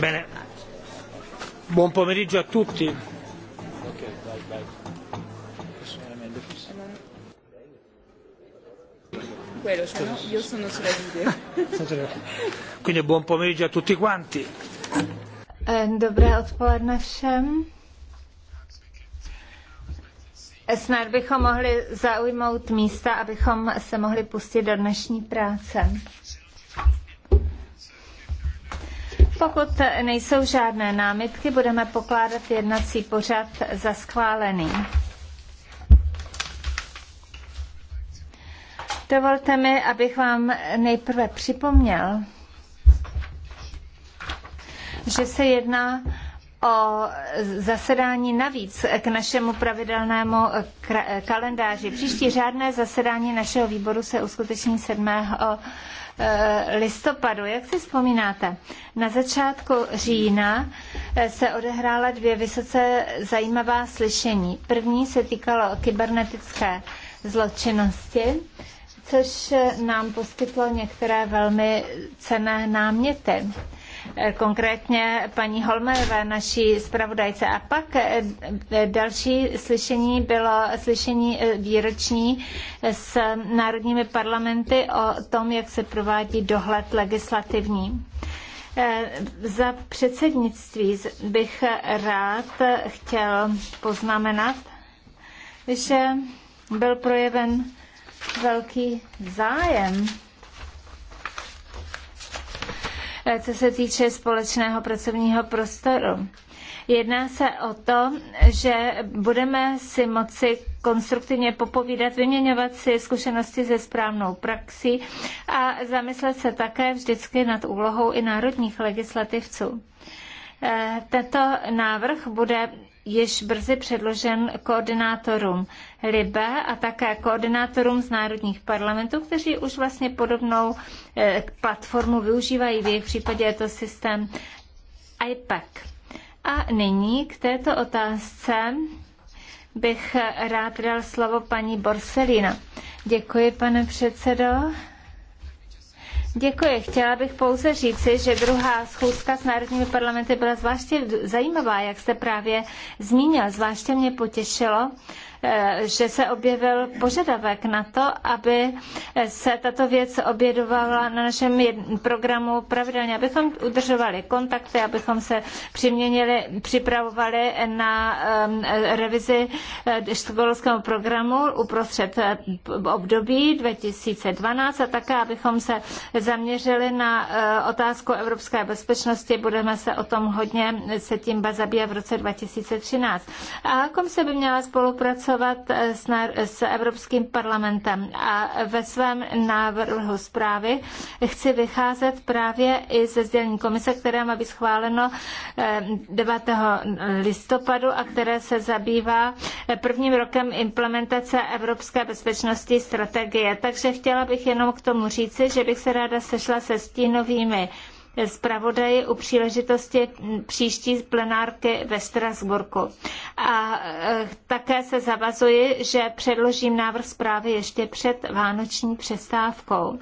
Bene. Buon pomeriggio a tutti. No, Quindi buon pomeriggio a tutti quanti. Eh, dobré odpoledne všem. Snad bychom mohli zaujmout místa, abychom se mohli pustit do dnešní práce. Pokud nejsou žádné námitky, budeme pokládat jednací pořad za schválený. Dovolte mi, abych vám nejprve připomněl, že se jedná o zasedání navíc k našemu pravidelnému kalendáři. Příští řádné zasedání našeho výboru se uskuteční 7 eh, listopadu. Jak si vzpomínáte? Na začátku října eh, se odehrála dvě vysoce zajímavá slyšení. První se týkalo kybernetické zločinnosti, což nám poskytlo některé velmi cené náměty. Eh, konkrétně paní Holmerové, naší zpravodajce. A pak eh, další slyšení bylo slyšení eh, výroční s národními parlamenty o tom, jak se provádí dohled legislativní. Za předsednictví bych rád chtěl poznamenat, že byl projeven velký zájem Eh, co se týče společného pracovního prostoru. Jedná se o to, že budeme si moci konstruktivně popovídat, vyměňovat si zkušenosti se správnou praxí a zamyslet se také vždycky nad úlohou i národních legislativců. Eh, Tento návrh bude již brzy předložen koordinátorům LIBE a také koordinátorům z národních parlamentů, kteří už vlastně podobnou eh, platformu využívají. V jejich případě je to systém IPAC. E a nyní k této otázce bych rád dal slovo paní Borselina. Děkuji, pane předsedo. Děkuji. Chtěla bych pouze říci, že druhá schůzka s národními parlamenty byla zvláště zajímavá, jak jste právě zmínil. Zvláště mě potěšilo, Eh, že se objevil požadavek na to, aby se tato věc obědovala na našem programu pravidelně, abychom udržovali kontakty, abychom se přiměnili, připravovali na revizi eh, školského programu uprostřed eh, období 2012 a také, abychom se zaměřili na otázku evropské bezpečnosti. Budeme se o tom hodně se tím zabývat v roce 2013. A komise by měla spolupracovat spolupracovat eh, s, s Evropským parlamentem. A ve svém návrhu zprávy chci vycházet právě i ze sdělení komise, které má být schváleno 9. Eh, listopadu a které se zabývá eh, prvním rokem implementace Evropské bezpečnostní strategie. Takže chtěla bych jenom k tomu říci, že bych se ráda sešla se stínovými zpravodaji u příležitosti příští plenárky ve Strasburku. A e, také se zavazuji, že předložím návrh zprávy ještě před vánoční přestávkou.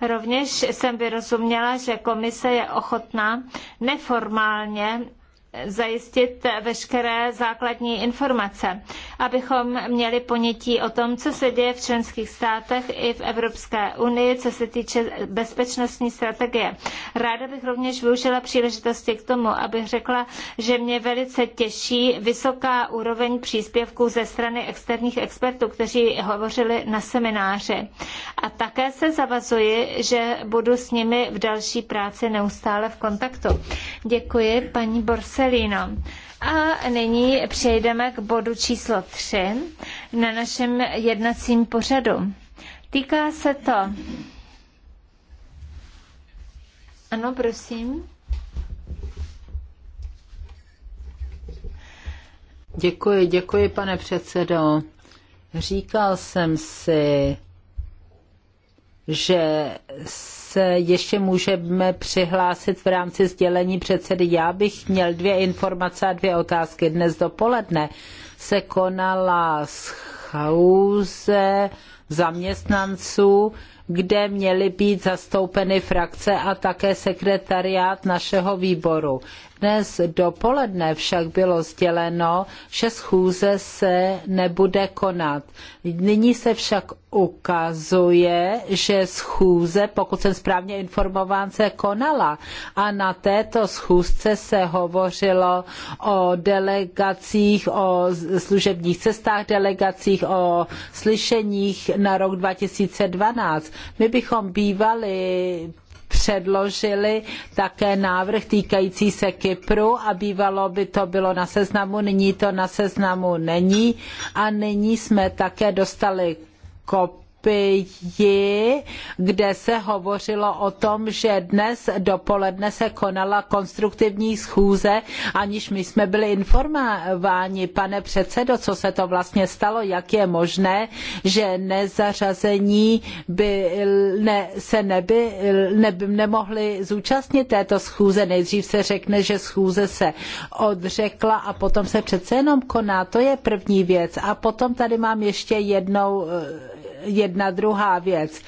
Rovněž jsem vyrozuměla, že komise je ochotná neformálně zajistit veškeré základní informace, abychom měli ponětí o tom, co se děje v členských státech i v Evropské unii, co se týče bezpečnostní strategie. Ráda bych rovněž využila příležitosti k tomu, abych řekla, že mě velice těší vysoká úroveň příspěvků ze strany externích expertů, kteří hovořili na semináři. A také se zavazuji, že budu s nimi v další práci neustále v kontaktu. Děkuji, paní Borse. Marcelino. A nyní přejdeme k bodu číslo 3 na našem jednacím pořadu. Týká se to. Ano, prosím. Děkuji, děkuji, pane předsedo. Říkal jsem si, že se ještě můžeme přihlásit v rámci sdělení předsedy. Já bych měl dvě informace a dvě otázky. Dnes dopoledne se konala schůze zaměstnanců, kde měly být zastoupeny frakce a také sekretariát našeho výboru. Dnes dopoledne však bylo sděleno, že schůze se nebude konat. Nyní se však ukazuje, že schůze, pokud jsem správně informován, se konala. A na této schůzce se hovořilo o delegacích, o služebních cestách delegacích, o slyšeních na rok 2012. My bychom bývali předložili také návrh týkající se Kypru a bývalo by to bylo na seznamu, nyní to na seznamu není a nyní jsme také dostali kop Etiopii, kde se hovořilo o tom, že dnes dopoledne se konala konstruktivní schůze, aniž my jsme byli informováni, pane předsedo, co se to vlastně stalo, jak je možné, že nezařazení by ne, se neby, ne, nemohli zúčastnit této schůze. Nejdřív se řekne, že schůze se odřekla a potom se přece jenom koná. To je první věc. A potom tady mám ještě jednou eh, jedna druhá věc.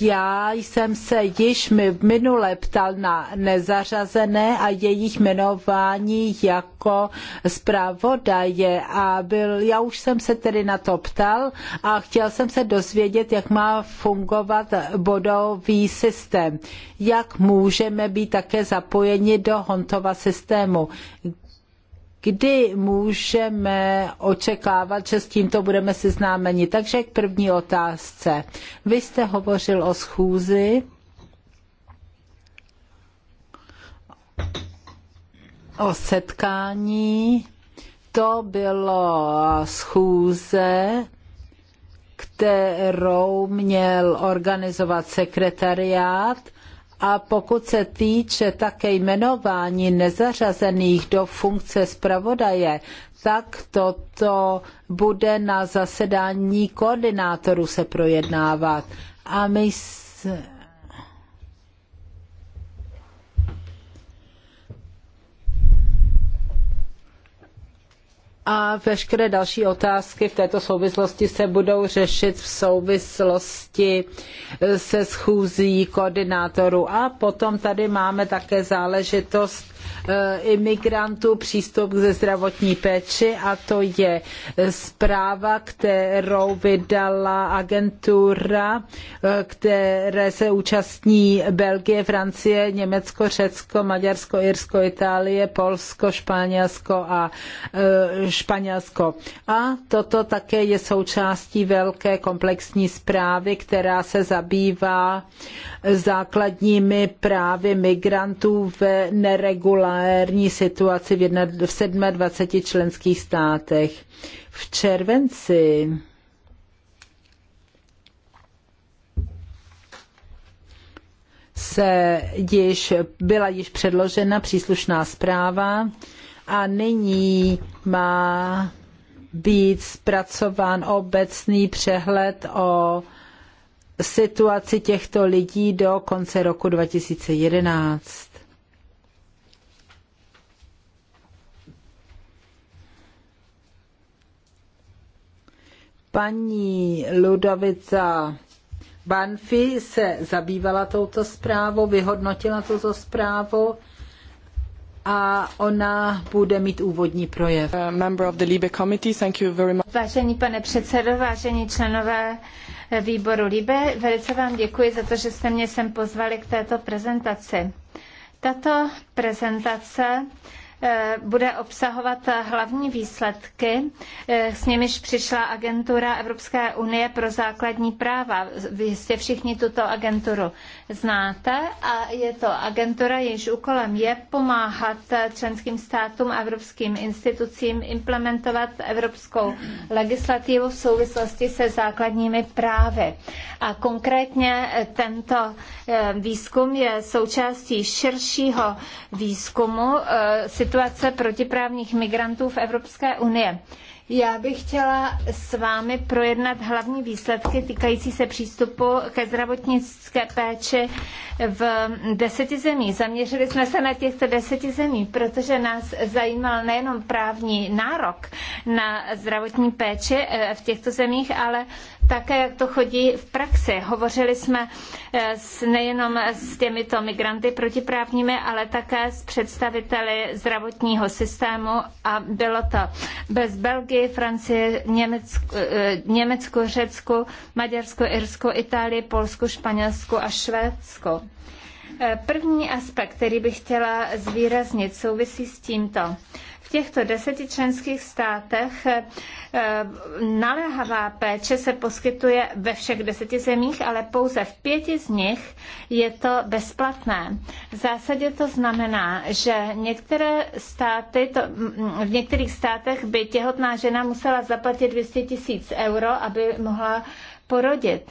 Já jsem se již minule ptal na nezařazené a jejich jmenování jako zpravodaje a byl, já už jsem se tedy na to ptal a chtěl jsem se dozvědět, jak má fungovat bodový systém. Jak můžeme být také zapojeni do Hontova systému? kdy můžeme očekávat, že s tímto budeme seznámeni. Takže k první otázce. Vy jste hovořil o schůzi, o setkání. To bylo schůze, kterou měl organizovat sekretariát – a pokud se týče také jmenování nezařazených do funkce zpravodaje, tak toto bude na zasedání koordinátorů se projednávat. A my jsme a veškeré další otázky v této souvislosti se budou řešit v souvislosti se schůzí koordinátorů. A potom tady máme také záležitost Eh, imigrantů přístup ze zdravotní péči a to je zpráva, kterou vydala agentura, eh, které se účastní Belgie, Francie, Německo, Řecko, Maďarsko, Irsko, Itálie, Polsko, Španělsko a eh, Španělsko. A toto také je součástí velké komplexní zprávy, která se zabývá základními právy migrantů v neregulovaném populární situaci v, jedna, v 27 členských státech. V červenci se již, byla již předložena příslušná zpráva a nyní má být zpracován obecný přehled o situaci těchto lidí do konce roku 2011. Paní Ludovica Banfi se zabývala touto zprávou, vyhodnotila tuto zprávu a ona bude mít úvodní projev. Vážený pane předsedo, vážení členové výboru LIBE, velice vám děkuji za to, že jste mě sem pozvali k této prezentaci. Tato prezentace Eh, bude obsahovat hlavní výsledky, eh, s nimiž přišla agentura Evropské unie pro základní práva. Vy jste všichni tuto agenturu znáte a je to agentura, jejíž úkolem je pomáhat členským státům a evropským institucím implementovat evropskou legislativu v souvislosti se základními právy. A konkrétně tento eh, výzkum je součástí širšího výzkumu eh, situace protiprávních migrantů v Evropské unii. Já bych chtěla s vámi projednat hlavní výsledky týkající se přístupu ke zdravotnické péči v deseti zemí. Zaměřili jsme se na těchto deseti zemí, protože nás zajímal nejenom právní nárok na zdravotní péči eh, v těchto zemích, ale také, jak to chodí v praxi. Hovořili jsme eh, s, nejenom s těmito migranty protiprávními, ale také s představiteli zdravotního systému a bylo to bez Belgie Belgii, Francii, Německo, Německu, eh, Řecko, Maďarsku, Irsku, Itálii, Polsku, a Švédsko. Eh, první aspekt, který bych chtěla zvýraznit, souvisí s tímto v těchto deseti členských státech eh, naléhavá péče se poskytuje ve všech deseti zemích, ale pouze v pěti z nich je to bezplatné. V zásadě to znamená, že některé státy, to, v některých státech by těhotná žena musela zaplatit 200 tisíc euro, aby mohla porodit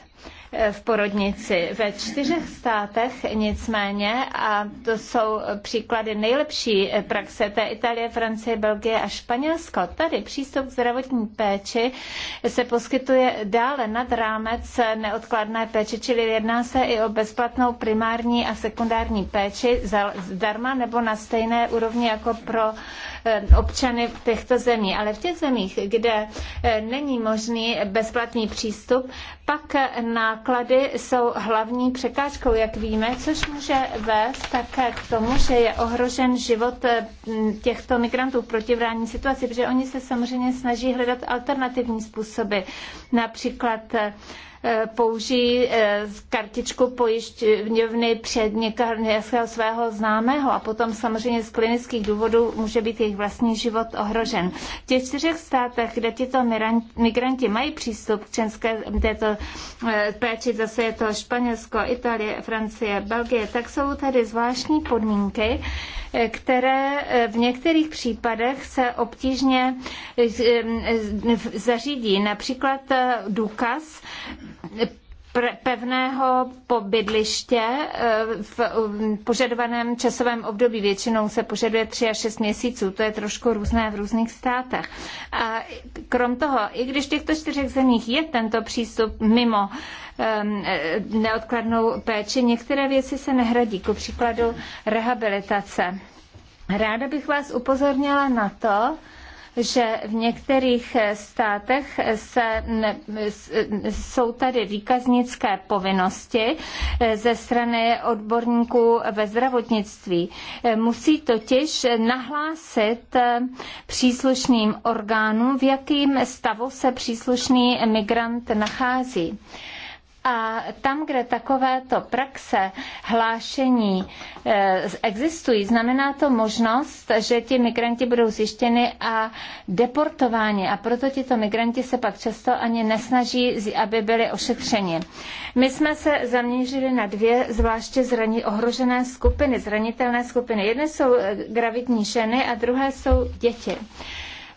v porodnici. Ve čtyřech státech nicméně, a to jsou příklady nejlepší praxe, té Itálie, Francie, Belgie a Španělsko. Tady přístup k zdravotní péči se poskytuje dále nad rámec neodkladné péče, čili jedná se i o bezplatnou primární a sekundární péči zdarma nebo na stejné úrovni jako pro Eh, občany těchto zemí. Ale v těch zemích, kde eh, není možný bezplatný přístup, pak eh, náklady jsou hlavní překážkou, jak víme, což může vést také k tomu, že je ohrožen život těchto migrantů v protivrání situaci, protože oni se samozřejmě snaží hledat alternativní způsoby, například Eh, použijí eh, kartičku pojišťovny před nějakého svého známého a potom samozřejmě z klinických důvodů může být jejich vlastní život ohrožen. V těch čtyřech státech, kde tito migranti mají přístup k české této eh, péči, zase je to Španělsko, Itálie, Francie, Belgie, tak jsou tady zvláštní podmínky, které v některých případech se obtížně zařídí. Například důkaz pevného pobydliště e, v um, požadovaném časovém období. Většinou se požaduje 3 až 6 měsíců, to je trošku různé v různých státech. A krom toho, i když v těchto čtyřech zemích je tento přístup mimo e, neodkladnou péči, některé věci se nehradí, ku příkladu rehabilitace. Ráda bych vás upozornila na to, že v některých státech se, jsou tady výkaznické povinnosti ze strany odborníků ve zdravotnictví. Musí totiž nahlásit příslušným orgánům, v jakém stavu se příslušný migrant nachází. A tam, kde takovéto praxe hlášení eh, existují, znamená to možnost, že ti migranti budou zjištěni a deportováni. A proto tito migranti se pak často ani nesnaží, aby byli ošetřeni. My jsme se zaměřili na dvě zvláště zraní, ohrožené skupiny, zranitelné skupiny. Jedné jsou eh, gravidní ženy a druhé jsou děti.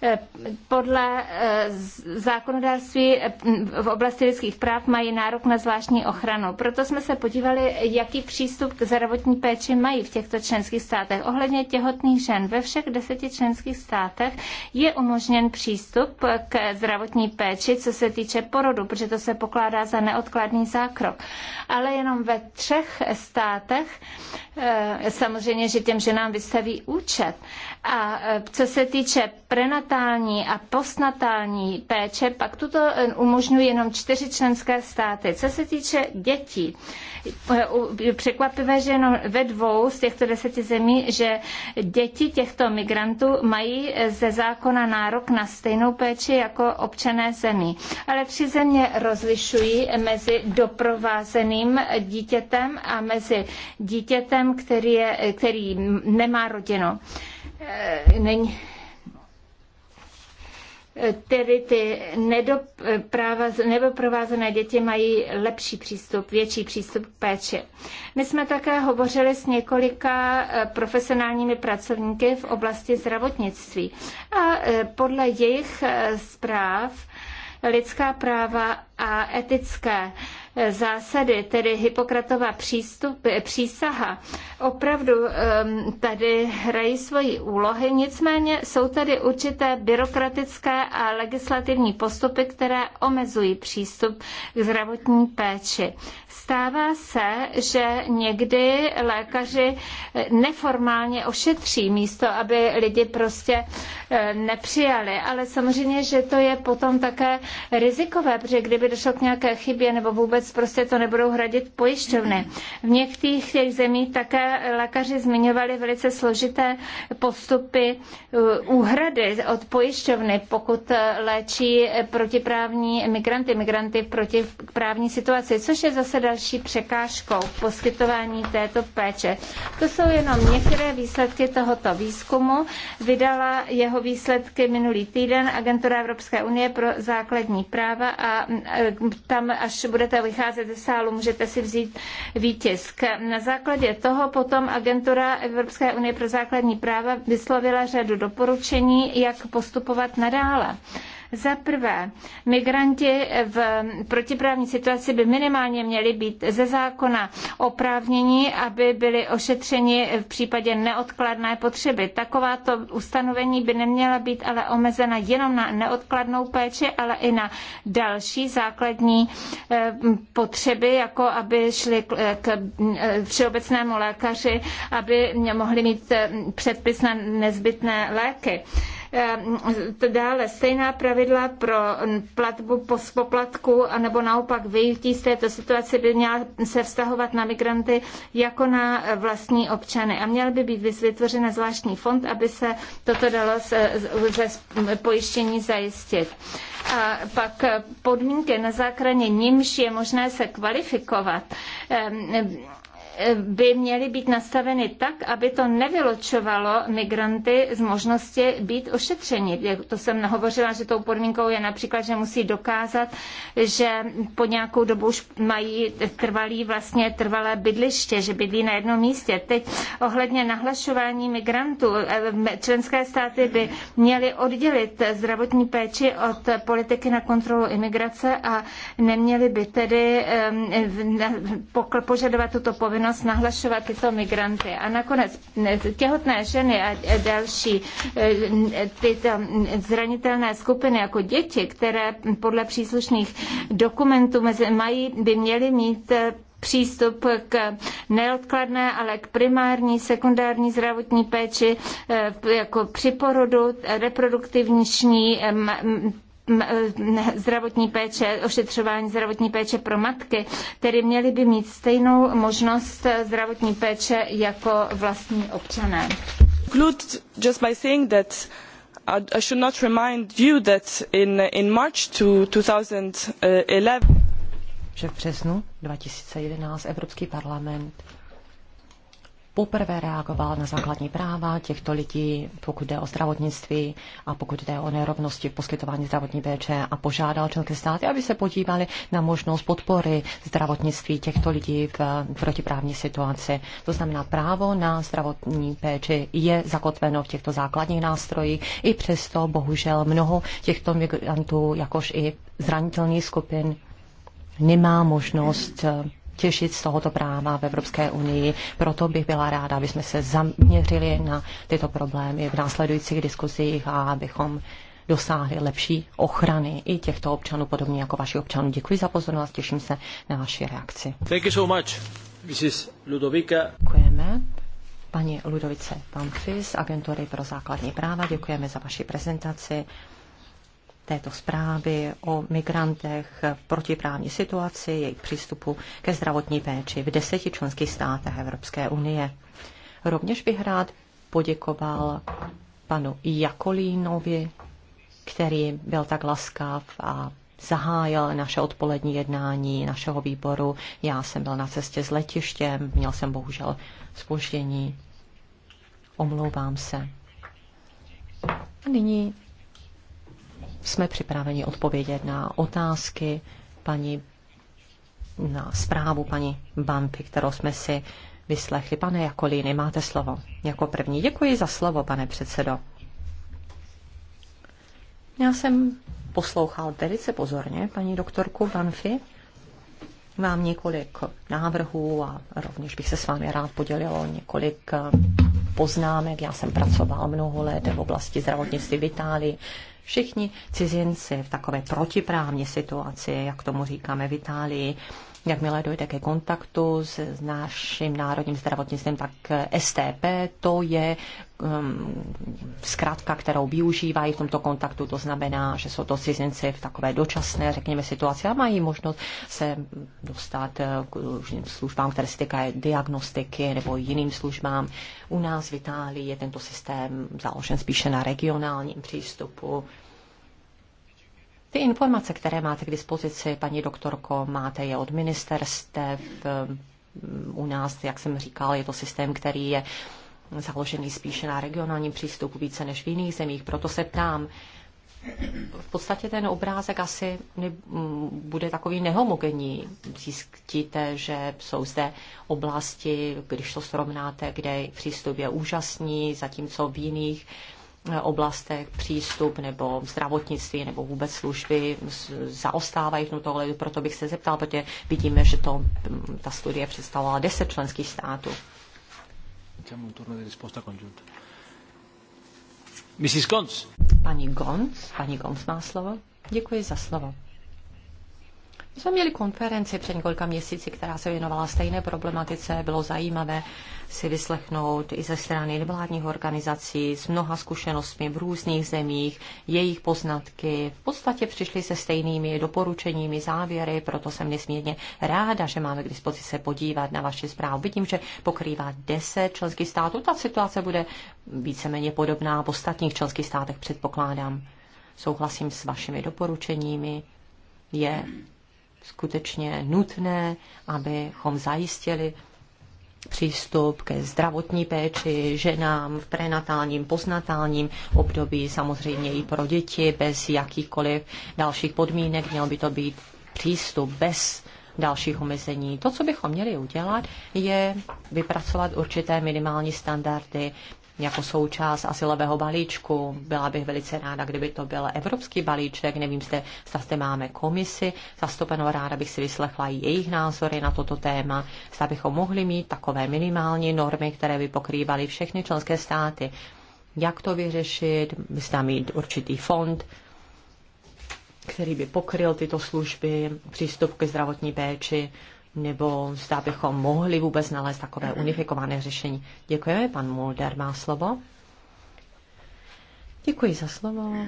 Eh, podle eh, zákonodárství eh, v oblasti lidských práv mají nárok na zvláštní ochranu. Proto jsme se podívali, jaký přístup k zdravotní péči mají v těchto členských státech. Ohledně těhotných žen ve všech deseti členských státech je umožněn přístup k zdravotní péči, co se týče porodu, protože to se pokládá za neodkladný zákrok. Ale jenom ve třech státech samozřejmě, že těm ženám vystaví účet. A co se týče prenatální prenatální a postnatální péče pak tuto eh, umožňují jenom čtyři členské státy. Co se týče dětí, eh, překvapivé, že jenom ve dvou z těchto deseti zemí, že děti těchto migrantů mají eh, ze zákona nárok na stejnou péči jako občané zemí. Ale tři země rozlišují mezi doprovázeným dítětem a mezi dítětem, který, je, který nemá rodinu. Není, tedy ty nedoprovázené děti mají lepší přístup, větší přístup k péči. My jsme také hovořili s několika eh, profesionálními pracovníky v oblasti zdravotnictví a eh, podle jejich eh, zpráv lidská práva a etické zásady, tedy Hippokratova přístup, přísaha, opravdu tady hrají svoji úlohy, nicméně jsou tady určité byrokratické a legislativní postupy, které omezují přístup k zdravotní péči. Stává se, že někdy lékaři neformálně ošetří místo, aby lidi prostě eh, nepřijali. Ale samozřejmě, že to je potom také rizikové, protože kdyby došlo k nějaké chybě nebo vůbec prostě to nebudou hradit pojišťovny. V některých těch zemích také lékaři zmiňovali velice složité postupy eh, úhrady od pojišťovny, pokud eh, léčí protiprávní migranty, migranty v protiprávní situaci, což je zase další další překážkou v poskytování této péče. To jsou jenom některé výsledky tohoto výzkumu. Vydala jeho výsledky minulý týden Agentura Evropské unie pro základní práva a e, tam, až budete vycházet ze sálu, můžete si vzít výtisk. Na základě toho potom Agentura Evropské unie pro základní práva vyslovila řadu doporučení, jak postupovat nadále. Za prvé, migranti v protiprávní situaci by minimálně měli být ze zákona oprávnění, aby byli ošetřeni v případě neodkladné potřeby. Takováto ustanovení by neměla být ale omezena jenom na neodkladnou péči, ale i na další základní eh, potřeby, jako aby šli k eh, eh, všeobecnému lékaři, aby mohli mít předpis na nezbytné léky. Eh, dále stejná pravidla pro platbu z poplatku, anebo naopak vyjití z této situace by měla se vztahovat na migranty jako na eh, vlastní občany. A měl by být vytvořen zvláštní fond, aby se toto dalo ze pojištění zajistit. A pak eh, podmínky na základě nímž je možné se kvalifikovat, by měly být nastaveny tak, aby to nevyločovalo migranty z možnosti být ošetřeni. To jsem nahovořila, že tou podmínkou je například, že musí dokázat, že po nějakou dobu už mají trvalý, vlastně trvalé bydliště, že bydlí na jednom místě. Teď ohledně nahlašování migrantů, eh, členské státy by měly oddělit zdravotní péči od politiky na kontrolu imigrace a neměly by tedy eh, požadovat tuto povinnost povinnost nahlašovat tyto migranty. A nakonec těhotné ženy a další e, tyto zranitelné skupiny jako děti, které podle příslušných dokumentů mezi, mají, by měly mít e, přístup k neodkladné, ale k primární, sekundární zdravotní péči, e, jako při porodu, reproduktivní Eh, zdravotní péče, ošetřování zdravotní péče pro matky, tedy měly by mít stejnou možnost zdravotní péče jako vlastní občané. Just by saying that I should not remind you that in, in March to 2011 eh, že v březnu 2011 Evropský parlament poprvé reagoval na základní práva těchto lidí, pokud jde o zdravotnictví a pokud jde o nerovnosti v poskytování zdravotní péče a požádal členské státy, aby se podívali na možnost podpory zdravotnictví těchto lidí v protiprávní situaci. To znamená, právo na zdravotní péči je zakotveno v těchto základních nástrojích, i přesto bohužel mnoho těchto migrantů, jakož i zranitelných skupin, nemá možnost eh, těšit z tohoto práva v Evropské unii. Proto bych byla ráda, aby jsme se zaměřili na tyto problémy v následujících diskuzích a abychom dosáhli lepší ochrany i těchto občanů, podobně jako vašich občanů. Děkuji za pozornost, těším se na vaši reakci. Thank you so much, is Ludovica. Děkujeme. Paní Ludovice Pamfis, Agentury pro základní práva, děkujeme za vaši prezentaci této zprávy o migrantech v protiprávní situaci, jejich přístupu ke zdravotní péči v deseti členských státech Evropské unie. Rovněž bych rád poděkoval panu Jakolínovi, který byl tak laskav a zahájil naše odpolední jednání našeho výboru. Já jsem byl na cestě s letištěm, měl jsem bohužel spoždění. Omlouvám se. A nyní jsme připraveni odpovědět na otázky paní, na zprávu paní Bampy, kterou jsme si vyslechli. Pane Jakolíny, máte slovo. Jako první děkuji za slovo, pane předsedo. Já jsem poslouchal velice pozorně paní doktorku Banfi. Mám několik návrhů a rovněž bych se s vámi rád podělil o několik poznámek. Já jsem pracoval mnoho let v oblasti zdravotnictví v Itálii všichni cizinci v takové protiprávní situaci, jak tomu říkáme v Itálii, Jakmile dojde ke kontaktu s, s naším národním zdravotnictvím, tak STP to je Um, zkrátka, kterou využívají v tomto kontaktu, to znamená, že jsou to cizinci v takové dočasné, řekněme, situaci a mají možnost se dostat eh, k službám, které se týkají diagnostiky nebo jiným službám. U nás v Itálii je tento systém založen spíše na regionálním přístupu. Ty informace, které máte k dispozici, paní doktorko, máte je od ministerstev. Eh, u nás, jak jsem říkal, je to systém, který je založený spíše na regionálním přístupu více než v jiných zemích. Proto se ptám, v podstatě ten obrázek asi mm, bude takový nehomogenní. Zjistíte, že jsou zde oblasti, když to srovnáte, kde přístup je úžasný, zatímco v jiných eh, oblastech přístup nebo zdravotnictví nebo vůbec služby zaostávají v tomto Proto bych se zeptal, protože vidíme, že to, mm, ta studie představovala 10 členských států. Facciamo un turno di risposta congiunta. Mrs. Gons. Pani Gons, pani Gons má slovo. Děkuji za slovo. My jsme měli konferenci před několika měsíci, která se věnovala stejné problematice. Bylo zajímavé si vyslechnout i ze strany nevládních organizací s mnoha zkušenostmi v různých zemích, jejich poznatky. V podstatě přišli se stejnými doporučeními, závěry, proto jsem nesmírně ráda, že máme k dispozici se podívat na vaši zprávu. Vidím, že pokrývá 10 členských států. Ta situace bude víceméně podobná v ostatních členských státech, předpokládám. Souhlasím s vašimi doporučeními. Je skutečně nutné, abychom zajistili přístup ke zdravotní péči ženám v prenatálním, poznatálním období, samozřejmě i pro děti, bez jakýchkoliv dalších podmínek. Měl by to být přístup bez dalších omezení. To, co bychom měli udělat, je vypracovat určité minimální standardy jako součást asilového balíčku. Byla bych velice ráda, kdyby to byl evropský balíček. Nevím, zda zde máme komisi zastoupenou. Ráda bych si vyslechla i jejich názory na toto téma. Zda bychom mohli mít takové minimální normy, které by pokrývaly všechny členské státy. Jak to vyřešit? Zda mít určitý fond, který by pokryl tyto služby, přístup ke zdravotní péči, nebo zda bychom mohli vůbec nalézt takové unifikované řešení. Děkujeme, pan Mulder má slovo. Děkuji za slovo.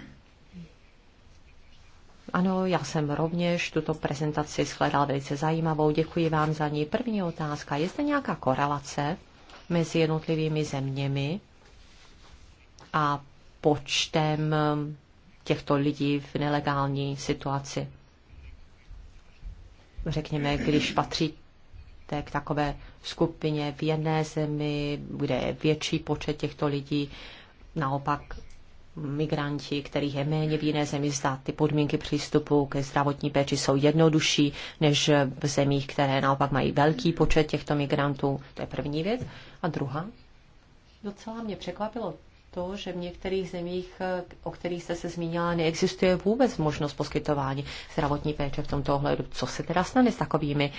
Ano, já jsem rovněž tuto prezentaci shledal velice zajímavou. Děkuji vám za ní. První otázka. Je zde nějaká korelace mezi jednotlivými zeměmi a počtem těchto lidí v nelegální situaci? řekněme, když patří k takové skupině v jedné zemi, kde je větší počet těchto lidí, naopak migranti, kterých je méně v jiné zemi, zda ty podmínky přístupu ke zdravotní péči jsou jednodušší než v zemích, které naopak mají velký počet těchto migrantů. To je první věc. A druhá, docela mě překvapilo to, že v některých zemích, o kterých jste se zmínila, neexistuje vůbec možnost poskytování zdravotní péče v tomto ohledu. Co se teda stane s takovými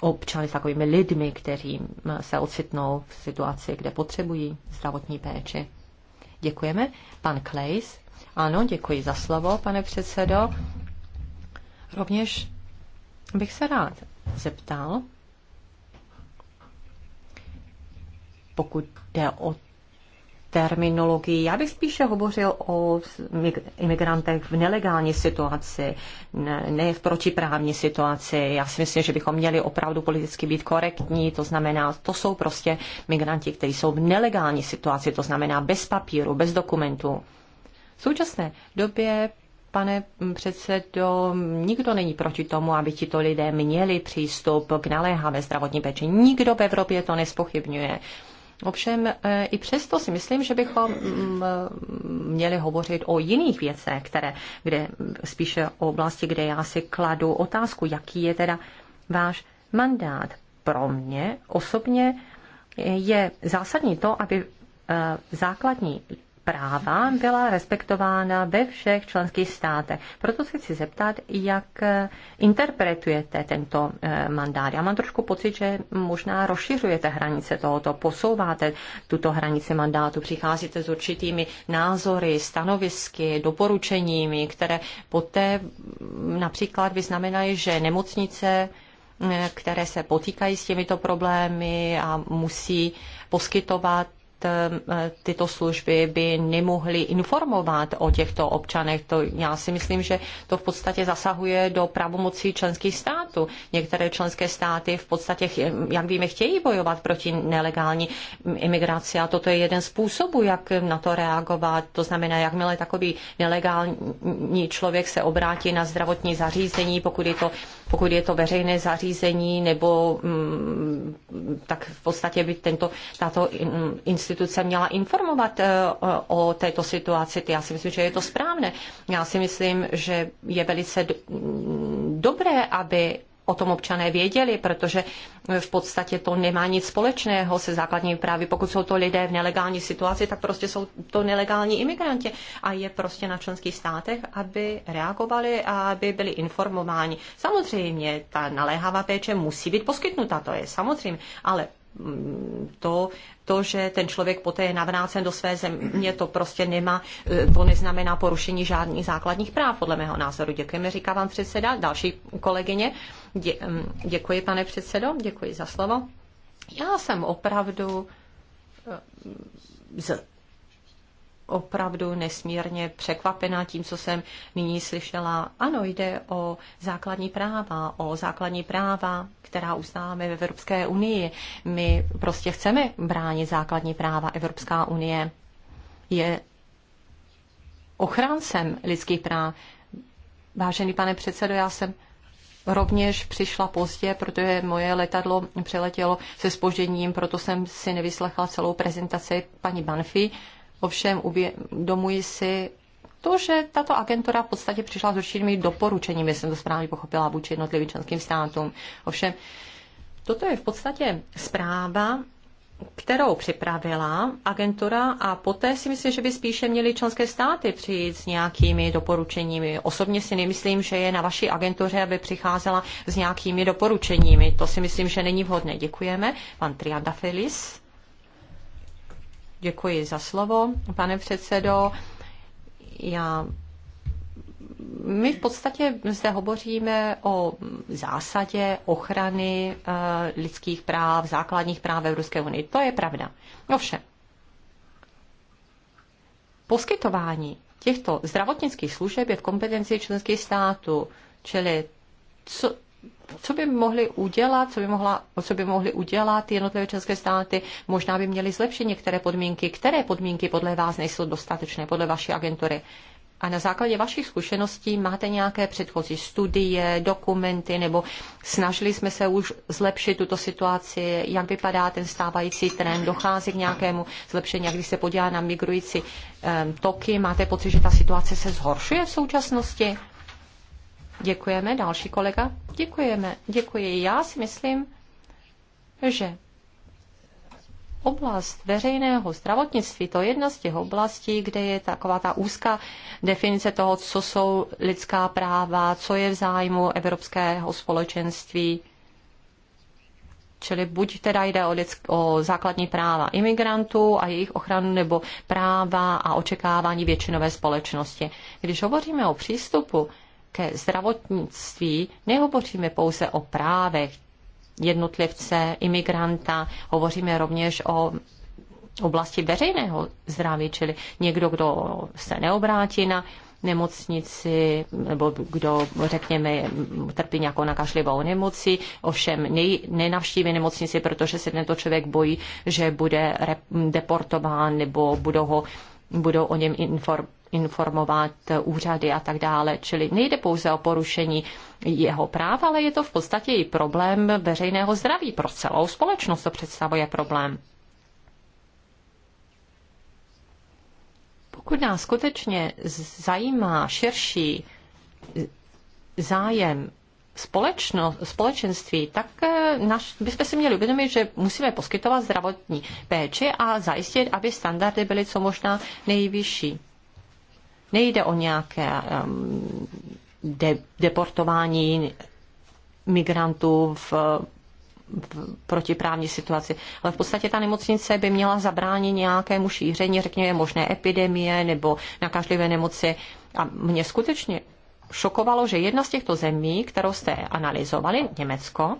občany, s takovými lidmi, kteří eh, se ocitnou v situaci, kde potřebují zdravotní péči? Děkujeme. Pan Klejs. Ano, děkuji za slovo, pane předsedo. Rovněž bych se rád zeptal, pokud jde o terminologii. Já bych spíše hovořil o imigrantech v nelegální situaci, ne v protiprávní situaci. Já si myslím, že bychom měli opravdu politicky být korektní, to znamená, to jsou prostě migranti, kteří jsou v nelegální situaci, to znamená bez papíru, bez dokumentů. V současné době Pane předsedo, nikdo není proti tomu, aby tito lidé měli přístup k naléhavé zdravotní péči. Nikdo v Evropě to nespochybňuje. Ovšem e, i přesto si myslím, že bychom mm, e, měli hovořit o jiných věcech, které, kde spíše o oblasti, kde já si kladu otázku, jaký je teda váš mandát. Pro mě osobně je zásadní to, aby e, základní práva byla respektována ve všech členských státech. Proto se chci zeptat, jak eh, interpretujete tento eh, mandát. Já mám trošku pocit, že možná rozšiřujete hranice tohoto, posouváte tuto hranici mandátu, přicházíte s určitými názory, stanovisky, doporučeními, které poté mm, například vyznamenají, že nemocnice mm, které se potýkají s těmito problémy a musí poskytovat Eh, tyto služby by nemohly informovat o těchto občanech. To já si myslím, že to v podstatě zasahuje do pravomocí členských států. Některé členské státy v podstatě, jak víme, chtějí bojovat proti nelegální imigraci a toto je jeden způsobů, jak na to reagovat. To znamená, jakmile takový nelegální člověk se obrátí na zdravotní zařízení, pokud je to pokud je to veřejné zařízení, nebo mm, tak v podstatě by tento, tato instituce měla informovat e, o této situaci. Já si myslím, že je to správné. Já si myslím, že je velice dobré, aby o tom občané věděli, protože v podstatě to nemá nic společného se základními právy. Pokud jsou to lidé v nelegální situaci, tak prostě jsou to nelegální imigranti a je prostě na členských státech, aby reagovali a aby byli informováni. Samozřejmě, ta naléhavá péče musí být poskytnuta, to je samozřejmě, ale mm, to to, že ten člověk poté je navrácen do své země, to prostě nemá, eh, to neznamená porušení žádných základních práv, podle mého názoru. Děkujeme, říká vám předseda. Další kolegyně. Dě, mm, děkuji, pane předsedo, děkuji za slovo. Já jsem opravdu eh, z opravdu nesmírně překvapená tím, co jsem nyní slyšela. Ano, jde o základní práva, o základní práva, která uznáváme v Evropské unii. My prostě chceme bránit základní práva. Evropská unie je ochráncem lidských práv. Vážený pane předsedo, já jsem rovněž přišla pozdě, protože moje letadlo přeletělo se spožděním, proto jsem si nevyslechla celou prezentaci paní Banfi, Ovšem uvědomuji si to, že tato agentura v podstatě přišla s určitými doporučeními, jsem to správně pochopila, vůči jednotlivým členským státům. Ovšem, toto je v podstatě zpráva, kterou připravila agentura a poté si myslím, že by spíše měly členské státy přijít s nějakými doporučeními. Osobně si nemyslím, že je na vaší agentuře, aby přicházela s nějakými doporučeními. To si myslím, že není vhodné. Děkujeme. Pan Trianda Felis. Děkuji za slovo, pane předsedo. Já my v podstatě zde hovoříme o zásadě ochrany eh, lidských práv, základních práv Evropské unii. To je pravda. Ovšem, poskytování těchto zdravotnických služeb je v kompetenci členských států, čili co, co by mohli udělat, co by, mohla, co by mohli udělat jednotlivé české státy, možná by měly zlepšit některé podmínky. Které podmínky podle vás nejsou dostatečné, podle vaší agentury? A na základě vašich zkušeností máte nějaké předchozí studie, dokumenty, nebo snažili jsme se už zlepšit tuto situaci, jak vypadá ten stávající trend, dochází k nějakému zlepšení, a když se podívá na migrující um, toky, máte pocit, že ta situace se zhoršuje v současnosti? Děkujeme. Další kolega. Děkujeme. Děkuji. Já si myslím, že oblast veřejného zdravotnictví, to je jedna z těch oblastí, kde je taková ta úzká definice toho, co jsou lidská práva, co je v zájmu evropského společenství. Čili buď teda jde o, lidsk- o základní práva imigrantů a jejich ochranu, nebo práva a očekávání většinové společnosti. Když hovoříme o přístupu ke zdravotnictví nehovoříme pouze o právech jednotlivce, imigranta, hovoříme rovněž o oblasti veřejného zdraví, čili někdo, kdo se neobrátí na nemocnici, nebo kdo, řekněme, trpí nějakou nakašlivou nemocí, ovšem nej, nenavštíví nemocnici, protože se tento člověk bojí, že bude deportován nebo budou ho budou o něm inform, informovat úřady a tak dále. Čili nejde pouze o porušení jeho práv, ale je to v podstatě i problém veřejného zdraví. Pro celou společnost to představuje problém. Pokud nás skutečně zajímá širší zájem společno, společenství, tak eh, naš, bychom si měli uvědomit, že musíme poskytovat zdravotní péči a zajistit, aby standardy byly co možná nejvyšší. Nejde o nějaké um, de, deportování migrantů v, v protiprávní situaci. Ale v podstatě ta nemocnice by měla zabránit nějakému šíření, řekněme, možné epidemie nebo nakažlivé nemoci. A mě skutečně šokovalo, že jedna z těchto zemí, kterou jste analyzovali, Německo,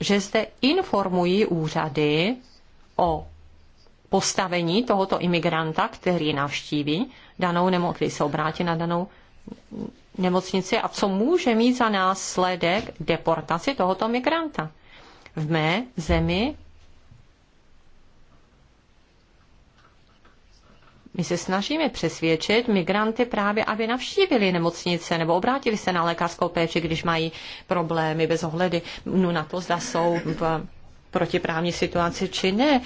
že zde informují úřady o postavení tohoto imigranta, který navštíví danou nemoc, který se obrátí na danou nemocnici a co může mít za následek deportaci tohoto migranta. V mé zemi My se snažíme přesvědčit migranty právě, aby navštívili nemocnice nebo obrátili se na lékařskou péči, když mají problémy bez ohledy no na to, zda jsou v protiprávní situaci či ne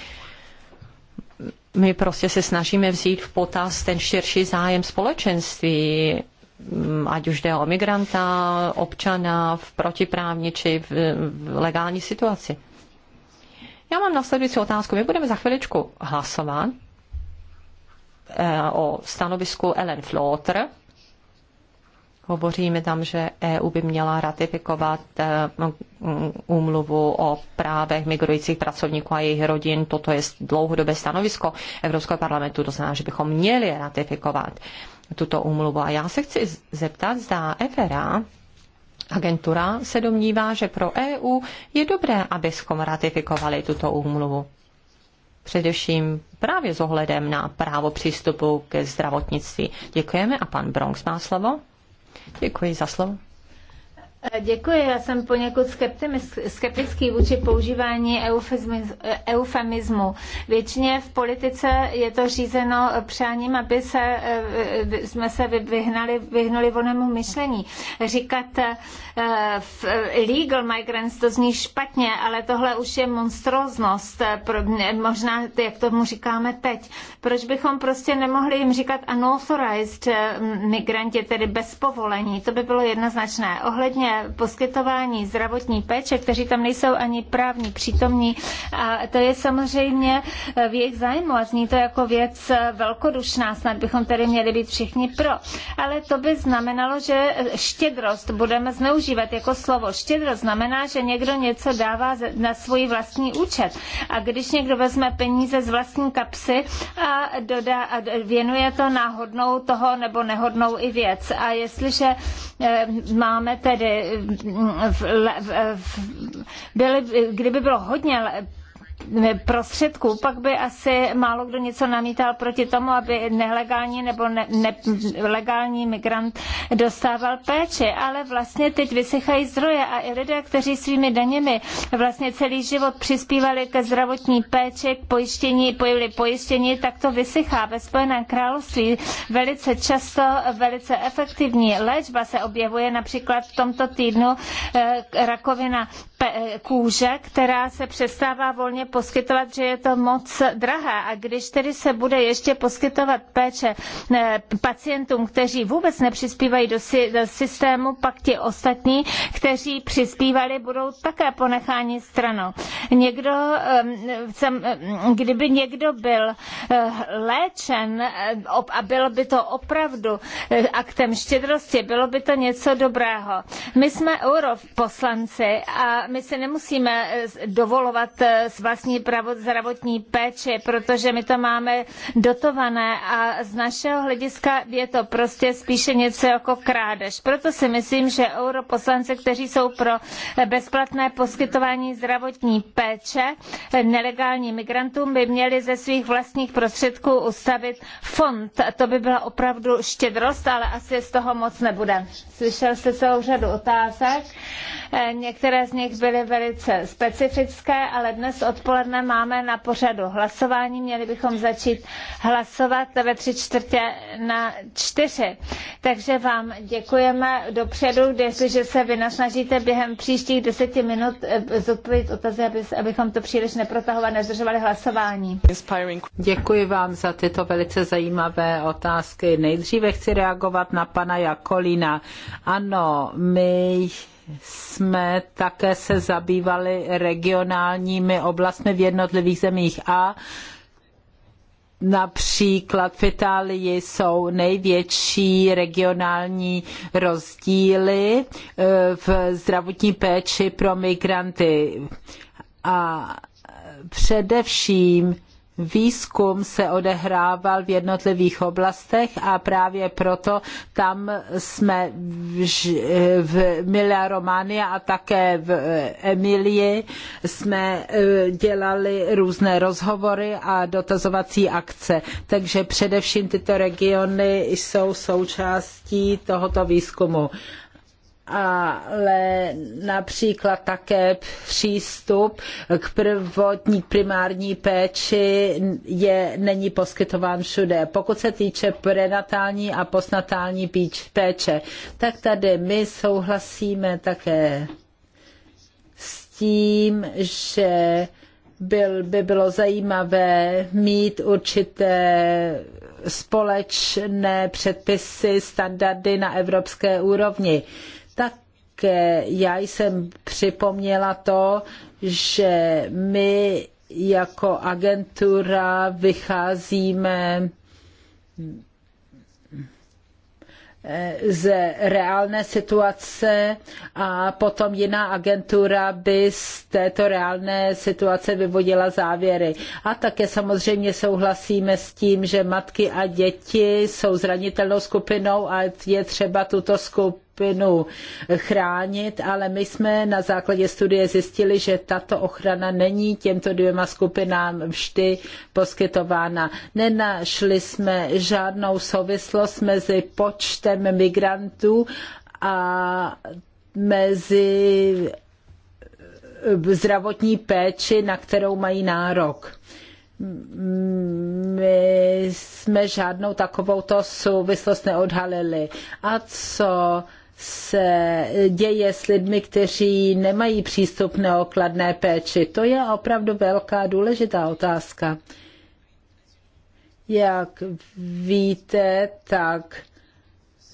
my prostě se snažíme vzít v potaz ten širší zájem společenství, mm, ať už jde o migranta, občana v protiprávní či v, v legální situaci. Já mám následující otázku. My budeme za chviličku hlasovat eh, o stanovisku Ellen Flotter, Hovoříme tam, že EU by měla ratifikovat eh, mm, úmluvu o právech migrujících pracovníků a jejich rodin. Toto je dlouhodobé stanovisko Evropského parlamentu, to znamená, že bychom měli ratifikovat tuto úmluvu. A já se chci zeptat, zda EFERA Agentura se domnívá, že pro EU je dobré, abychom ratifikovali tuto úmluvu. Především právě s ohledem na právo přístupu ke zdravotnictví. Děkujeme a pan Bronx má slovo. Děkuji za slovo. Eh, děkuji, já jsem poněkud skeptický vůči používání eh, eufemismu. Většině v politice je to řízeno přáním, aby se, eh, jsme se vyhnali, vyhnuli vonemu myšlení. Říkat legal migrants, to zní špatně, ale tohle už je monstróznost, možná jak tomu říkáme teď. Proč bychom prostě nemohli jim říkat unauthorized migranti, tedy bez povolení? To by bylo jednoznačné. Ohledně ohledně poskytování zdravotní péče, kteří tam nejsou ani právní přítomní. A to je samozřejmě eh, v jejich zájmu a zní to jako věc eh, velkodušná, snad bychom tedy měli být všichni pro. Ale to by znamenalo, že eh, štědrost budeme zneužívat jako slovo. Štědrost znamená, že někdo něco dává na svůj vlastní účet. A když někdo vezme peníze z vlastní kapsy a, dodá, a věnuje to na hodnou toho nebo nehodnou i věc. A jestliže máme tedy byly, kdyby bylo hodně prostředků, pak by asi málo kdo něco namítal proti tomu, aby nelegální nebo ne, ne, legální migrant dostával péči, ale vlastně teď vysychají zdroje a i lidé, kteří svými daněmi vlastně celý život přispívali ke zdravotní péči, k pojištění, pojili pojištění, tak to vysychá. Ve Spojeném království velice často velice efektivní léčba se objevuje například v tomto týdnu eh, rakovina kůže, která se přestává volně poskytovat, že je to moc drahá. A když tedy se bude ještě poskytovat péče pacientům, kteří vůbec nepřispívají do, systému, pak ti ostatní, kteří přispívali, budou také ponecháni stranou. Někdo, kdyby někdo byl eh, léčen eh, a bylo by to opravdu eh, aktem štědrosti, bylo by to něco dobrého. My jsme europoslanci a my si nemusíme eh, dovolovat eh, vlastní zdravotní péči, protože my to máme dotované a z našeho hlediska je to prostě spíše něco jako krádež. Proto si myslím, že europoslanci, kteří jsou pro eh, bezplatné poskytování zdravotní péče nelegálním migrantům, by měli ze svých vlastních prostředků ustavit fond. To by byla opravdu štědrost, ale asi z toho moc nebude. Slyšel jste celou řadu otázek. Některé z nich byly velice specifické, ale dnes odpoledne máme na pořadu hlasování. Měli bychom začít hlasovat ve tři čtvrtě na čtyři. Takže vám děkujeme dopředu, jestliže se vynasnažíte během příštích deseti minut eh, zodpovědět otázky, aby, abychom to příliš neprotahovali, nezdržovali hlasování. Děkuji vám za tyto velice zajímavé otázky. Nejdříve chci reagovat na pana Jakolína. Ano, my jsme také se zabývali regionálními oblastmi v jednotlivých zemích a Například v Itálii jsou největší regionální rozdíly eh, v zdravotní péči pro migranty. A především výzkum se odehrával v jednotlivých oblastech a právě proto tam jsme v, v Emilia a také v Emilii jsme e, dělali různé rozhovory a dotazovací akce. Takže především tyto regiony jsou součástí tohoto výzkumu ale například také přístup k prvotní primární péči je, není poskytován všude. Pokud se týče prenatální a postnatální péče, tak tady my souhlasíme také s tím, že byl, by bylo zajímavé mít určité společné předpisy, standardy na evropské úrovni tak já jsem připomněla to, že my jako agentura vycházíme eh, z reálné situace a potom jiná agentura by z této reálné situace vyvodila závěry. A také samozřejmě souhlasíme s tím, že matky a děti jsou zranitelnou skupinou a je třeba tuto skupinu skupinu chránit, ale my jsme na základě studie zjistili, že tato ochrana není těmto dvěma skupinám vždy poskytována. Nenašli jsme žádnou souvislost mezi počtem migrantů a mezi zdravotní péči, na kterou mají nárok. My jsme žádnou takovouto souvislost neodhalili. A co se děje s lidmi, kteří nemají přístup neokladné péči? To je opravdu velká důležitá otázka. Jak víte, tak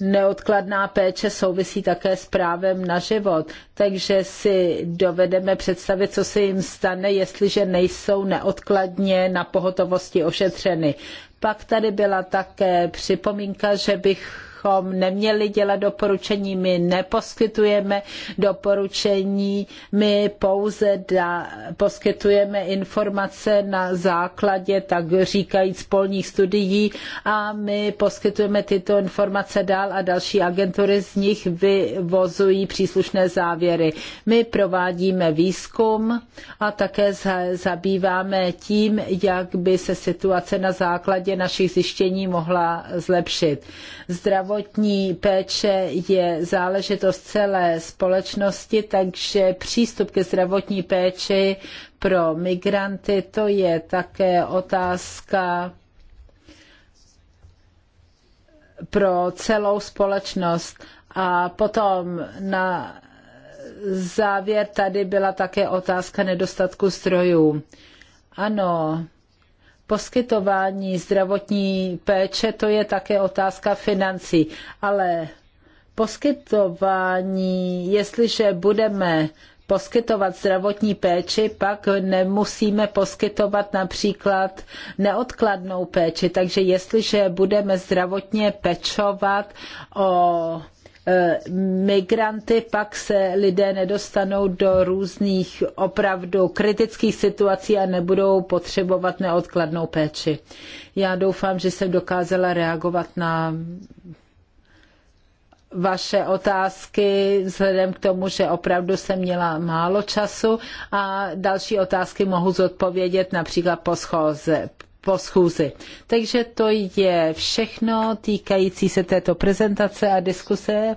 neodkladná péče souvisí také s právem na život, takže si dovedeme představit, co se jim stane, jestliže nejsou neodkladně na pohotovosti ošetřeny. Pak tady byla také připomínka, že bych bychom neměli dělat doporučení. My neposkytujeme doporučení, my pouze da, poskytujeme informace na základě, tak říkajíc, polních studií a my poskytujeme tyto informace dál a další agentury z nich vyvozují příslušné závěry. My provádíme výzkum a také zabýváme tím, jak by se situace na základě našich zjištění mohla zlepšit. Zdravo zdravotní péče je záležitost celé společnosti, takže přístup ke zdravotní péči pro migranty to je také otázka pro celou společnost. A potom na závěr tady byla také otázka nedostatku strojů. Ano, poskytování zdravotní péče, to je také otázka financí, ale poskytování, jestliže budeme poskytovat zdravotní péči, pak nemusíme poskytovat například neodkladnou péči. Takže jestliže budeme zdravotně pečovat o Eh, migranty, pak se lidé nedostanou do různých opravdu kritických situací a nebudou potřebovat neodkladnou péči. Já doufám, že jsem dokázala reagovat na vaše otázky, vzhledem k tomu, že opravdu jsem měla málo času a další otázky mohu zodpovědět například po schůze po schůzi. Takže to je všechno týkající se této prezentace a diskuse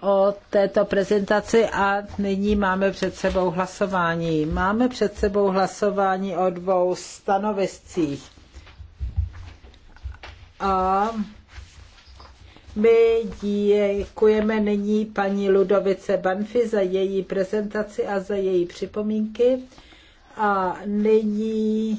o této prezentaci a nyní máme před sebou hlasování. Máme před sebou hlasování o dvou stanoviscích. A my děkujeme nyní paní Ludovice Banfi za její prezentaci a za její připomínky. A nyní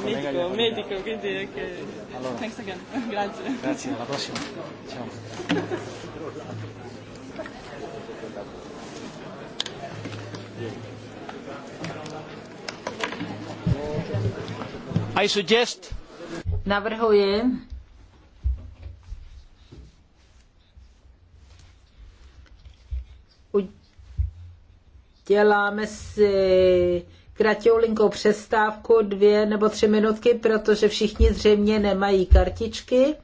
medico, medico, quindi Allora. Thanks again, grazie. Grazie, alla prossima. Ciao. I suggest... Navrhuji, uděláme si kratěulinkou přestávku dvě nebo tři minutky, protože všichni zřejmě nemají kartičky.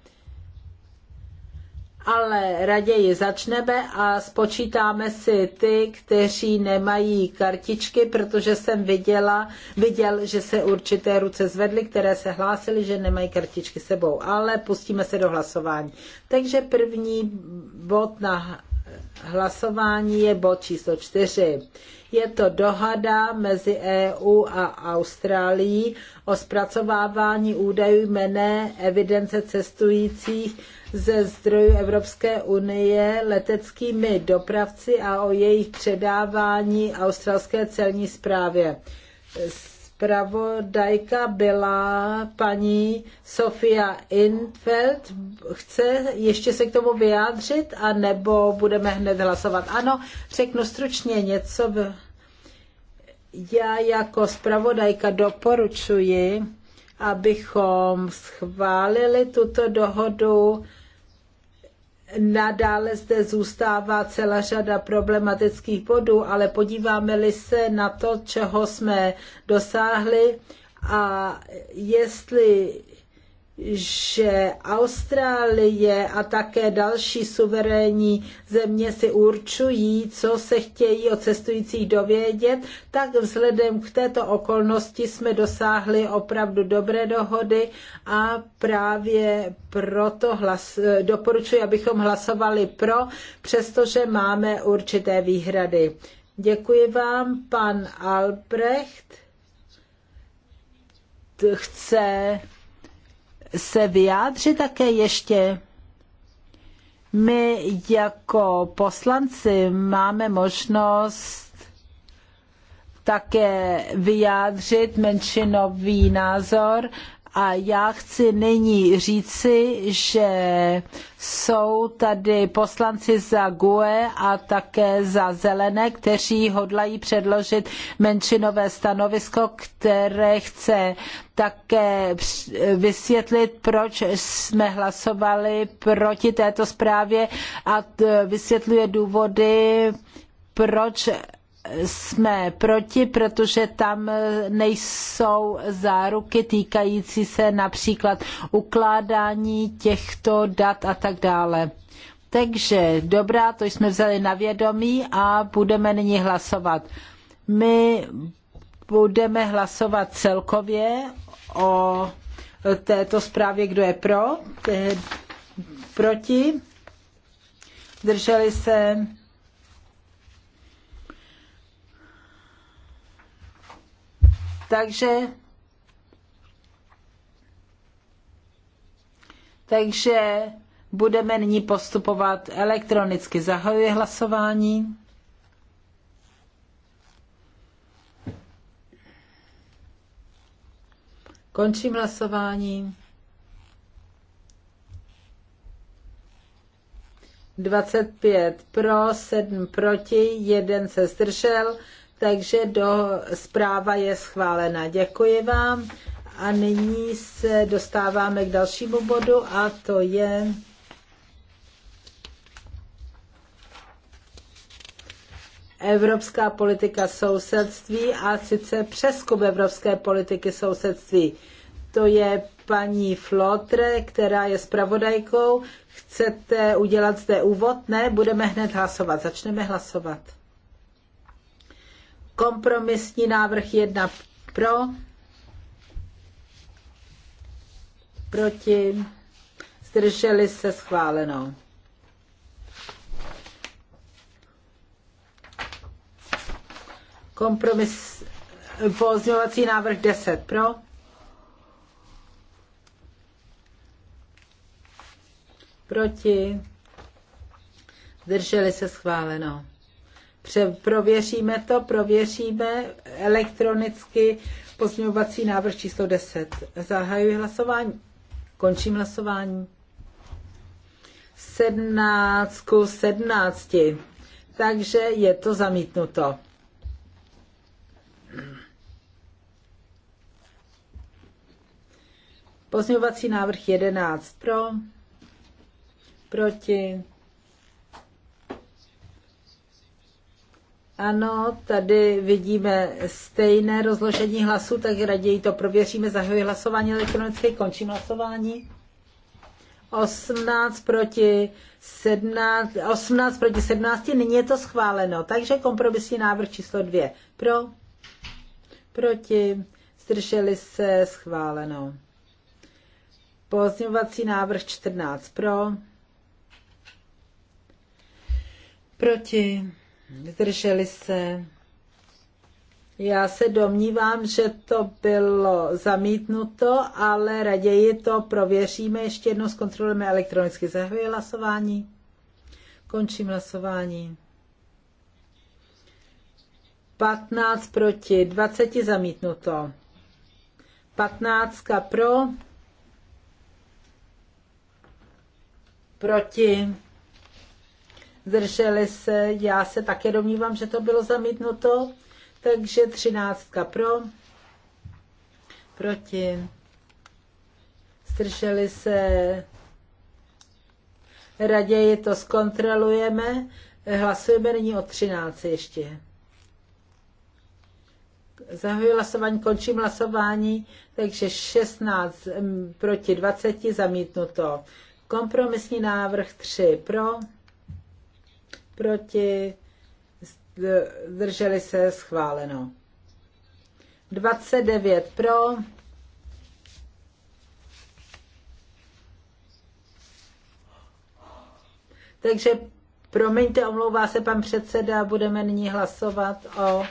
Ale raději začneme a spočítáme si ty, kteří nemají kartičky, protože jsem viděla, viděl, že se určité ruce zvedly, které se hlásily, že nemají kartičky sebou. Ale pustíme se do hlasování. Takže první bod na hlasování je bod číslo čtyři je to dohada mezi EU a Austrálií o zpracovávání údajů jmené evidence cestujících ze zdrojů Evropské unie leteckými dopravci a o jejich předávání australské celní správě zpravodajka byla paní Sofia Infeld. Chce ještě se k tomu vyjádřit, a nebo budeme hned hlasovat? Ano, řeknu stručně něco. V... Já jako zpravodajka doporučuji, abychom schválili tuto dohodu Nadále zde zůstává celá řada problematických bodů, ale podíváme-li se na to, čeho jsme dosáhli a jestli že Austrálie a také další suverénní země si určují, co se chtějí o cestujících dovědět, tak vzhledem k této okolnosti jsme dosáhli opravdu dobré dohody a právě proto hlas, doporučuji, abychom hlasovali pro, přestože máme určité výhrady. Děkuji vám, pan Albrecht chce se vyjádřit také ještě? My jako poslanci máme možnost také vyjádřit menšinový názor a já chci nyní říci, že jsou tady poslanci za GUE a také za Zelené, kteří hodlají předložit menšinové stanovisko, které chce také vysvětlit, proč jsme hlasovali proti této zprávě a vysvětluje důvody, proč jsme proti, protože tam nejsou záruky týkající se například ukládání těchto dat a tak dále. Takže dobrá, to jsme vzali na vědomí a budeme nyní hlasovat. My budeme hlasovat celkově o této zprávě, kdo je pro, proti, drželi se Takže Takže budeme nyní postupovat elektronicky. Zahajuji hlasování. Končím hlasování. 25 pro, 7 proti, 1 se zdržel takže do, zpráva je schválena. Děkuji vám a nyní se dostáváme k dalšímu bodu a to je Evropská politika sousedství a sice přeskup Evropské politiky sousedství. To je paní Flotre, která je zpravodajkou. Chcete udělat zde úvod? Ne, budeme hned hlasovat. Začneme hlasovat. Kompromisní návrh jedna pro, proti, zdrželi se schváleno. Kompromis, eh, pozměňovací návrh 10 pro, proti, zdrželi se schváleno. Pře- Prověříme to, prověříme elektronicky pozměňovací návrh číslo 10. Zahajuji hlasování. Končím hlasování. 17 ku 17. Takže je to zamítnuto. Pozměňovací návrh 11 pro, proti, Ano, tady vidíme stejné rozložení hlasů, tak raději to prověříme. Zahajuji hlasování elektronické, končím hlasování. 18 proti 17, 18 proti 17, nyní je to schváleno. Takže kompromisní návrh číslo 2. Pro, proti, zdrželi se, schváleno. Pozměňovací návrh 14 pro, proti, zdrželi se. Já se domnívám, že to bylo zamítnuto, ale raději to prověříme. Ještě jednou zkontrolujeme elektronicky. Zahajuji hlasování. Končím hlasování. 15 proti, 20 zamítnuto. 15 pro, proti zdrželi se, já se také domnívám, že to bylo zamítnuto, takže třináctka pro, proti, zdrželi se, raději to zkontrolujeme, hlasujeme nyní o třinácti ještě. Zahajuji hlasování, končím hlasování, takže 16 mm, proti 20 zamítnuto. Kompromisní návrh 3 pro, proti, zdrželi se, schváleno. 29 pro, Takže promiňte, omlouvá se pan předseda, budeme nyní hlasovat o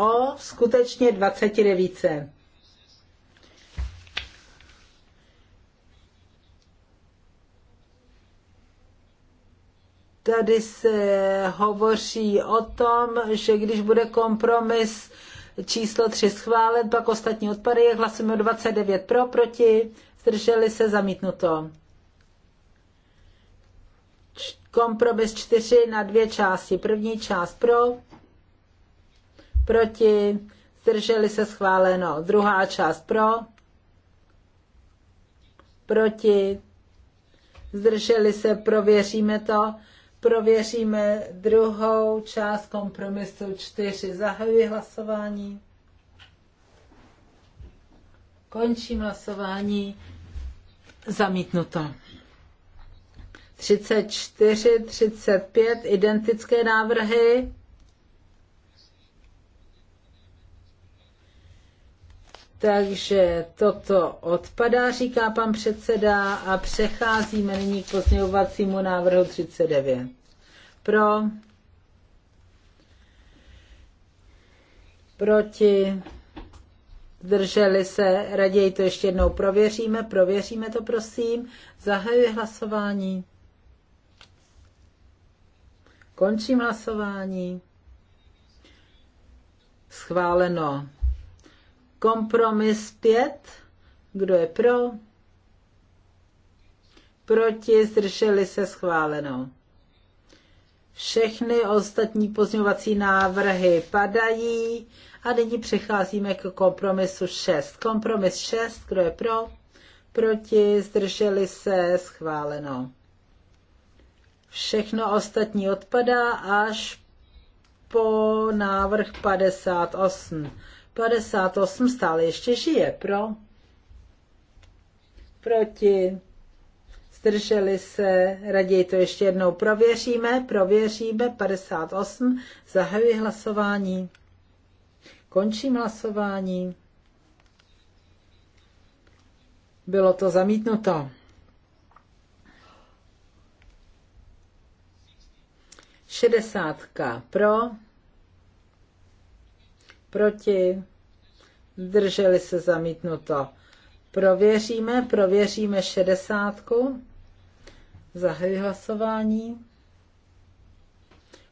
o skutečně 29. Tady se hovoří o tom, že když bude kompromis číslo 3 schválen, pak ostatní odpady, jak hlasujeme 29 pro, proti, zdrželi se, zamítnuto. Kompromis 4 na dvě části. První část pro, proti, zdrželi se, schváleno. Druhá část pro, proti, zdrželi se, prověříme to. Prověříme druhou část kompromisu 4. Zahajuji hlasování. Končím hlasování. Zamítnuto. 34, 35, identické návrhy. Takže toto odpadá, říká pan předseda, a přecházíme nyní k pozměňovacímu návrhu 39. Pro, proti, zdrželi se, raději to ještě jednou prověříme, prověříme to prosím, zahajuji hlasování. Končím hlasování. Schváleno. Kompromis 5. Kdo je pro? Proti zdrželi se schváleno. Všechny ostatní pozňovací návrhy padají a nyní přecházíme k kompromisu 6. Kompromis 6, kdo je pro? Proti zdrželi se schváleno. Všechno ostatní odpadá až po návrh 58. 58 stále ještě žije. Pro? Proti? Zdrželi se? Raději to ještě jednou prověříme. Prověříme 58. Zahajuji hlasování. Končím hlasování. Bylo to zamítnuto. 60 pro, proti, Drželi se zamítnuto. Prověříme, prověříme šedesátku. Zahajuji hlasování.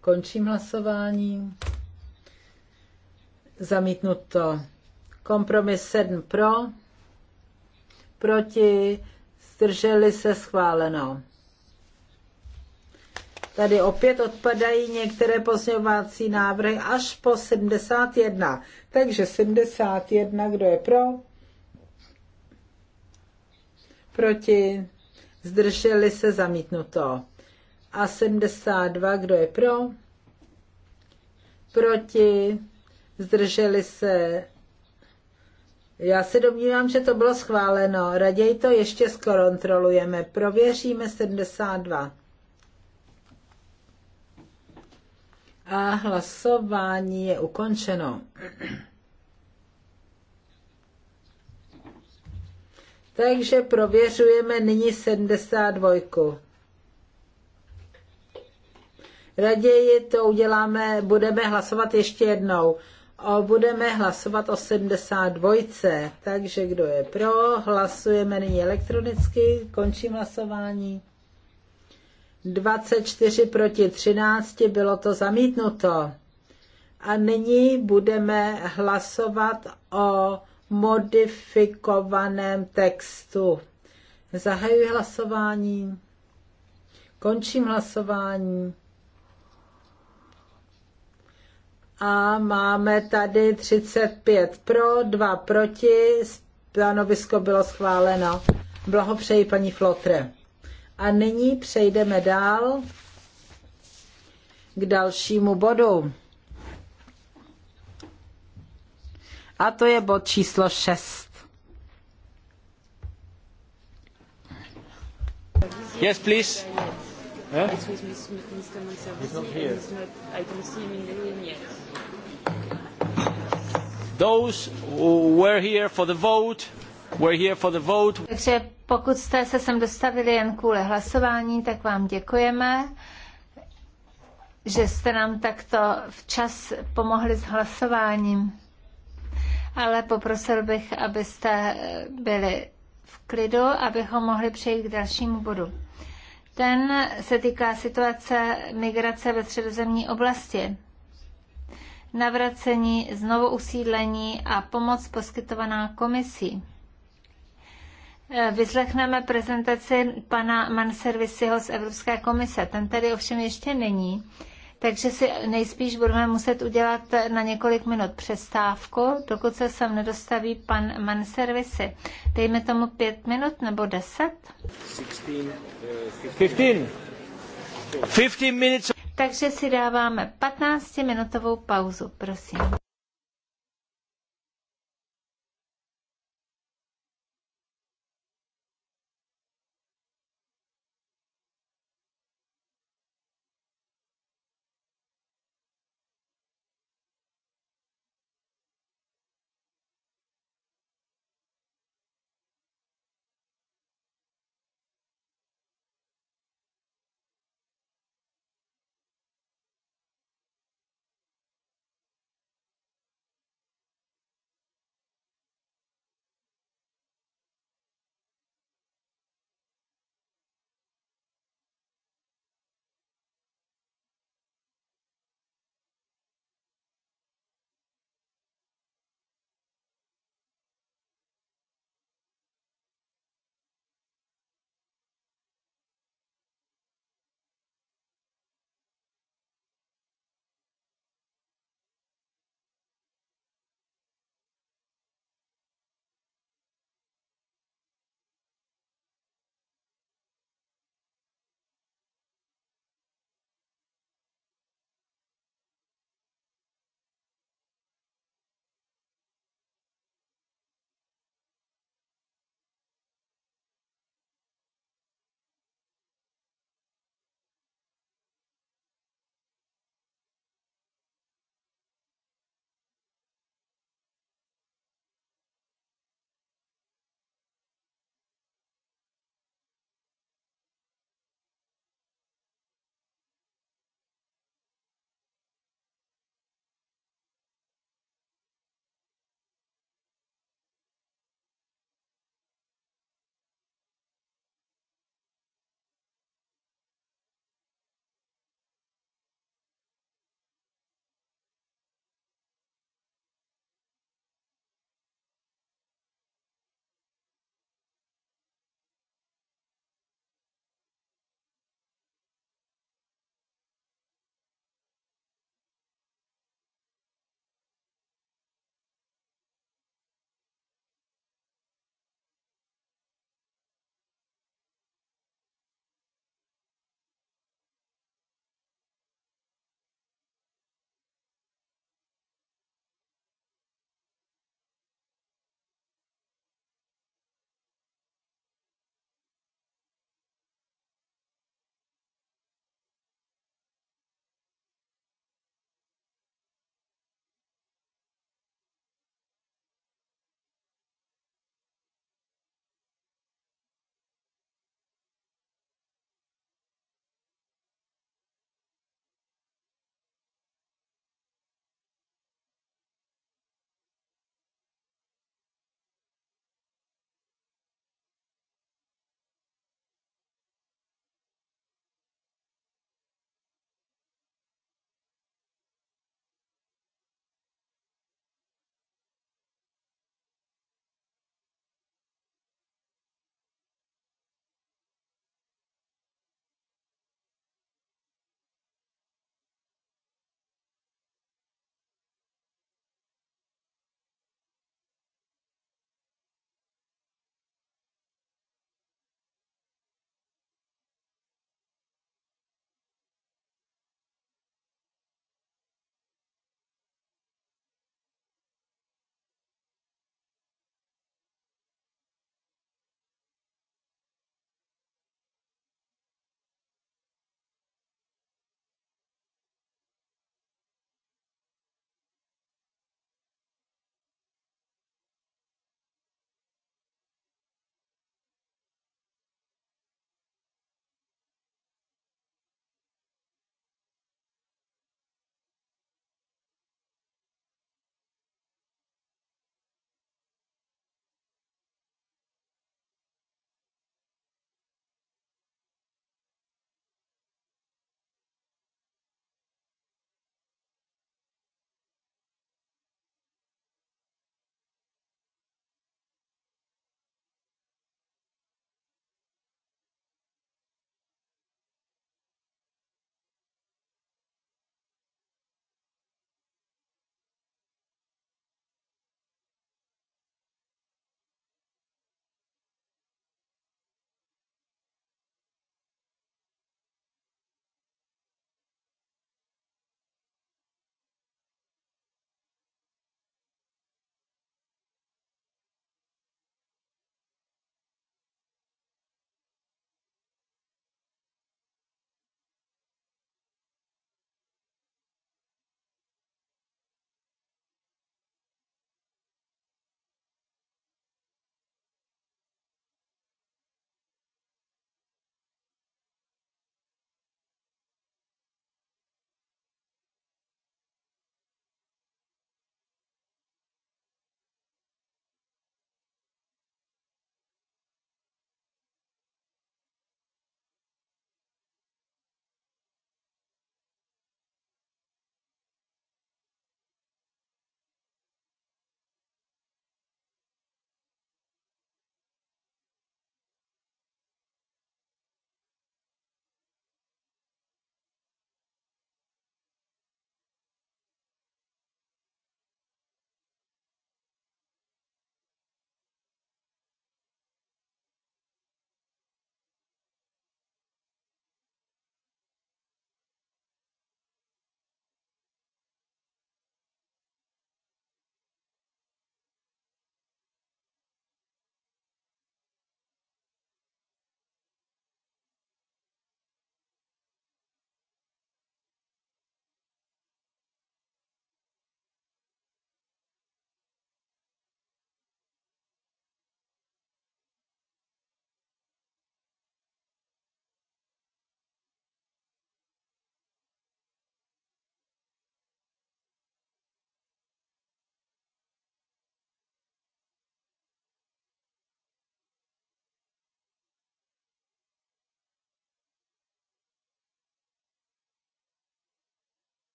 Končím hlasování. Zamítnuto. Kompromis 7 pro. Proti. Zdrželi se schváleno. Tady opět odpadají některé pozměňovací návrhy až po 71. Takže 71, kdo je pro? Proti? Zdrželi se zamítnuto. A 72, kdo je pro? Proti? Zdrželi se já se domnívám, že to bylo schváleno. Raději to ještě zkontrolujeme. Prověříme 72. A hlasování je ukončeno. Takže prověřujeme nyní 72. Raději to uděláme, budeme hlasovat ještě jednou. O, budeme hlasovat o 72. Takže kdo je pro, hlasujeme nyní elektronicky, končím hlasování. 24 proti 13 bylo to zamítnuto. A nyní budeme hlasovat o modifikovaném textu. Zahajuji hlasování. Končím hlasování. A máme tady 35 pro, 2 proti. Stanovisko bylo schváleno. Blahopřeji paní Flotre. A nyní přejdeme dál k dalšímu bodu. A to je bod číslo 6. Yes, please. Huh? Those who were here for the vote We're here for the vote. Takže pokud jste se sem dostavili jen kvůli hlasování, tak vám děkujeme, že jste nám takto včas pomohli s hlasováním. Ale poprosil bych, abyste byli v klidu, abychom mohli přejít k dalšímu bodu. Ten se týká situace migrace ve středozemní oblasti navracení, znovu usídlení a pomoc poskytovaná komisí vyslechneme prezentaci pana Manservisiho z Evropské komise. Ten tady ovšem ještě není, takže si nejspíš budeme muset udělat na několik minut přestávku, dokud se sem nedostaví pan Manservisi. Dejme tomu pět minut nebo deset? 15. 15 minutes. Takže si dáváme 15-minutovou pauzu, prosím.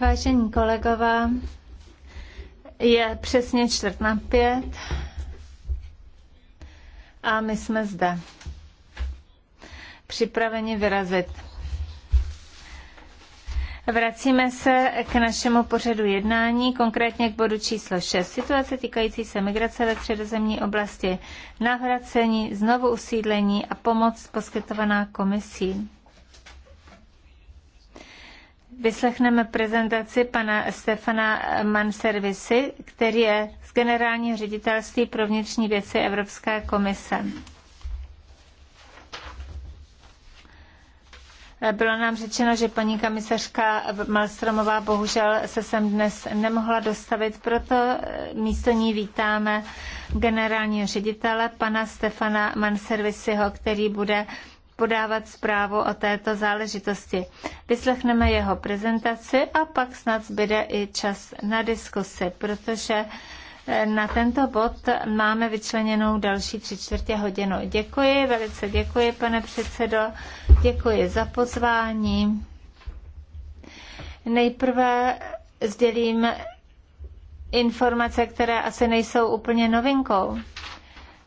Vážení kolegové, je přesně čtvrt na pět a my jsme zde. Připraveni vyrazit. Vracíme se k našemu pořadu jednání, konkrétně k bodu číslo 6. Situace týkající se migrace ve středozemní oblasti, navracení, znovu usídlení a pomoc poskytovaná komisí vyslechneme prezentaci pana Stefana Manservisi, který je z Generálního ředitelství pro vnitřní věci Evropské komise. Bylo nám řečeno, že paní komisařka Malstromová bohužel se sem dnes nemohla dostavit, proto místo ní vítáme generálního ředitele, pana Stefana Manservisiho, který bude podávat zprávu o této záležitosti. Vyslechneme jeho prezentaci a pak snad zbyde i čas na diskusi, protože eh, na tento bod máme vyčleněnou další tři čtvrtě hodinu. Děkuji, velice děkuji, pane předsedo. Děkuji za pozvání. Nejprve sdělím informace, které asi nejsou úplně novinkou.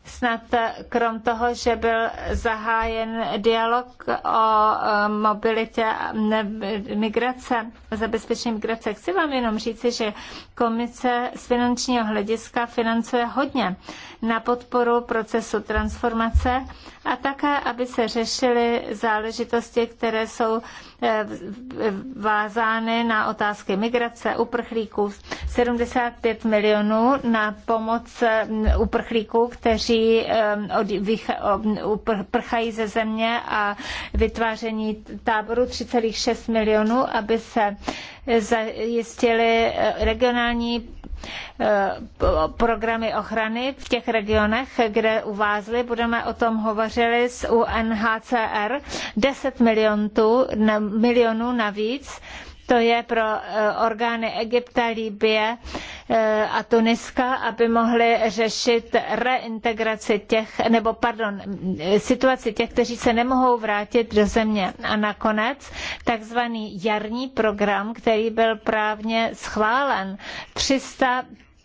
Snad eh, krom toho, že byl zahájen dialog o eh, mobilitě migrace, zabezpečení migrace, chci vám jenom říci, že komise z finančního hlediska financuje hodně na podporu procesu transformace a také, aby se řešily záležitosti, které jsou Eh, vázány na otázky migrace, uprchlíků, 75 milionů na pomoc mm, uprchlíků, kteří eh, prchají ze země a vytváření táboru 3,6 milionů, aby se zajistili eh, regionální Eh, programy ochrany v těch regionech, kde uvázly. Budeme o tom hovořili s UNHCR. 10 milionů, milionů navíc to je pro eh, orgány Egypta, Líbie eh, a Tuniska, aby mohly řešit reintegraci těch, nebo pardon, eh, situaci těch, kteří se nemohou vrátit do země. A nakonec takzvaný jarní program, který byl právně schválen, 300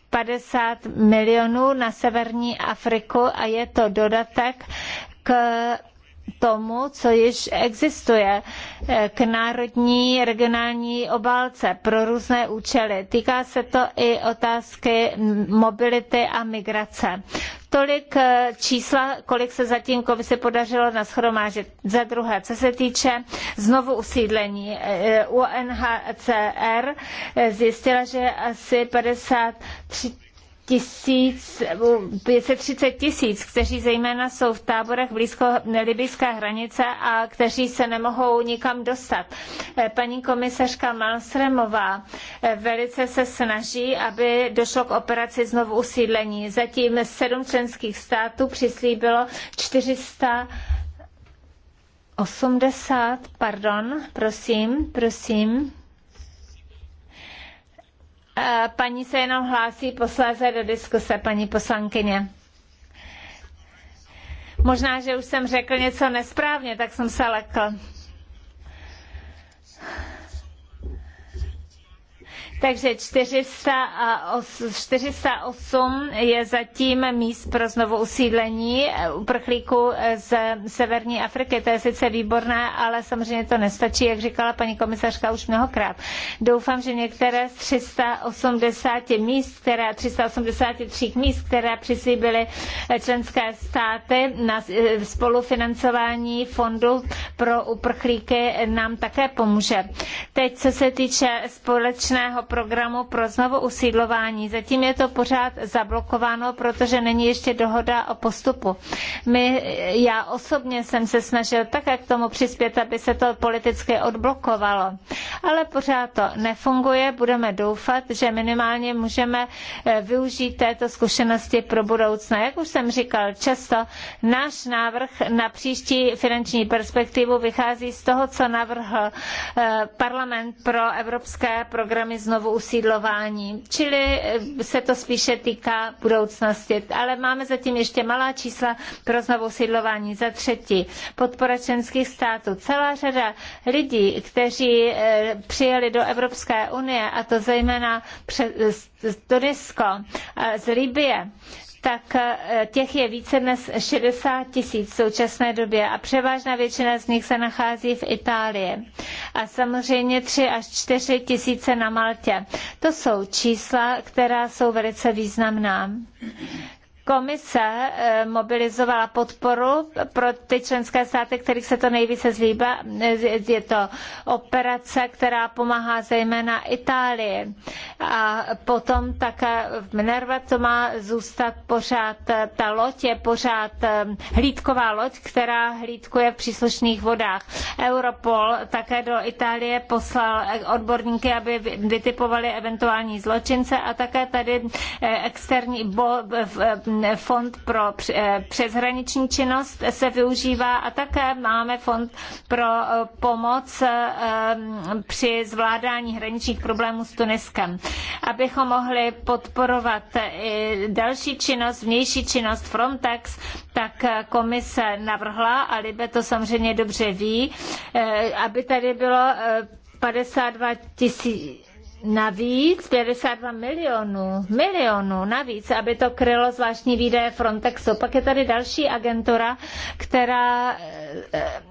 50 milionů na severní Afriku a je to dodatek k tomu, co již existuje eh, k národní regionální obálce pro různé účely. Týká se to i otázky mobility a migrace. Tolik eh, čísla, kolik se zatím komisi podařilo nashromážit. Za druhé, co se týče znovu usídlení, eh, UNHCR zjistila, že asi 53 tisíc, 530 tisíc, kteří zejména jsou v táborech blízko libyjské hranice a kteří se nemohou nikam dostat. Eh, paní komisařka Malsremová eh, velice se snaží, aby došlo k operaci znovu usídlení. Zatím sedm členských států přislíbilo 400 80, pardon, prosím, prosím. Paní se jenom hlásí posléze do diskuse, paní poslankyně. Možná, že už jsem řekl něco nesprávně, tak jsem se lekl. Takže 408 je zatím míst pro znovu usídlení uprchlíků z severní Afriky. To je sice výborné, ale samozřejmě to nestačí, jak říkala paní komisařka už mnohokrát. Doufám, že některé z 380 míst, které, 383 míst, které přislíbily členské státy na spolufinancování fondu pro uprchlíky, nám také pomůže. Teď, co se týče společného programu pro znovu usídlování. Zatím je to pořád zablokováno, protože není ještě dohoda o postupu. My, já osobně jsem se snažil také k tomu přispět, aby se to politicky odblokovalo. Ale pořád to nefunguje. Budeme doufat, že minimálně můžeme eh, využít této zkušenosti pro budoucna. Jak už jsem říkal, často náš návrh na příští finanční perspektivu vychází z toho, co navrhl eh, parlament pro evropské programy znovu znovu usídlování, čili eh, se to spíše týká budoucnosti. Ale máme zatím ještě malá čísla pro znovu usídlování. Za třetí, podpora členských států. Celá řada lidí, kteří eh, přijeli do Evropské unie, a to zejména přes Tunisko eh, z Libie, tak eh, těch je více než 60 tisíc v současné době a převážná většina z nich se nachází v Itálii. A samozřejmě 3 až 4 tisíce na Maltě. To jsou čísla, která jsou velice významná. Komise eh, mobilizovala podporu pro ty členské státy, kterých se to nejvíce zlíbá. Je to operace, která pomáhá zejména Itálii. A potom také v Minerva to má zůstat pořád, eh, ta loď je pořád eh, hlídková loď, která hlídkuje v příslušných vodách. Europol také do Itálie poslal odborníky, aby vytipovali eventuální zločince a také tady externí bo, fond pro eh, přeshraniční činnost se využívá a také máme fond pro eh, pomoc eh, při zvládání hraničních problémů s Tuniskem, abychom mohli podporovat i další činnost, vnější činnost Frontex, tak komise navrhla, a Libe to samozřejmě dobře ví, aby tady bylo 52 tisíc navíc 52 milionů, milionů navíc, aby to krylo zvláštní výdaje Frontexu. Pak je tady další agentura, která eh,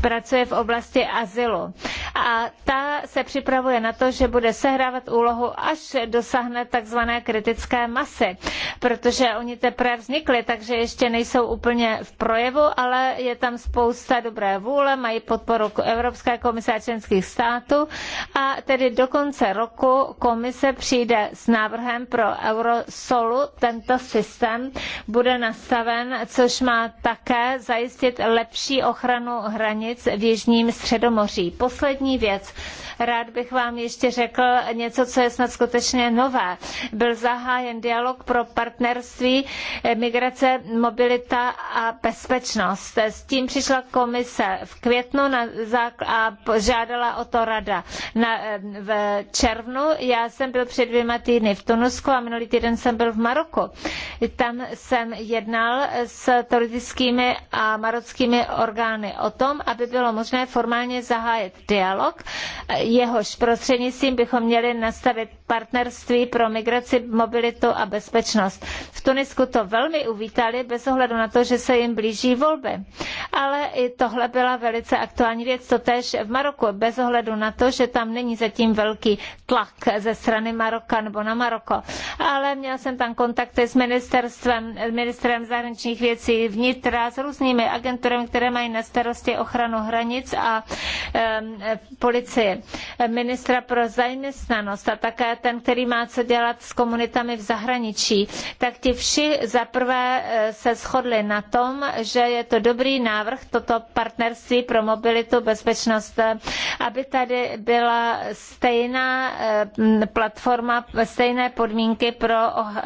pracuje v oblasti azylu. A ta se připravuje na to, že bude sehrávat úlohu, až dosáhne takzvané kritické masy, protože oni teprve vznikli, takže ještě nejsou úplně v projevu, ale je tam spousta dobré vůle, mají podporu Evropské komise a členských států a tedy do konce roku komise přijde s návrhem pro Eurosolu. Tento systém bude nastaven, což má také zajistit lepší ochranu ochranu hranic v Jižním Středomoří. Poslední věc. Rád bych vám ještě řekl něco, co je snad skutečně nové. Byl zahájen dialog pro partnerství eh, migrace, mobilita a bezpečnost. S tím přišla komise v květnu na, a požádala o to rada. Na, eh, v červnu já jsem byl před dvěma týdny v Tunisku a minulý týden jsem byl v Maroku. Tam jsem jednal s turistickými a marockými orgány o tom, aby bylo možné formálně zahájit dialog jehož prostřednictvím bychom měli nastavit partnerství pro migraci, mobilitu a bezpečnost. V Tunisku to velmi uvítali, bez ohledu na to, že se jim blíží volby. Ale i tohle byla velice aktuální věc, to tež v Maroku, bez ohledu na to, že tam není zatím velký tlak ze strany Maroka nebo na Maroko. Ale měl jsem tam kontakty s ministerstvem, ministrem zahraničních věcí vnitra, s různými agenturami, které mají na starosti ochranu hranic a policii, policie. Ministra pro zaměstnanost a také ten, který má co dělat s komunitami v zahraničí, tak ti vši zaprvé e, se shodli na tom, že je to dobrý návrh, toto partnerství pro mobilitu, bezpečnost, e, aby tady byla stejná e, platforma, stejné podmínky pro oh,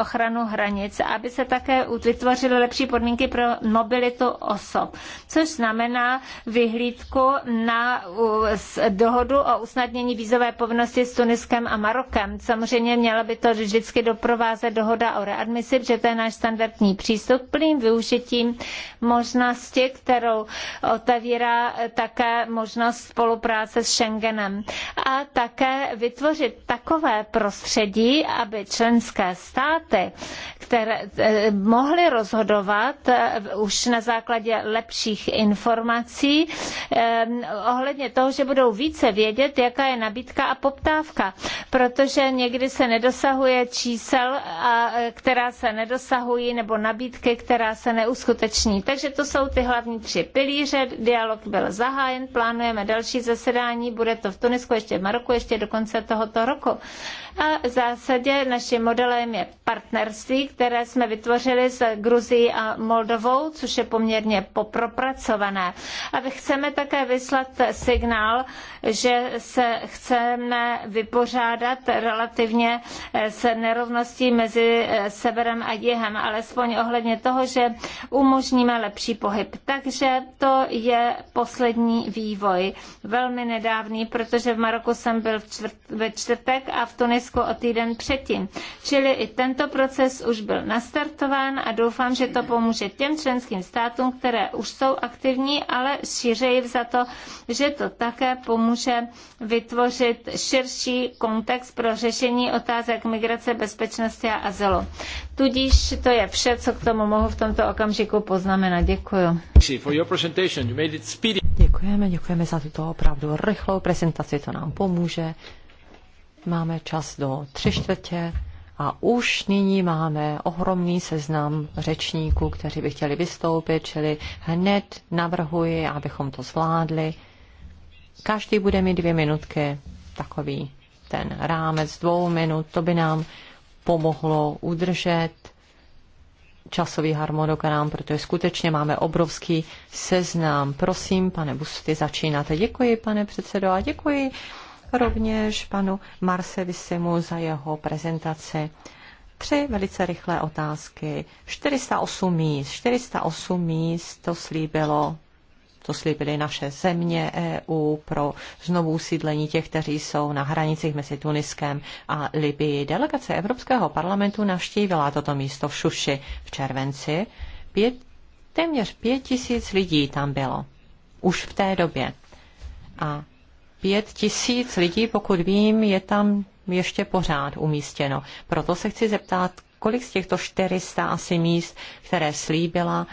ochranu hranic, aby se také vytvořily lepší podmínky pro mobilitu osob, což znamená vyhlídku na dohodu o usnadnění vízové povinnosti s Tuniskem Tureckem a Marokem. Samozřejmě měla by to vždycky doprovázet dohoda o readmisi, protože to je náš standardní přístup plným využitím možnosti, kterou otevírá také možnost spolupráce s Schengenem. A také vytvořit takové prostředí, aby členské státy, které eh, mohly rozhodovat eh, už na základě lepších informací eh, ohledně toho, že budou více vědět, jaká je nabídka a poptávka protože někdy se nedosahuje čísel, a, která se nedosahují, nebo nabídky, která se neuskuteční. Takže to jsou ty hlavní tři pilíře. Dialog byl zahájen, plánujeme další zasedání, bude to v Tunisku, ještě v Maroku, ještě do konce tohoto roku. A v zásadě naším modelem je partnerství, které jsme vytvořili s Gruzií a Moldovou, což je poměrně popropracované. A chceme také vyslat signál, že se chceme vypořádat relativně s nerovností mezi severem a jihem, alespoň ohledně toho, že umožníme lepší pohyb. Takže to je poslední vývoj, velmi nedávný, protože v Maroku jsem byl v čtvrt, ve čtvrtek a v Tunisku Slovensku o týden předtím. Čili i tento proces už byl nastartován a doufám, že to pomůže těm členským státům, které už jsou aktivní, ale šířejí za to, že to také pomůže vytvořit širší kontext pro řešení otázek migrace, bezpečnosti a azylu. Tudíž to je vše, co k tomu mohu v tomto okamžiku poznamenat. Děkuji. Děkujeme, děkujeme za tuto opravdu rychlou prezentaci, to nám pomůže Máme čas do tři čtvrtě a už nyní máme ohromný seznam řečníků, kteří by chtěli vystoupit, čili hned navrhuji, abychom to zvládli. Každý bude mít dvě minutky, takový ten rámec dvou minut, to by nám pomohlo udržet časový harmonogram, protože skutečně máme obrovský seznam. Prosím, pane Busty, začínáte. Děkuji, pane předsedo, a děkuji rovněž panu Marsevisimu za jeho prezentaci. Tři velice rychlé otázky. 408 míst. 408 míst to slíbilo to slíbily naše země EU pro znovu sídlení těch, kteří jsou na hranicích mezi Tuniskem a Libii. Delegace Evropského parlamentu navštívila toto místo v Šuši v červenci. Pět, téměř pět tisíc lidí tam bylo. Už v té době. A pět tisíc lidí, pokud vím, je tam ještě pořád umístěno. Proto se chci zeptat, kolik z těchto 400 asi míst, které slíbila,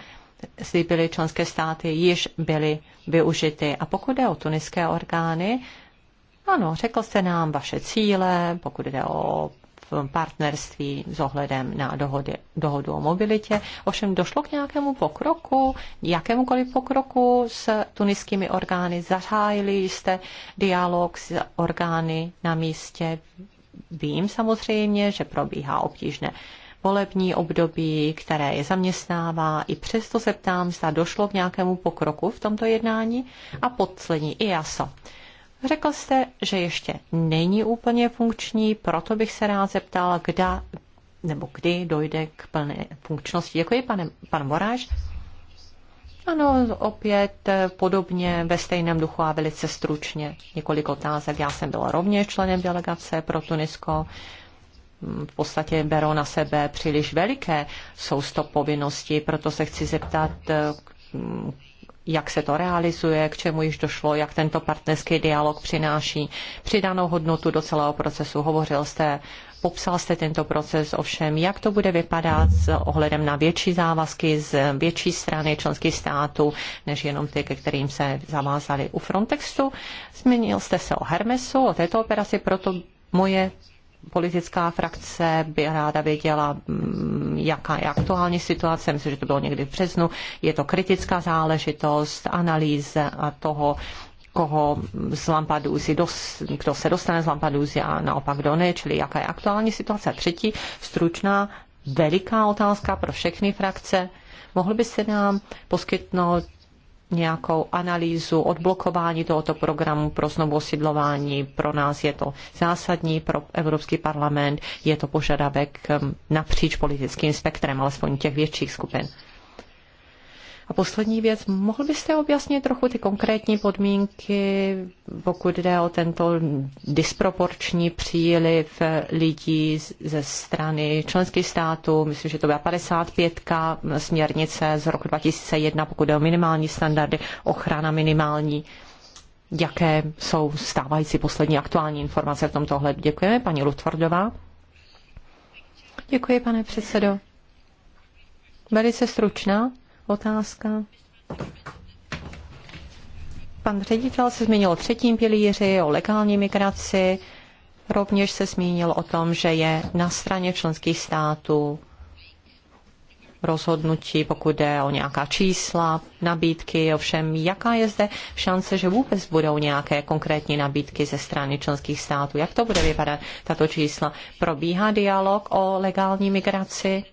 slíbily členské státy, již byly využity. A pokud jde o tuniské orgány, ano, řekl jste nám vaše cíle, pokud jde o partnerství s ohledem na dohody, dohodu o mobilitě. Ovšem došlo k nějakému pokroku, jakémukoliv pokroku s tuniskými orgány. Zahájili jste dialog s orgány na místě. Vím samozřejmě, že probíhá obtížné volební období, které je zaměstnává. I přesto se ptám, zda došlo k nějakému pokroku v tomto jednání. A poslední, i jaso. Řekl jste, že ještě není úplně funkční, proto bych se rád zeptal, kda, nebo kdy dojde k plné funkčnosti. Děkuji, pane, pan Moráš. Ano, opět eh, podobně ve stejném duchu a velice stručně několik otázek. Já jsem byla rovněž členem delegace pro Tunisko. Mm, v podstatě berou na sebe příliš veliké sousto povinnosti, proto se chci zeptat, eh, jak se to realizuje, k čemu již došlo, jak tento partnerský dialog přináší přidanou hodnotu do celého procesu. Hovořil jste, popsal jste tento proces, ovšem jak to bude vypadat s ohledem na větší závazky z větší strany členských států, než jenom ty, ke kterým se zavázali u Frontexu. Zmínil jste se o Hermesu, o této operaci, proto moje politická frakce by ráda věděla, mm, jaká je aktuální situace. Myslím, že to bylo někdy v březnu. Je to kritická záležitost, analýze a toho, koho z Lampadusy, kdo se dostane z Lampadusy a naopak kdo ne, čili jaká je aktuální situace. Třetí stručná veliká otázka pro všechny frakce. Mohl byste nám poskytnout nějakou analýzu odblokování tohoto programu pro znovu osidlování. Pro nás je to zásadní, pro Evropský parlament je to požadavek um, napříč politickým spektrem, alespoň těch větších skupin. A poslední věc, mohl byste objasnit trochu ty konkrétní podmínky, pokud jde o tento disproporční příliv lidí ze strany členských států, myslím, že to byla 55. směrnice z roku 2001, pokud jde o minimální standardy, ochrana minimální jaké jsou stávající poslední aktuální informace v tomto ohledu. Děkujeme, paní Lutvardová. Děkuji, pane předsedo. Velice stručná otázka. Pan ředitel se zmínil o třetím pilíři, o legální migraci, rovněž se zmínil o tom, že je na straně členských států rozhodnutí, pokud jde o nějaká čísla, nabídky, ovšem jaká je zde šance, že vůbec budou nějaké konkrétní nabídky ze strany členských států? Jak to bude vypadat, tato čísla? Probíhá dialog o legální migraci?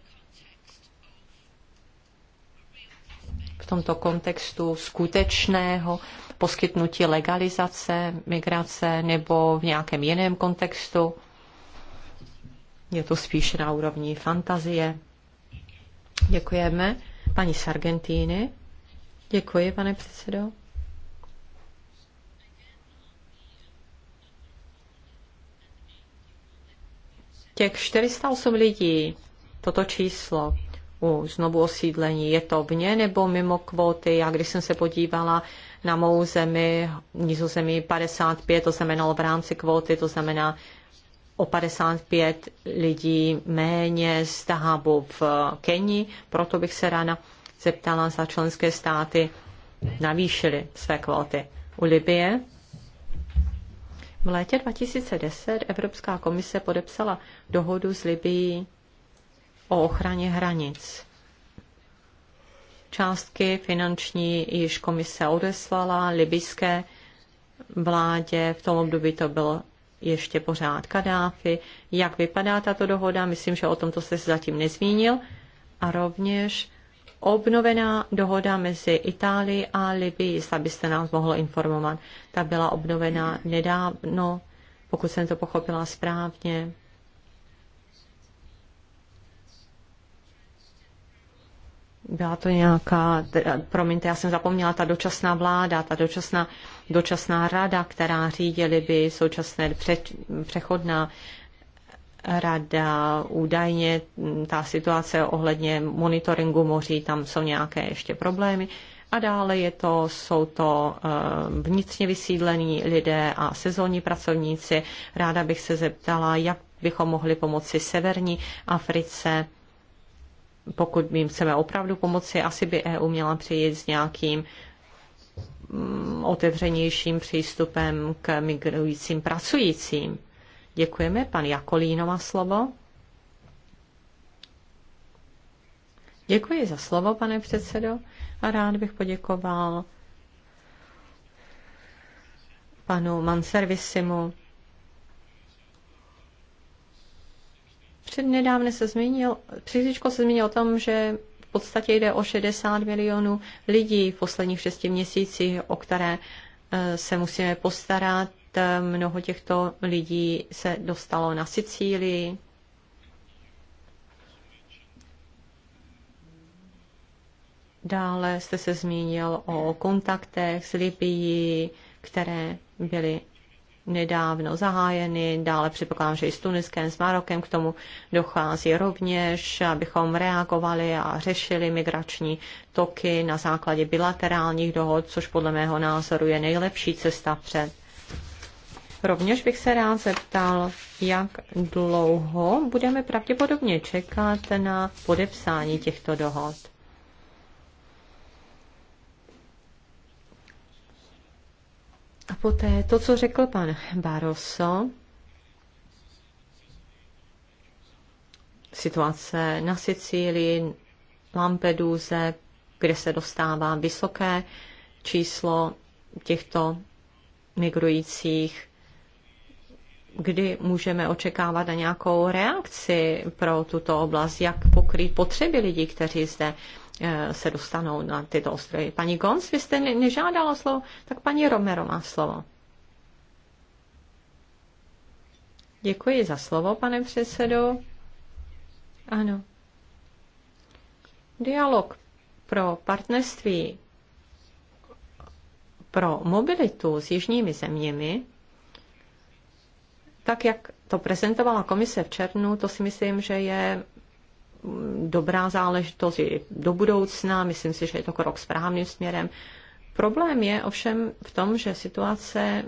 v tomto kontextu skutečného poskytnutí legalizace migrace nebo v nějakém jiném kontextu. Je to spíš na úrovni fantazie. Děkujeme. Paní z Děkuji, pane předsedo. Těch 408 lidí, toto číslo, u znovu osídlení. Je to vně nebo mimo kvóty? Já když jsem se podívala na mou zemi, nizozemí 55, to znamenalo v rámci kvóty, to znamená o 55 lidí méně z Tahabu v Keni, proto bych se ráda zeptala, za členské státy navýšily své kvóty. U Libie v létě 2010 Evropská komise podepsala dohodu s Libií o ochraně hranic. Částky finanční již komise odeslala libyské vládě, v tom období to byl ještě pořád Kadáfi. Jak vypadá tato dohoda? Myslím, že o tomto se zatím nezmínil. A rovněž obnovená dohoda mezi Itálií a Libii, jestli byste nás mohl informovat. Ta byla obnovená nedávno, pokud jsem to pochopila správně. byla to nějaká, promiňte, já jsem zapomněla, ta dočasná vláda, ta dočasná, dočasná rada, která řídili by současné pře, přechodná rada, údajně hm, ta situace ohledně monitoringu moří, tam jsou nějaké ještě problémy. A dále je to, jsou to hm, vnitřně vysídlení lidé a sezónní pracovníci. Ráda bych se zeptala, jak bychom mohli pomoci severní Africe pokud jim chceme opravdu pomoci, asi by EU měla přijít s nějakým mm, otevřenějším přístupem k migrujícím pracujícím. Děkujeme. Pan Jakolíno má slovo. Děkuji za slovo, pane předsedo, a rád bych poděkoval panu Manservisimu přednedávne se zmínil, příliško se zmínil o tom, že v podstatě jde o 60 milionů lidí v posledních šesti měsících, o které e, se musíme postarat. Mnoho těchto lidí se dostalo na Sicílii, Dále jste se zmínil o kontaktech s Libií, které byly nedávno zahájeny. Dále předpokládám, že i s Tuniskem, s Marokem k tomu dochází rovněž, abychom reagovali a řešili migrační toky na základě bilaterálních dohod, což podle mého názoru je nejlepší cesta před. Rovněž bych se rád zeptal, jak dlouho budeme pravděpodobně čekat na podepsání těchto dohod. A poté to, co řekl pan Barroso, situace na Sicílii, Lampeduze, kde se dostává vysoké číslo těchto migrujících, kdy můžeme očekávat na nějakou reakci pro tuto oblast, jak pokrýt potřeby lidí, kteří zde Eh, se dostanou na tyto ostrovy. Paní Gons, vy jste nežádala slovo, tak paní Romero má slovo. Děkuji za slovo, pane předsedo. Ano. Dialog pro partnerství pro mobilitu s jižními zeměmi, tak jak to prezentovala komise v červnu, to si myslím, že je dobrá záležitost i do budoucna. Myslím si, že je to krok správným směrem. Problém je ovšem v tom, že situace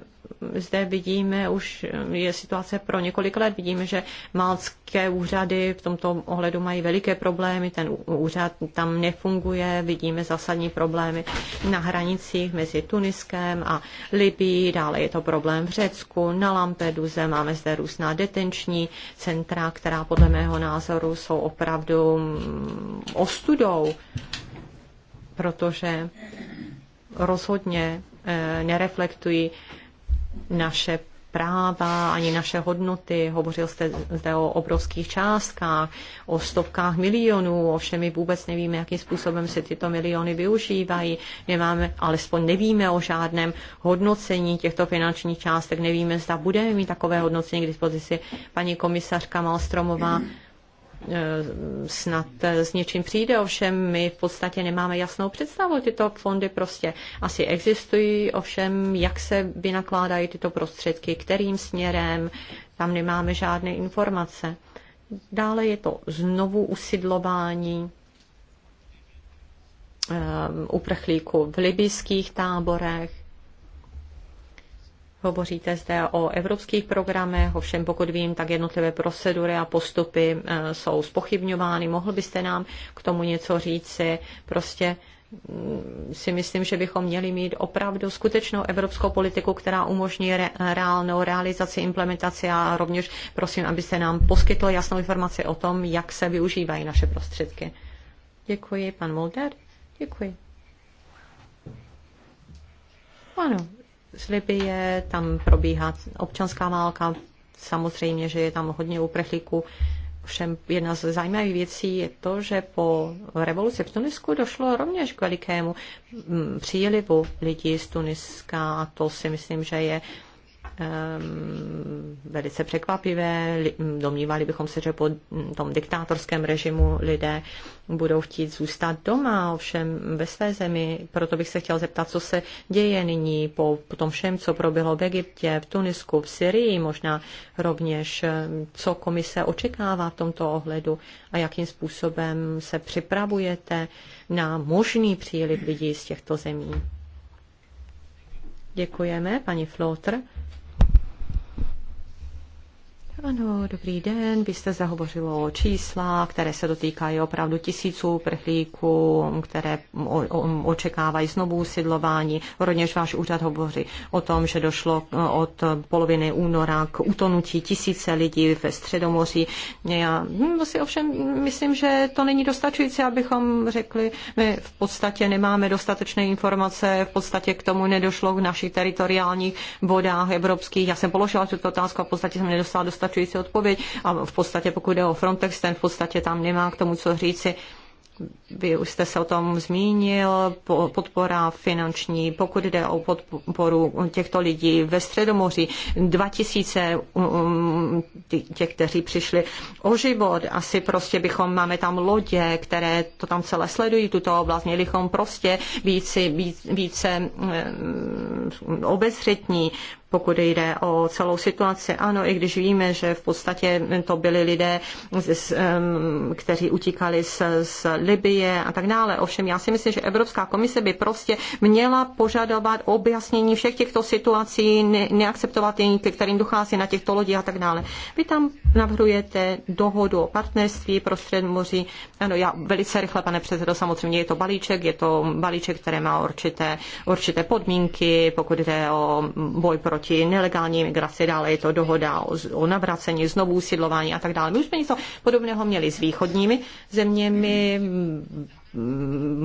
zde vidíme už, je situace pro několik let, vidíme, že malcké úřady v tomto ohledu mají veliké problémy, ten úřad tam nefunguje, vidíme zásadní problémy na hranicích mezi Tuniskem a Libií, dále je to problém v Řecku, na Lampeduze máme zde různá detenční centra, která podle mého názoru jsou opravdu mm, ostudou, protože rozhodně eh, nereflektují naše práva, ani naše hodnoty. Hovořil jste zde o obrovských částkách, o stovkách milionů, ovšem my vůbec nevíme, jakým způsobem se tyto miliony využívají. Nemáme, alespoň nevíme o žádném hodnocení těchto finančních částek, nevíme, zda budeme mít takové hodnocení k dispozici. Paní komisařka Malstromová Eh, snad eh, s něčím přijde, ovšem my v podstatě nemáme jasnou představu. Tyto fondy prostě asi existují, ovšem jak se vynakládají tyto prostředky, kterým směrem, tam nemáme žádné informace. Dále je to znovu usidlování eh, uprchlíků v libijských táborech. Hovoříte zde o evropských programech, ovšem pokud vím, tak jednotlivé procedury a postupy eh, jsou spochybňovány. Mohl byste nám k tomu něco říci? Prostě mm, si myslím, že bychom měli mít opravdu skutečnou evropskou politiku, která umožní re, reálnou realizaci, implementaci a rovněž prosím, abyste nám poskytl jasnou informaci o tom, jak se využívají naše prostředky. Děkuji, pan Mulder. Děkuji. Ano, z Libie, tam probíhá občanská válka, samozřejmě, že je tam hodně uprchlíků. Všem jedna z zajímavých věcí je to, že po revoluci v Tunisku došlo rovněž k velikému mm, přílivu lidí z Tuniska a to si myslím, že je Ehm, velice překvapivé. Domnívali bychom se, že po tom diktátorském režimu lidé budou chtít zůstat doma, ovšem ve své zemi. Proto bych se chtěl zeptat, co se děje nyní po, po tom všem, co proběhlo v Egyptě, v Tunisku, v Syrii možná rovněž, ehm, co komise očekává v tomto ohledu a jakým způsobem se připravujete na možný příliv lidí z těchto zemí. Děkujeme, paní Flotr. Ano, dobrý den. Vy jste zahovořilo o čísla, které se dotýkají opravdu tisíců prchlíků, které očekávají znovu usidlování. Rovněž váš úřad hovoří o tom, že došlo e, od poloviny února k utonutí tisíce lidí ve Středomoří. Já hm, si ovšem myslím, že to není dostačující, abychom řekli, my v podstatě nemáme dostatečné informace, v podstatě k tomu nedošlo v našich teritoriálních vodách evropských. Já jsem položila tuto otázku a v podstatě jsem nedostala dostatečné dostačující odpověď a v podstatě pokud jde o Frontex, ten v podstatě tam nemá k tomu co říci vy už jste se o tom zmínil, podpora finanční, pokud jde o podporu těchto lidí ve Středomoří, 2000 um, um, těch, kteří přišli o život, asi prostě bychom, máme tam lodě, které to tam celé sledují, tuto oblast, měli bychom prostě více, více um, obezřetní, pokud jde o celou situaci. Ano, i když víme, že v podstatě to byli lidé, kteří utíkali z, z Liby, Sýrie a tak dále. Ovšem já si myslím, že Evropská komise by prostě měla požadovat objasnění všech těchto situací, ne- neakceptovat jení, ke kterým dochází na těchto lodí a tak dále. Vy tam navrhujete dohodu o partnerství pro moří. Ano, já velice rychle, pane předsedo, samozřejmě je to balíček, je to balíček, které má určité, určité podmínky, pokud jde o boj proti nelegální migraci, dále je to dohoda o, o navracení, znovu usidlování a tak dále. My už jsme něco podobného měli s východními zeměmi,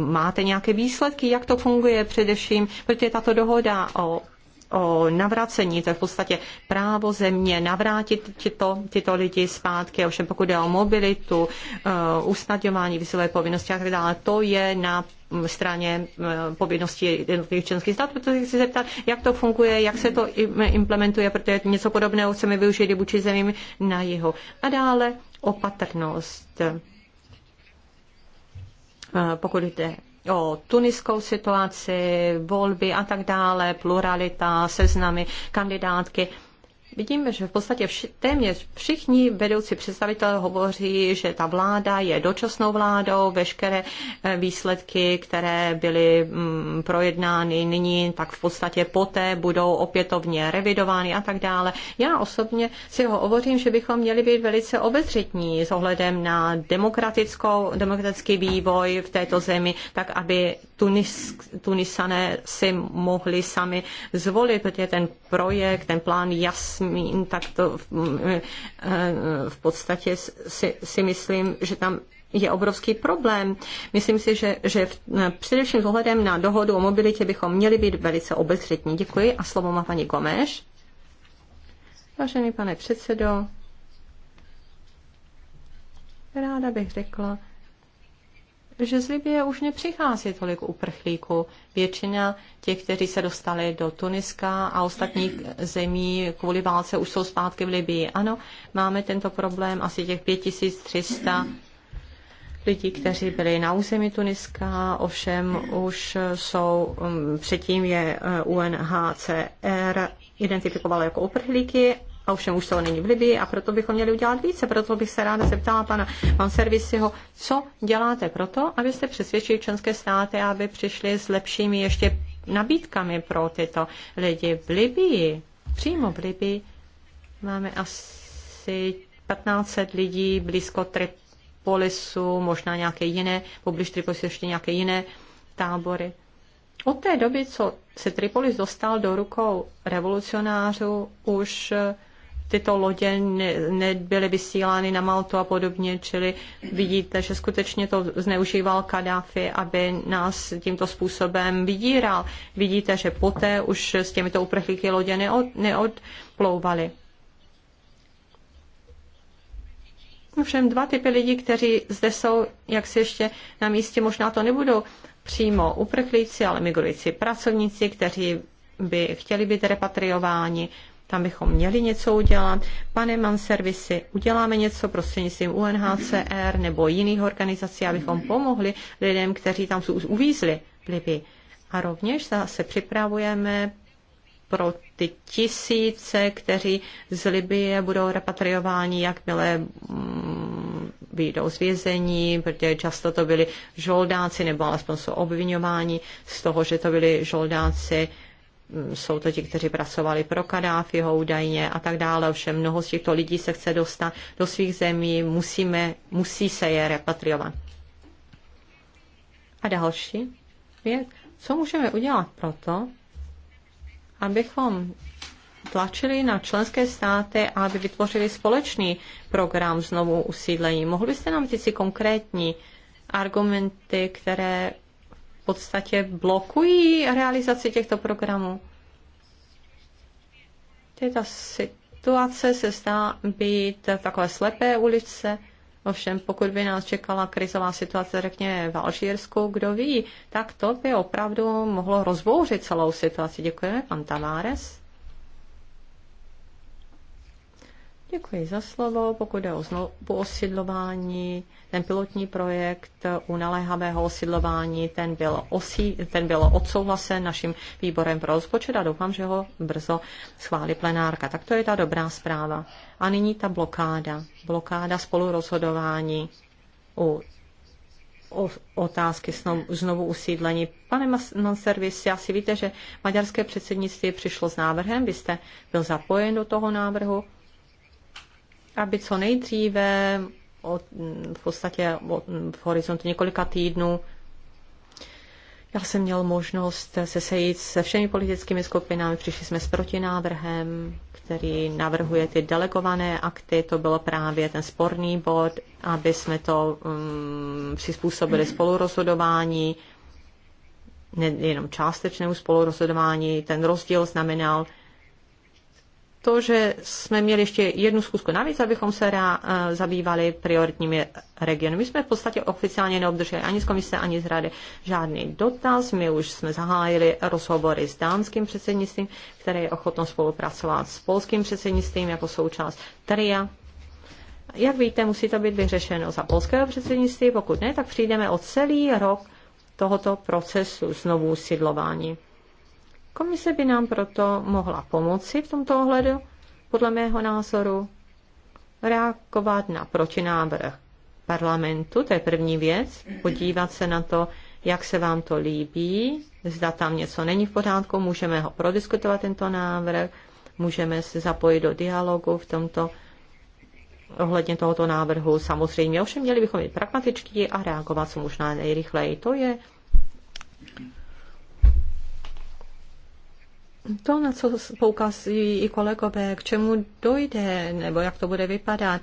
máte nějaké výsledky, jak to funguje především, protože tato dohoda o o navracení, to je v podstatě právo země navrátit tyto, tyto lidi zpátky, ovšem pokud jde o mobilitu, uh, usnadňování vizové povinnosti a tak dále, to je na straně eh, povinnosti jednotlivých členských států, protože chci zeptat, jak to funguje, jak se to implementuje, protože něco podobného chceme využít i vůči zemím na jihu. A dále opatrnost Eh, pokud jde o tuniskou situaci, volby a tak dále, pluralita, seznamy kandidátky vidíme, že v podstatě vši, téměř všichni vedoucí představitelé hovoří, že ta vláda je dočasnou vládou, veškeré eh, výsledky, které byly mm, projednány nyní, tak v podstatě poté budou opětovně revidovány a tak dále. Já osobně si ho hovořím, že bychom měli být velice obezřetní s ohledem na demokratickou, demokratický vývoj v této zemi, tak aby Tunis, Tunisané si mohli sami zvolit, protože ten projekt, ten plán jasný zmín, tak to v eh, podstatě si, si myslím, že tam je obrovský problém. Myslím si, že, že v, eh, především s ohledem na dohodu o mobilitě bychom měli být velice obezřetní. Děkuji a slovo má paní Gomeš. Vážený pane předsedo, ráda bych řekla, že z Libie už nepřichází tolik uprchlíků. Většina těch, kteří se dostali do Tuniska a ostatních zemí kvůli válce, už jsou zpátky v Libii. Ano, máme tento problém asi těch 5300 lidí, kteří byli na území Tuniska, ovšem už jsou, um, předtím je UNHCR uh, identifikovala jako uprchlíky Ovšem už to není v Libii a proto bychom měli udělat více. Proto bych se ráda zeptala pana Servisiho, co děláte proto, abyste přesvědčili členské státy, aby přišli s lepšími ještě nabídkami pro tyto lidi v Libii. Přímo v Libii máme asi 1500 lidí blízko Tripolisu, možná nějaké jiné, poblíž Tripolisu ještě nějaké jiné tábory. Od té doby, co se Tripolis dostal do rukou revolucionářů, už tyto lodě nebyly vysílány na Maltu a podobně, čili vidíte, že skutečně to zneužíval Kadáfi, aby nás tímto způsobem vydíral. Vidíte, že poté už s těmito uprchlíky lodě neod, neodplouvaly. Ovšem dva typy lidí, kteří zde jsou, jak si ještě na místě, možná to nebudou přímo uprchlíci, ale migrující pracovníci, kteří by chtěli být repatriováni tam bychom měli něco udělat. Pane Man Servisy, uděláme něco prostřednictvím UNHCR nebo jiných organizací, abychom pomohli lidem, kteří tam jsou uvízli v Libii. A rovněž se připravujeme pro ty tisíce, kteří z Libie budou repatriováni, jakmile mm, vyjdou z vězení, protože často to byli žoldáci, nebo alespoň jsou obvinováni z toho, že to byli žoldáci jsou to ti, kteří pracovali pro Kadáfiho údajně a tak dále. Ovšem mnoho z těchto lidí se chce dostat do svých zemí, musíme, musí se je repatriovat. A další věc, co můžeme udělat proto, abychom tlačili na členské státy, aby vytvořili společný program znovu usídlení. Mohli byste nám říct si konkrétní argumenty, které v podstatě blokují realizaci těchto programů. Ta situace se zdá být v takové slepé ulice. Ovšem, pokud by nás čekala krizová situace, řekněme v Alžírsku, kdo ví, tak to by opravdu mohlo rozbouřit celou situaci. Děkujeme, pan Tavares. Děkuji za slovo. Pokud jde o znovu osidlování, ten pilotní projekt u naléhavého osidlování, ten byl, osí, ten byl odsouhlasen naším výborem pro rozpočet a doufám, že ho brzo schválí plenárka. Tak to je ta dobrá zpráva. A nyní ta blokáda. Blokáda spolurozhodování u o otázky znovu usídlení. Pane Manservis, já si víte, že maďarské předsednictví přišlo s návrhem, vy jste byl zapojen do toho návrhu aby co nejdříve od, v podstatě od, v horizontu několika týdnů já jsem měl možnost se sejít se všemi politickými skupinami, přišli jsme s protinávrhem, který navrhuje ty delegované akty, to byl právě ten sporný bod, aby jsme to um, přizpůsobili spolurozhodování, nejenom částečnému spolurozhodování. Ten rozdíl znamenal, to, že jsme měli ještě jednu zkusku navíc, abychom se rá, eh, zabývali prioritními regiony. My jsme v podstatě oficiálně neobdrželi ani z komise, ani z rady žádný dotaz. My už jsme zahájili rozhovory s dánským předsednictvím, které je ochotno spolupracovat s polským předsednictvím jako součást TRIA. Jak víte, musí to být vyřešeno za polského předsednictví, pokud ne, tak přijdeme o celý rok tohoto procesu znovu sídlování. Komise by nám proto mohla pomoci v tomto ohledu, podle mého názoru, reagovat na protinávrh parlamentu, to je první věc, podívat se na to, jak se vám to líbí, zda tam něco není v pořádku, můžeme ho prodiskutovat, tento návrh, můžeme se zapojit do dialogu v tomto ohledně tohoto návrhu. Samozřejmě, ovšem měli bychom být pragmatičtí a reagovat co možná nejrychleji. To je to, na co poukazují i kolegové, k čemu dojde, nebo jak to bude vypadat,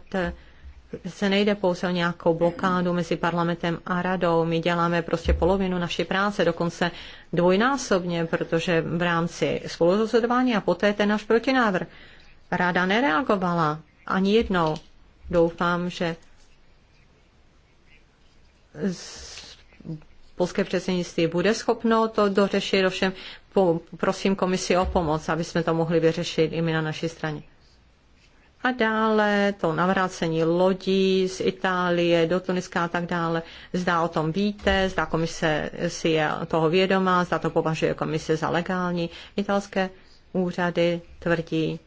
se nejde pouze o nějakou blokádu mezi parlamentem a radou. My děláme prostě polovinu naší práce, dokonce dvojnásobně, protože v rámci spoluzosledování a poté ten náš protinávr. Rada nereagovala ani jednou. Doufám, že z polské předsednictví bude schopno to dořešit, ovšem po, prosím komisi o pomoc, aby jsme to mohli vyřešit i my na naší straně. A dále to navrácení lodí z Itálie do Tuniska a tak dále. Zdá o tom víte, zdá komise si je toho vědomá, zdá to považuje komise za legální. Italské úřady tvrdí,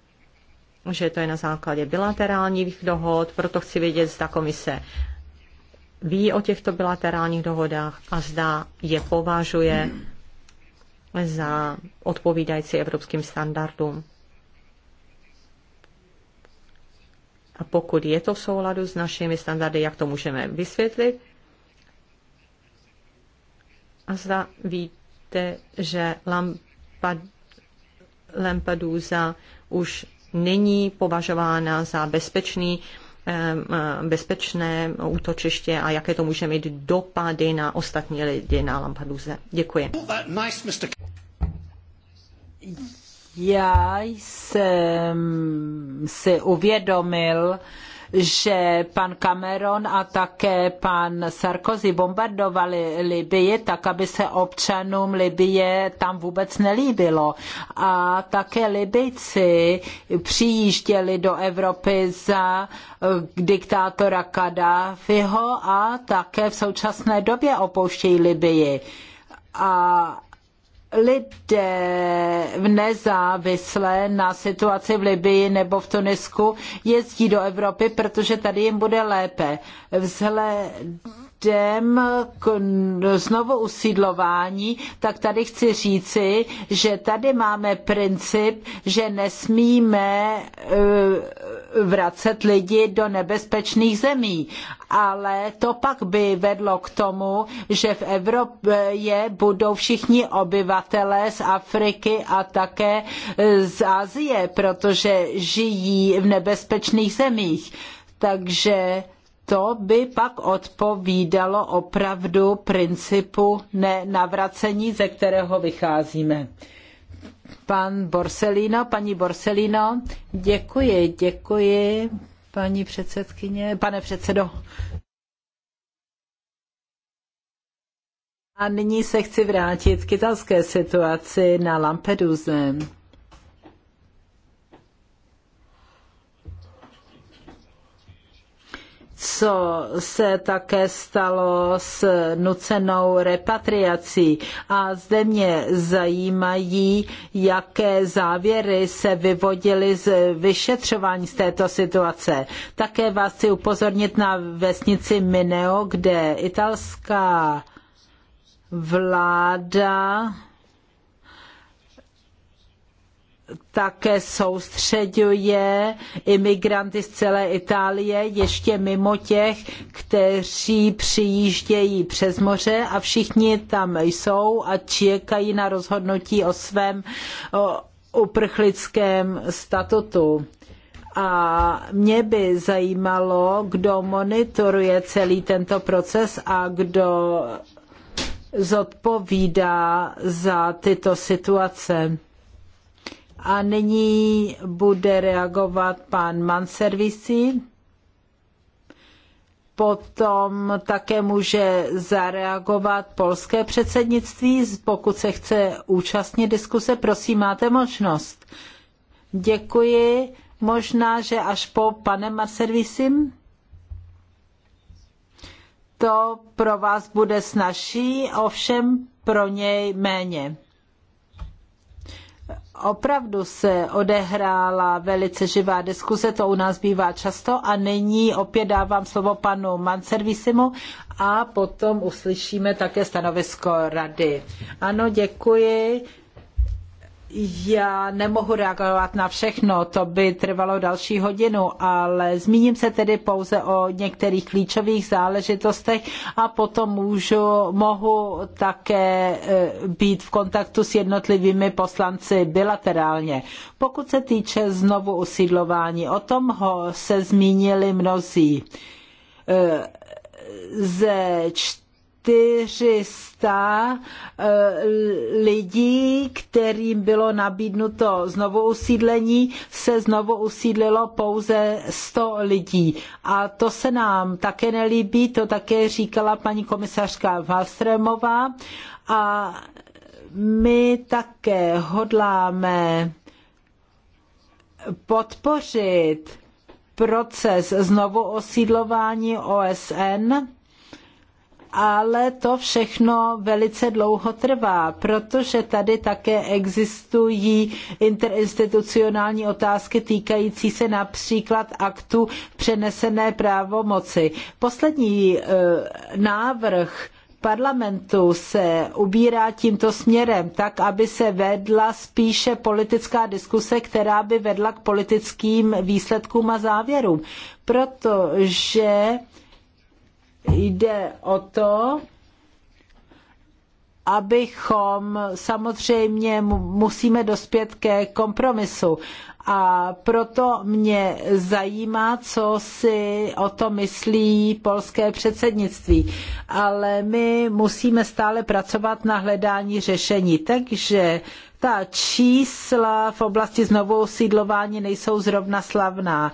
že to je na základě bilaterálních dohod, proto chci vědět, zda komise ví o těchto bilaterálních dohodách a zda je považuje za odpovídající evropským standardům. A pokud je to v souladu s našimi standardy, jak to můžeme vysvětlit? A zda víte, že Lampedusa už není považována za bezpečný Eh, bezpečné útočiště a jaké to může mít dopady na ostatní lidi na Lampaduze. Děkuji. Já jsem si uvědomil, že pan Cameron a také pan Sarkozy bombardovali Libii tak, aby se občanům Libie tam vůbec nelíbilo. A také Libyjci přijížděli do Evropy za eh, diktátora Kadáfiho a také v současné době opouštějí Libii. A lidé v nezávisle na situaci v Libyi nebo v Tunisku jezdí do Evropy, protože tady jim bude lépe. Vzhledem k znovu usídlování, tak tady chci říci, že tady máme princip, že nesmíme uh, vracet lidi do nebezpečných zemí. Ale to pak by vedlo k tomu, že v Evropě budou všichni obyvatelé z Afriky a také z Asie, protože žijí v nebezpečných zemích. Takže to by pak odpovídalo opravdu principu nenavracení, ze kterého vycházíme pan Borsellino. Paní Borsellino, děkuji, děkuji, paní předsedkyně, pane předsedo. A nyní se chci vrátit k italské situaci na Lampeduze. co se také stalo s nucenou repatriací. A zde mě zajímají, jaké závěry se vyvodily z vyšetřování z této situace. Také vás chci upozornit na vesnici Mineo, kde italská vláda také soustředuje imigranty z celé Itálie, ještě mimo těch, kteří přijíždějí přes moře a všichni tam jsou a čekají na rozhodnutí o svém o uprchlickém statutu. A mě by zajímalo, kdo monitoruje celý tento proces a kdo zodpovídá za tyto situace. A nyní bude reagovat pan Manservisi. Potom také může zareagovat polské předsednictví, pokud se chce účastnit diskuse. Prosím, máte možnost. Děkuji. Možná, že až po panem Manservisim to pro vás bude snažší, ovšem pro něj méně opravdu se odehrála velice živá diskuse, to u nás bývá často a nyní opět dávám slovo panu Manservisimu a potom uslyšíme také stanovisko rady. Ano, děkuji. Já nemohu reagovat na všechno, to by trvalo další hodinu, ale zmíním se tedy pouze o některých klíčových záležitostech a potom můžu, mohu také e, být v kontaktu s jednotlivými poslanci bilaterálně. Pokud se týče znovu usídlování, o tom ho se zmínili mnozí. E, ze čtyř 400 eh, lidí, kterým bylo nabídnuto znovu usídlení, se znovu usídlilo pouze 100 lidí. A to se nám také nelíbí, to také říkala paní komisařka Valstremová. A my také hodláme podpořit proces znovu osídlování OSN, ale to všechno velice dlouho trvá, protože tady také existují interinstitucionální otázky týkající se například aktu přenesené právomoci. Poslední eh, návrh parlamentu se ubírá tímto směrem, tak aby se vedla spíše politická diskuse, která by vedla k politickým výsledkům a závěrům. Protože jde o to, abychom samozřejmě musíme dospět ke kompromisu. A proto mě zajímá, co si o to myslí polské předsednictví. Ale my musíme stále pracovat na hledání řešení. Takže ta čísla v oblasti znovu osídlování nejsou zrovna slavná.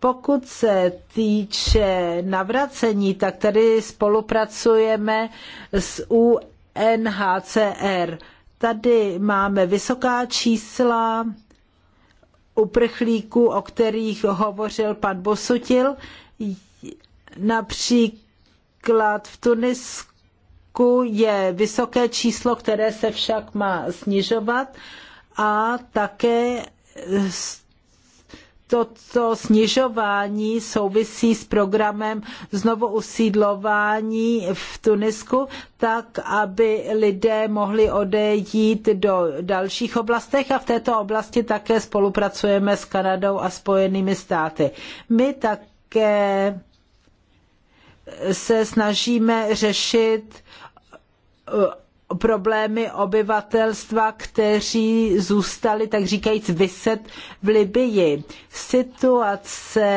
Pokud se týče navracení, tak tady spolupracujeme s UNHCR. Tady máme vysoká čísla uprchlíků, o kterých hovořil pan Bosutil. Například v Tunisku je vysoké číslo, které se však má snižovat a také toto snižování souvisí s programem znovu usídlování v Tunisku, tak aby lidé mohli odejít do dalších oblastech a v této oblasti také spolupracujeme s Kanadou a Spojenými státy. My také se snažíme řešit problémy obyvatelstva, kteří zůstali, tak říkajíc, vyset v Libyi. Situace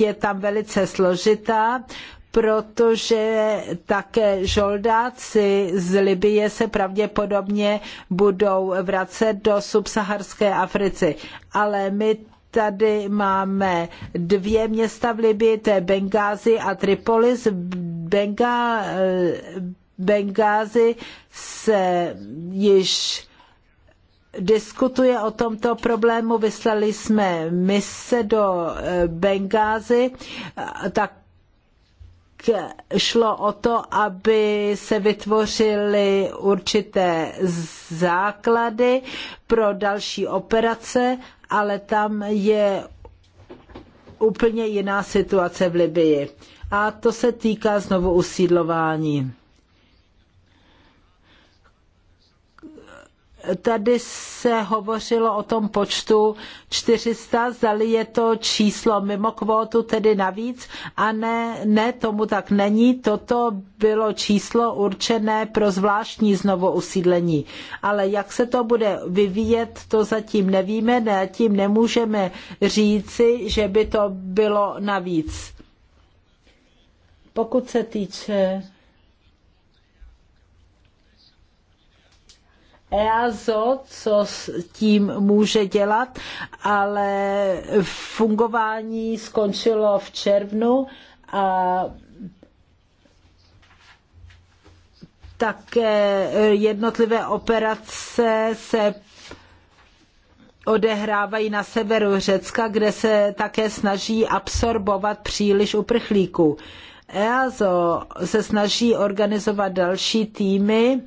je tam velice složitá, protože také žoldáci z Libye se pravděpodobně budou vracet do subsaharské Afriky. Ale my tady máme dvě města v Libyi, to je Bengázi a Tripolis. Benga, Bengázi se již diskutuje o tomto problému. Vyslali jsme mise do eh, Bengázy, tak šlo o to, aby se vytvořily určité základy pro další operace, ale tam je úplně jiná situace v Libyi. A to se týká znovu usídlování. Tady se hovořilo o tom počtu 400, zdali je to číslo mimo kvótu, tedy navíc, a ne, ne, tomu tak není. Toto bylo číslo určené pro zvláštní znovu usídlení. Ale jak se to bude vyvíjet, to zatím nevíme, ne, tím nemůžeme říci, že by to bylo navíc. Pokud se týče EASO, co s tím může dělat, ale fungování skončilo v červnu a také jednotlivé operace se odehrávají na severu Řecka, kde se také snaží absorbovat příliš uprchlíků. EASO se snaží organizovat další týmy,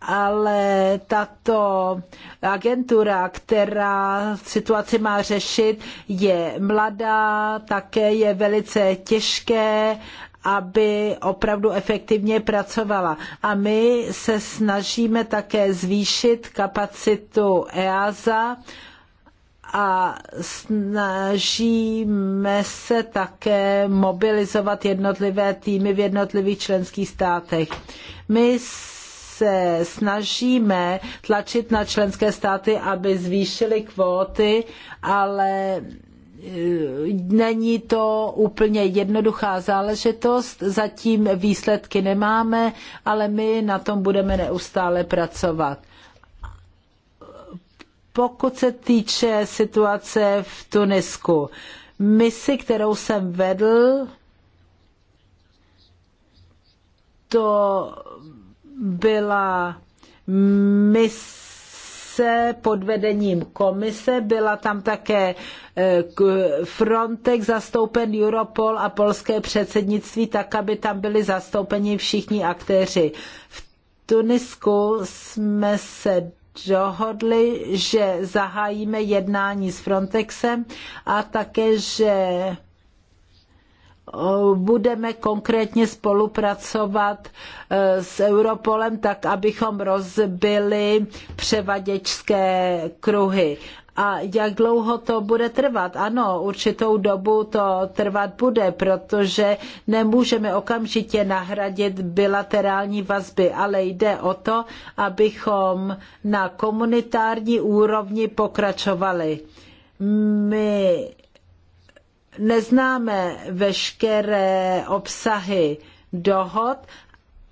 ale tato agentura, která situaci má řešit, je mladá, také je velice těžké aby opravdu efektivně pracovala. A my se snažíme také zvýšit kapacitu EASA a snažíme se také mobilizovat jednotlivé týmy v jednotlivých členských státech. My se snažíme tlačit na členské státy, aby zvýšily kvóty, ale e, není to úplně jednoduchá záležitost, zatím výsledky nemáme, ale my na tom budeme neustále pracovat. Pokud se týče situace v Tunisku, misi, kterou jsem vedl, to byla mise pod vedením komise, byla tam také e, Frontex zastoupen, Europol a polské předsednictví, tak aby tam byli zastoupeni všichni aktéři. V Tunisku jsme se dohodli, že zahájíme jednání s Frontexem a také, že budeme konkrétně spolupracovat eh, s Europolem tak, abychom rozbili převaděčské kruhy. A jak dlouho to bude trvat? Ano, určitou dobu to trvat bude, protože nemůžeme okamžitě nahradit bilaterální vazby, ale jde o to, abychom na komunitární úrovni pokračovali. My neznáme veškeré obsahy dohod,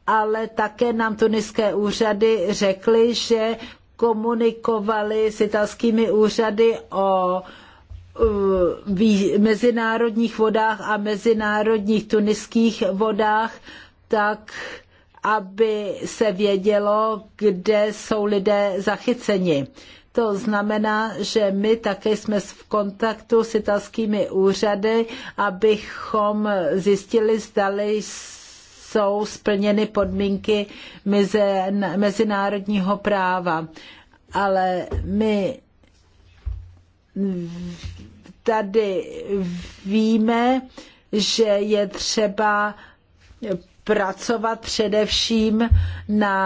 ale také nám tuniské úřady řekly, že komunikovali s italskými úřady o uh, mezinárodních vodách a mezinárodních tuniských vodách, tak aby se vědělo, kde jsou lidé zachyceni. To znamená, že my také jsme v kontaktu s italskými úřady, abychom zjistili, zdali jsou splněny podmínky mezinárodního práva. Ale my tady víme, že je třeba pracovat především na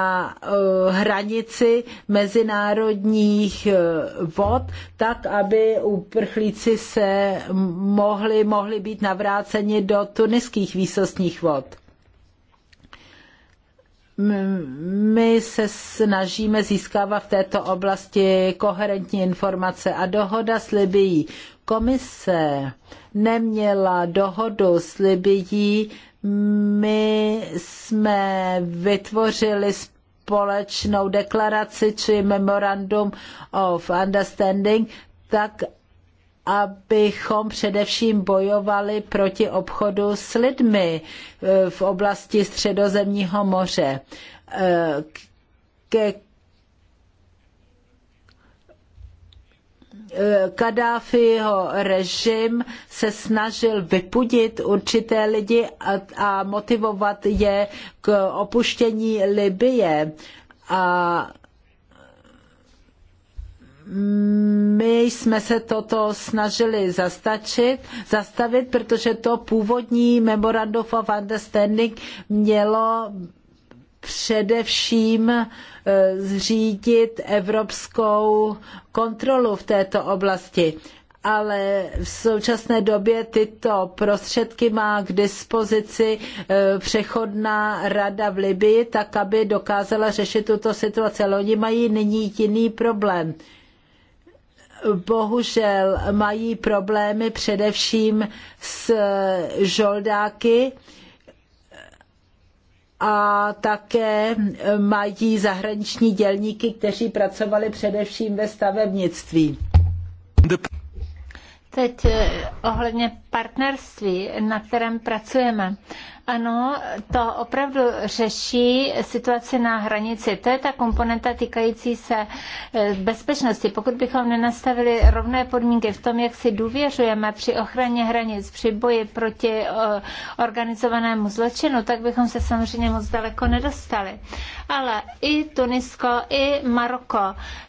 eh, hranici mezinárodních eh, vod, tak aby uprchlíci se mohli, mohli být navráceni do tuniských výsostních vod my se snažíme získávat v této oblasti koherentní informace a dohoda s Libií. Komise neměla dohodu s Libií my jsme vytvořili společnou deklaraci či memorandum of understanding, tak abychom především bojovali proti obchodu s lidmi eh, v oblasti Středozemního moře. Eh, ke Eh, Kadáfiho režim se snažil vypudit určité lidi a, a motivovat je k opuštění Libye. A my jsme se toto snažili zastačit, zastavit, protože to původní memorandum of understanding mělo především eh, zřídit evropskou kontrolu v této oblasti. Ale v současné době tyto prostředky má k dispozici eh, přechodná rada v Libyi, tak aby dokázala řešit tuto situaci. Ale oni mají nyní jiný problém bohužel mají problémy především s žoldáky, a také e, mají zahraniční dělníky, kteří pracovali především ve stavebnictví. Teď e, ohledně partnerství, na kterém pracujeme. Ano, to opravdu řeší situaci na hranici. To je ta komponenta týkající se eh, bezpečnosti. Pokud bychom nenastavili rovné podmínky v tom, jak si důvěřujeme při ochraně hranic, při boji proti eh, organizovanému zločinu, tak bychom se samozřejmě moc daleko nedostali. Ale i Tunisko, i Maroko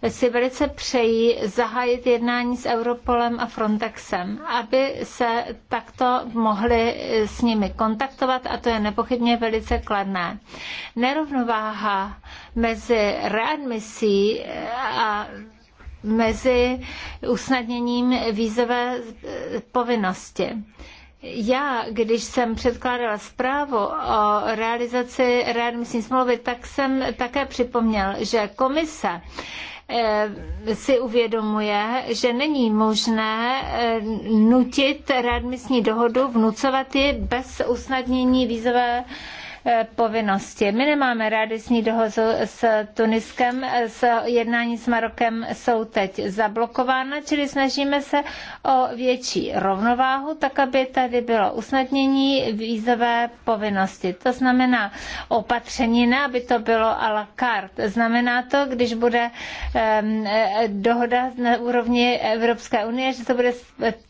si velice přejí zahájit jednání s Europolem a Frontexem, aby se takto mohli s nimi kontaktovat a to je nepochybně velice kladné. Nerovnováha mezi readmisí a mezi usnadněním vízové povinnosti. Já, když jsem předkládala zprávu o realizaci readmisní smlouvy, tak jsem také připomněl, že komise Eh, si uvědomuje, že není možné eh, nutit readmisní dohodu, vnucovat ji bez usnadnění vízové Eh, povinnosti. My nemáme readmisní dohodu s Tuniskem, s jednání s Marokem jsou teď zablokována, čili snažíme se o větší rovnováhu, tak aby tady bylo usnadnění vízové povinnosti. To znamená opatření, ne aby to bylo a la carte. Znamená to, když bude eh, dohoda na úrovni Evropské unie, že to bude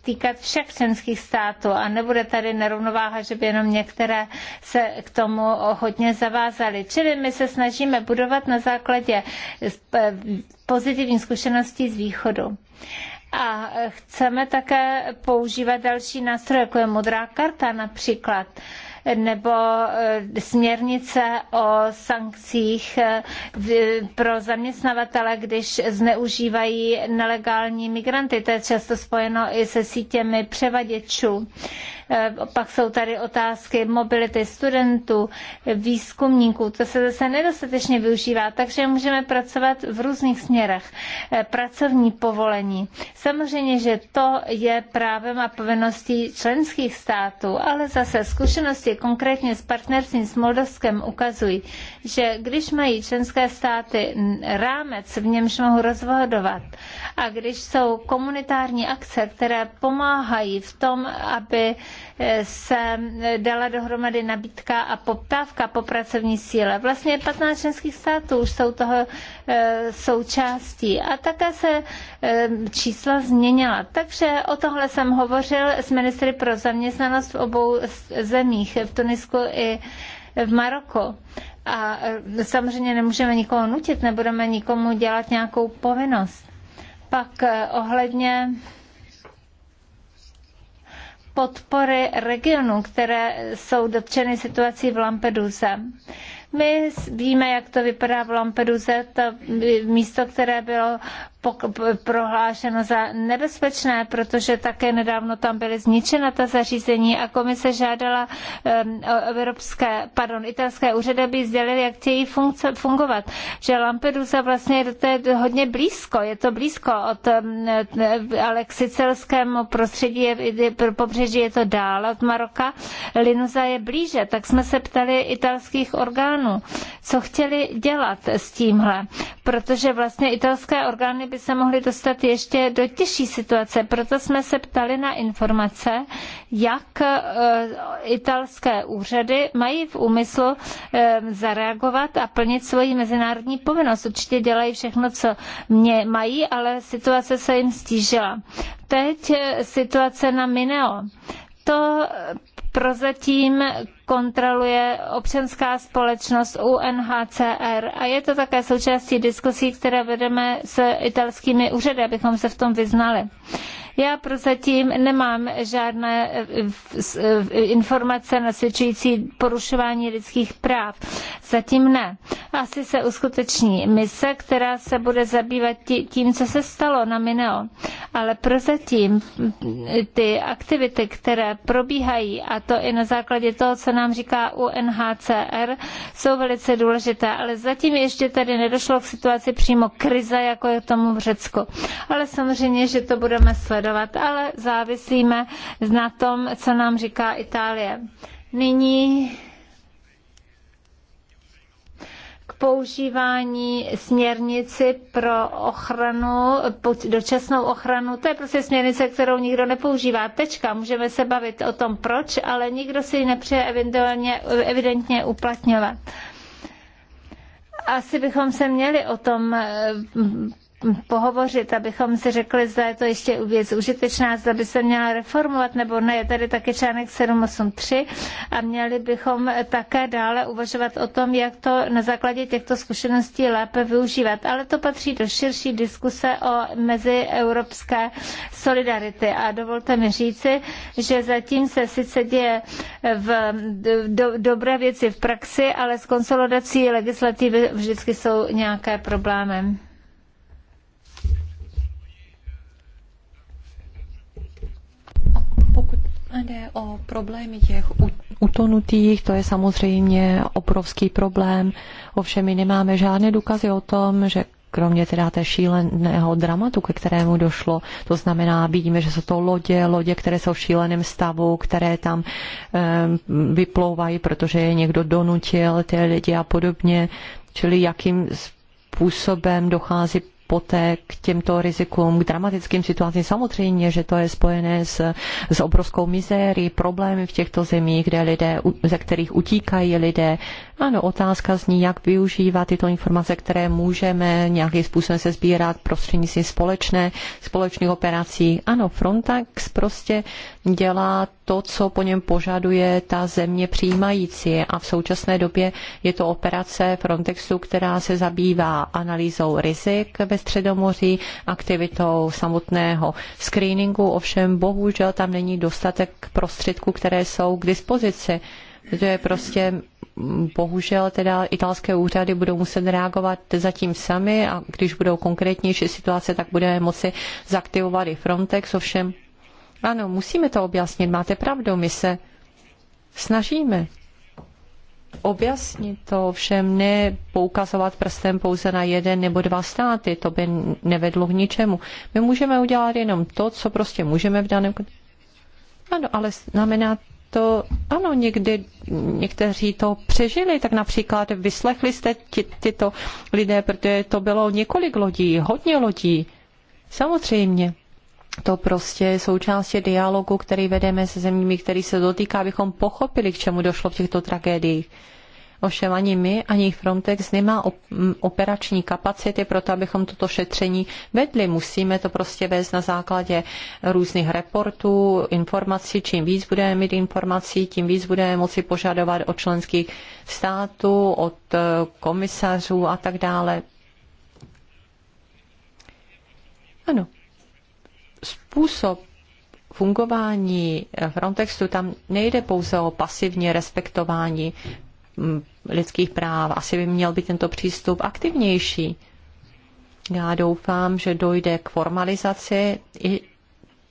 týkat všech členských států a nebude tady nerovnováha, že by jenom některé se k tomu tomu hodně zavázali. Čili my se snažíme budovat na základě pozitivních zkušeností z východu. A chceme také používat další nástroje, jako je modrá karta například nebo eh, směrnice o sankcích eh, pro zaměstnavatele, když zneužívají nelegální migranty. To je často spojeno i se sítěmi převaděčů. Eh, pak jsou tady otázky mobility studentů, výzkumníků, to se zase nedostatečně využívá, takže můžeme pracovat v různých směrech. Eh, pracovní povolení. Samozřejmě, že to je právem a povinností členských států, ale zase zkušenosti konkrétně s partnerstvím s Moldavskem ukazují, že když mají členské státy rámec, v němž mohou rozhodovat, a když jsou komunitární akce, které pomáhají v tom, aby se dala dohromady nabídka a poptávka po pracovní síle. Vlastně 15 členských států už jsou toho e, součástí a také se e, čísla změnila. Takže o tohle jsem hovořil s ministry pro zaměstnanost v obou zemích, v Tunisku i v Maroku. A e, samozřejmě nemůžeme nikoho nutit, nebudeme nikomu dělat nějakou povinnost. Pak ohledně podpory regionů, které jsou dotčeny situací v Lampeduze. My víme, jak to vypadá v Lampeduse, to místo, které bylo prohlášeno za nebezpečné, protože také nedávno tam byly zničena ta zařízení a komise žádala evropské, pardon, italské úřady, aby sdělili, jak chtějí fungovat. Že Lampedusa vlastně to je hodně blízko, je to blízko od, e, ale k sicilskému prostředí je, pobřeží je to dál od Maroka, Linuza je blíže, tak jsme se ptali italských orgánů, co chtěli dělat s tímhle, protože vlastně italské orgány by se mohli dostat ještě do těžší situace. Proto jsme se ptali na informace, jak e, italské úřady mají v úmyslu e, zareagovat a plnit svoji mezinárodní povinnost. Určitě dělají všechno, co mě mají, ale situace se jim stížila. Teď e, situace na Mineo to prozatím kontroluje občanská společnost UNHCR a je to také součástí diskusí, které vedeme s italskými úřady, abychom se v tom vyznali. Já prozatím nemám žádné eh, eh, informace nasvědčující porušování lidských práv. Zatím ne. Asi se uskuteční mise, která se bude zabývat tím, co se stalo na Mineo. Ale prozatím mm, ty aktivity, které probíhají, a to i na základě toho, co nám říká UNHCR, jsou velice důležité. Ale zatím ještě tady nedošlo k situaci přímo krize, jako je tomu v Řecku. Ale samozřejmě, že to budeme sledovat sledovat, ale závisíme na tom, co nám říká Itálie. Nyní k používání směrnici pro ochranu, dočasnou ochranu. To je prostě směrnice, kterou nikdo nepoužívá. Tečka. Můžeme se bavit o tom, proč, ale nikdo si ji nepřeje evidentně, evidentně uplatňovat asi bychom se měli o tom eh, pohovořit, abychom si řekli, zda je to ještě věc užitečná, zda by se měla reformovat nebo ne. Je tady taky článek 783 a měli bychom také dále uvažovat o tom, jak to na základě těchto zkušeností lépe využívat. Ale to patří do širší diskuse o mezieuropské solidarity. A dovolte mi říci, že zatím se sice děje v do, dobré věci v praxi, ale s konsolidací legislativy vždycky jsou nějaké problémy. Jde o problémy těch utonutých, to je samozřejmě obrovský problém, ovšem my nemáme žádné důkazy o tom, že kromě teda té šíleného dramatu, ke kterému došlo, to znamená, vidíme, že jsou to lodě, lodě, které jsou v šíleném stavu, které tam e, vyplouvají, protože je někdo donutil ty lidi a podobně, čili jakým způsobem dochází poté k těmto rizikům, k dramatickým situacím. Samozřejmě, že to je spojené s, s obrovskou mizérií, problémy v těchto zemích, kde lidé, ze kterých utíkají lidé. Ano, otázka zní, jak využívat tyto informace, které můžeme nějakým způsobem se sbírat prostřednictvím společné, společných operací. Ano, Frontex prostě dělá to, co po něm požaduje ta země přijímající a v současné době je to operace Frontexu, která se zabývá analýzou rizik ve středomoří, aktivitou samotného screeningu, ovšem bohužel tam není dostatek prostředků, které jsou k dispozici. To je prostě bohužel teda italské úřady budou muset reagovat zatím sami a když budou konkrétnější situace, tak budeme moci zaktivovat i Frontex, ovšem ano, musíme to objasnit, máte pravdu, my se snažíme objasnit to, ovšem ne poukazovat prstem pouze na jeden nebo dva státy, to by nevedlo k ničemu. My můžeme udělat jenom to, co prostě můžeme v daném... Ano, ale znamená to, ano, někdy někteří to přežili, tak například vyslechli jste ty, tyto lidé, protože to bylo několik lodí, hodně lodí. Samozřejmě to prostě je součástí dialogu, který vedeme se zeměmi, který se dotýká, abychom pochopili, k čemu došlo v těchto tragédiích. Ovšem ani my, ani Frontex nemá operační kapacity pro to, abychom toto šetření vedli. Musíme to prostě vést na základě různých reportů, informací. Čím víc budeme mít informací, tím víc budeme moci požadovat od členských států, od eh, komisařů a tak dále. Ano, způsob fungování Frontexu, tam nejde pouze o pasivní respektování mm, lidských práv. Asi by měl být tento přístup aktivnější. Já doufám, že dojde k formalizaci i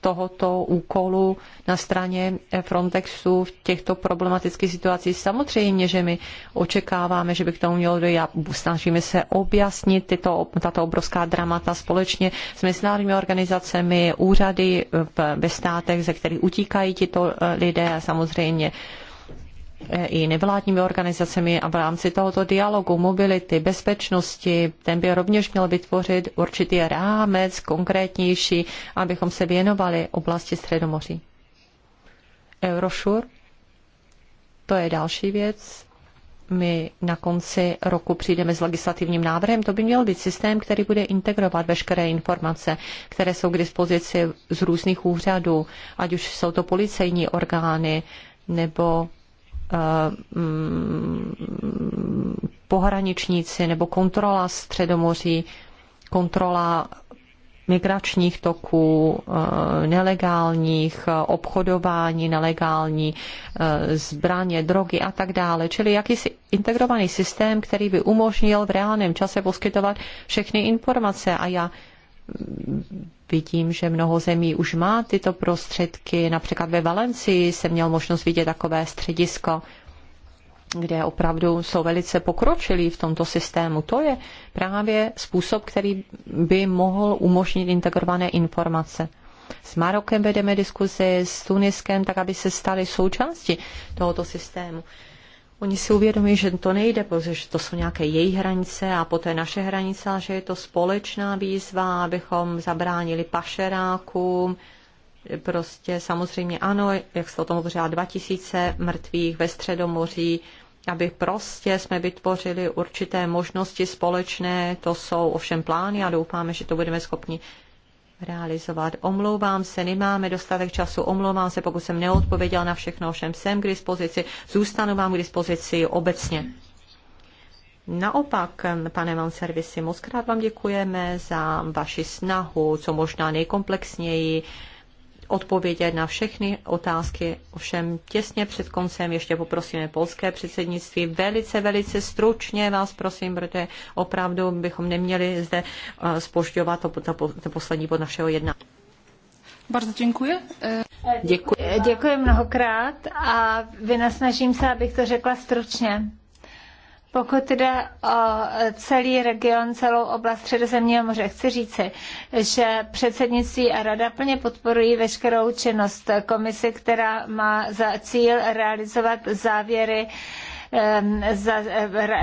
tohoto úkolu na straně Frontexu v těchto problematických situacích. Samozřejmě, že my očekáváme, že by k tomu mělo dojít a snažíme se objasnit tyto, tato obrovská dramata společně s mezinárodními organizacemi, úřady ve státech, ze kterých utíkají tito lidé a samozřejmě i nevládními organizacemi a v rámci tohoto dialogu mobility, bezpečnosti, ten by rovněž měl vytvořit určitý rámec konkrétnější, abychom se věnovali oblasti Středomoří. Eurošur, to je další věc. My na konci roku přijdeme s legislativním návrhem. To by měl být systém, který bude integrovat veškeré informace, které jsou k dispozici z různých úřadů, ať už jsou to policejní orgány nebo Eh, mm, pohraničníci nebo kontrola Středomoří, kontrola migračních toků, eh, nelegálních eh, obchodování, nelegální zbraně, drogy a tak dále. Čili jakýsi integrovaný systém, který by umožnil v reálném čase poskytovat všechny informace. A já vidím, že mnoho zemí už má tyto prostředky. Například ve Valencii jsem měl možnost vidět takové středisko, kde opravdu jsou velice pokročilí v tomto systému. To je právě způsob, který by mohl umožnit integrované informace. S Marokem vedeme diskuzi, s Tuniskem, tak aby se stali součástí tohoto systému. Oni si uvědomí, že to nejde, protože to jsou nějaké její hranice a poté naše hranice, a že je to společná výzva, abychom zabránili pašerákům. Prostě samozřejmě ano, jak se o tom hovořila, 2000 mrtvých ve Středomoří, aby prostě jsme vytvořili určité možnosti společné, to jsou ovšem plány a doufáme, že to budeme schopni realizovat. Omlouvám se, nemáme dostatek času, omlouvám se, pokud jsem neodpověděl na všechno, všem jsem k dispozici, zůstanu vám k dispozici obecně. Naopak, pane Manservisi, moc krát vám děkujeme za vaši snahu, co možná nejkomplexněji odpovědět na všechny otázky. Ovšem těsně před koncem ještě poprosíme polské předsednictví. Velice, velice stručně vás prosím, protože opravdu bychom neměli zde spožďovat eh, to, to, to poslední bod našeho jednání. Bardzo děkuji. Děkuji. Děkuji mnohokrát a vynasnažím se, abych to řekla stručně. Pokud jde o celý region, celou oblast Středozemního moře, chci říci, že předsednictví a rada plně podporují veškerou činnost komise, která má za cíl realizovat závěry z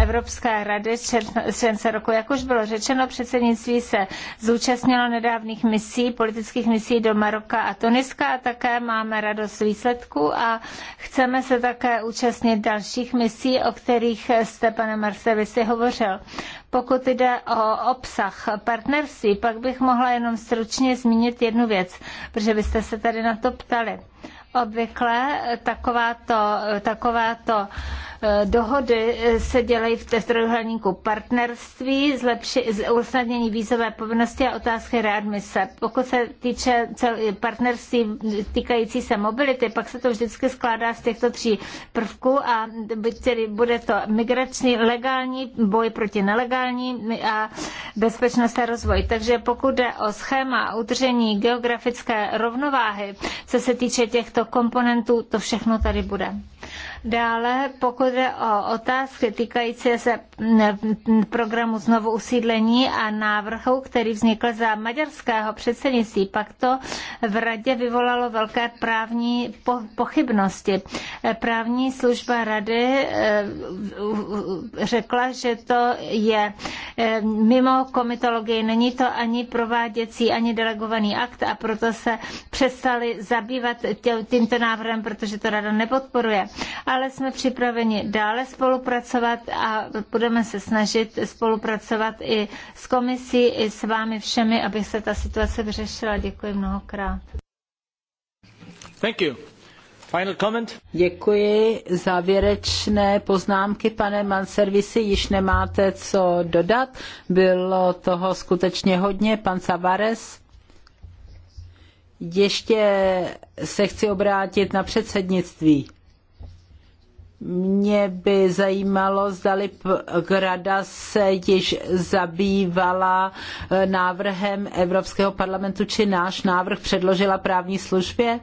Evropské rady z července roku. Jak už bylo řečeno, předsednictví se zúčastnilo nedávných misí, politických misí do Maroka a Tuniska a také máme radost výsledků a chceme se také účastnit dalších misí, o kterých jste, pane si hovořil. Pokud jde o obsah partnerství, pak bych mohla jenom stručně zmínit jednu věc, protože byste se tady na to ptali obvykle takováto, takováto Eh, dohody eh, se dělají v trojuhelníku partnerství, zlepši, usnadnění vízové povinnosti a otázky readmise. Pokud se týče partnerství týkající se mobility, pak se to vždycky skládá z těchto tří prvků a tedy bude to migrační, legální, boj proti nelegální a bezpečnost a rozvoj. Takže pokud jde o schéma udržení geografické rovnováhy, co se týče těchto komponentů, to všechno tady bude. Dále, pokud jde o otázky týkající se programu znovu usídlení a návrhu, který vznikl za maďarského předsednictví, pak to v radě vyvolalo velké právní pochybnosti. E, právní služba rady e, řekla, že to je e, mimo komitologii, není to ani prováděcí, ani delegovaný akt a proto se přestali zabývat tímto návrhem, protože to rada nepodporuje ale jsme připraveni dále spolupracovat a budeme se snažit spolupracovat i s komisí, i s vámi všemi, aby se ta situace vyřešila. Děkuji mnohokrát. Thank you. Final comment? Děkuji. Závěrečné poznámky, pane Manservisi, již nemáte co dodat. Bylo toho skutečně hodně. Pan Savares, ještě se chci obrátit na předsednictví. Mě by zajímalo, zdali Grada se již zabývala eh, návrhem Evropského parlamentu, či náš návrh předložila právní službě.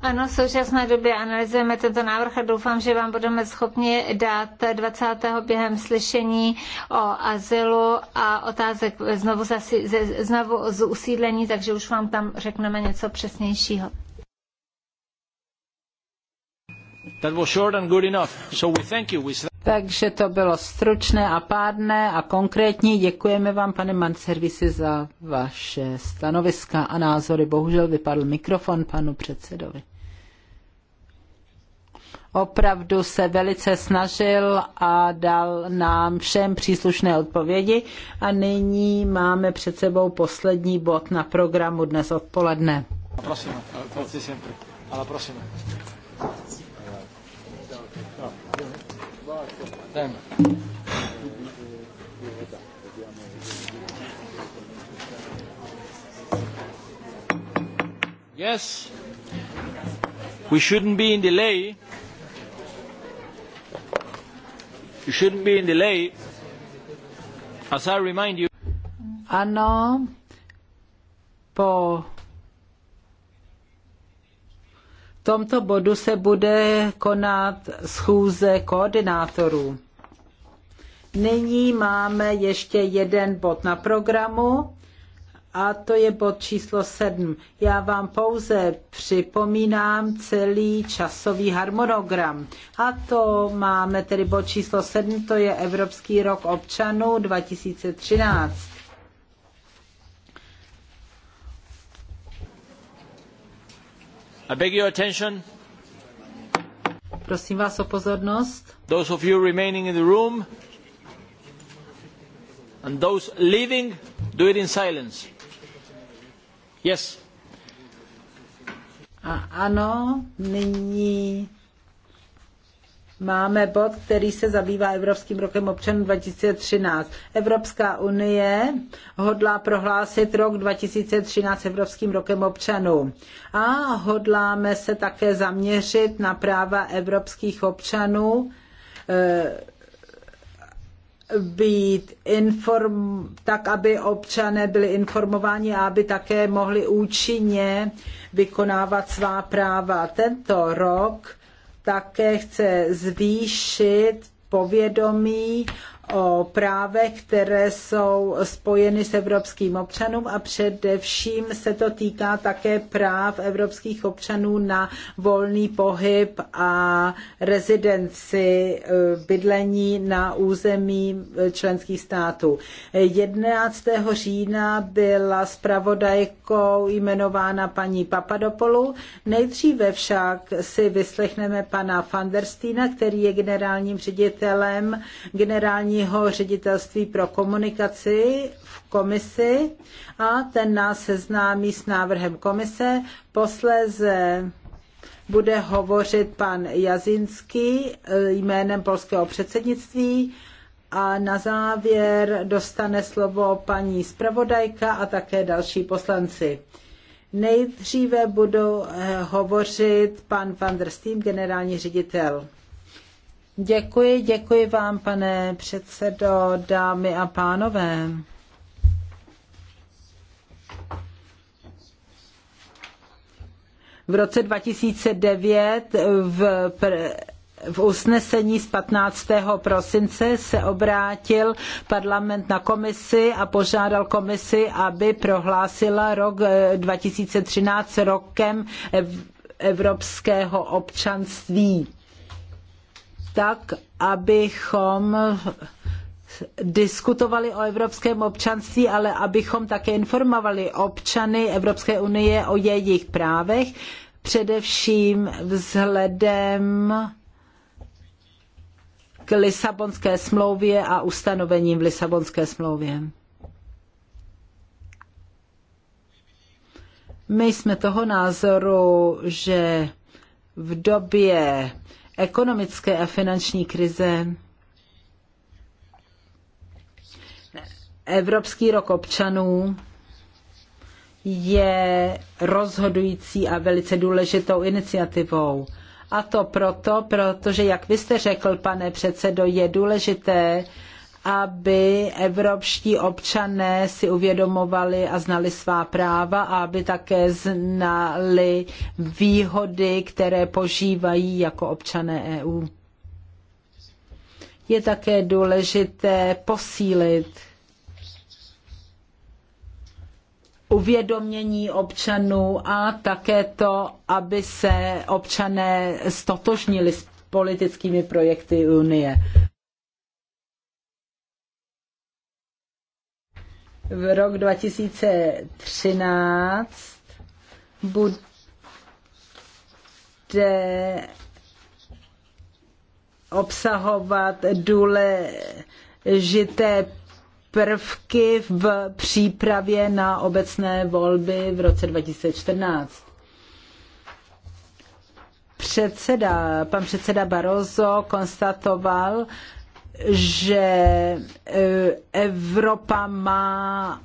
Ano, v současné době analyzujeme tento návrh a doufám, že vám budeme schopni dát 20. během slyšení o azylu a otázek znovu, zasi, znovu z usídlení, takže už vám tam řekneme něco přesnějšího. Takže to bylo stručné a pádné a konkrétní. Děkujeme vám, pane Manservisi, za vaše stanoviska a názory. Bohužel vypadl mikrofon panu předsedovi. Opravdu se velice snažil a dal nám všem příslušné odpovědi. A nyní máme před sebou poslední bod na programu dnes odpoledne. Prosím, a Ale prosím. Damn. Yes, we shouldn't be in delay. You shouldn't be in delay. As I remind you. Ano, po tomto bodu se bude konat schůze koordinátorů. Nyní máme ještě jeden bod na programu a to je bod číslo 7. Já vám pouze připomínám celý časový harmonogram. A to máme tedy bod číslo 7, to je Evropský rok občanů 2013. I beg your attention. Prosím vás o pozornost. Those of you remaining in the room and those leaving, do it in silence. Yes. A ano, nyní máme bod, který se zabývá Evropským rokem občanů 2013. Evropská unie hodlá prohlásit rok 2013 Evropským rokem občanů. A hodláme se také zaměřit na práva evropských občanů, eh, být inform, tak, aby občané byli informováni a aby také mohli účinně vykonávat svá práva. Tento rok také chce zvýšit povědomí o právech, které jsou spojeny s evropským občanům a především se to týká také práv evropských občanů na volný pohyb a rezidenci eh, bydlení na území eh, členských států. 11. října byla zpravodajkou jmenována paní Papadopolu. Nejdříve však si vyslechneme pana Fanderstína, který je generálním ředitelem generální generálního ředitelství pro komunikaci v komisi a ten nás seznámí s návrhem komise. Posléze bude hovořit pan Jazinský eh, jménem polského předsednictví a na závěr dostane slovo paní zpravodajka a také další poslanci. Nejdříve budou eh, hovořit pan van der Steen, generální ředitel. Děkuji, děkuji vám, pane předsedo, dámy a pánové. V roce 2009 v v usnesení z 15. prosince se obrátil parlament na komisi a požádal komisi, aby prohlásila rok 2013 eh, rokem evropského občanství tak, abychom diskutovali o evropském občanství, ale abychom také informovali občany Evropské unie o jejich právech, především vzhledem k Lisabonské smlouvě a ustanovením v Lisabonské smlouvě. My jsme toho názoru, že v době ekonomické a finanční krize Evropský rok občanů je rozhodující a velice důležitou iniciativou. A to proto, protože, jak vy jste řekl, pane předsedo, je důležité, aby evropští občané si uvědomovali a znali svá práva a aby také znali výhody, které požívají jako občané EU. Je také důležité posílit uvědomění občanů a také to, aby se občané stotožnili s politickými projekty Unie. v rok 2013 bude obsahovat důležité prvky v přípravě na obecné volby v roce 2014. Předseda, pan předseda Barroso konstatoval, že eh, Evropa má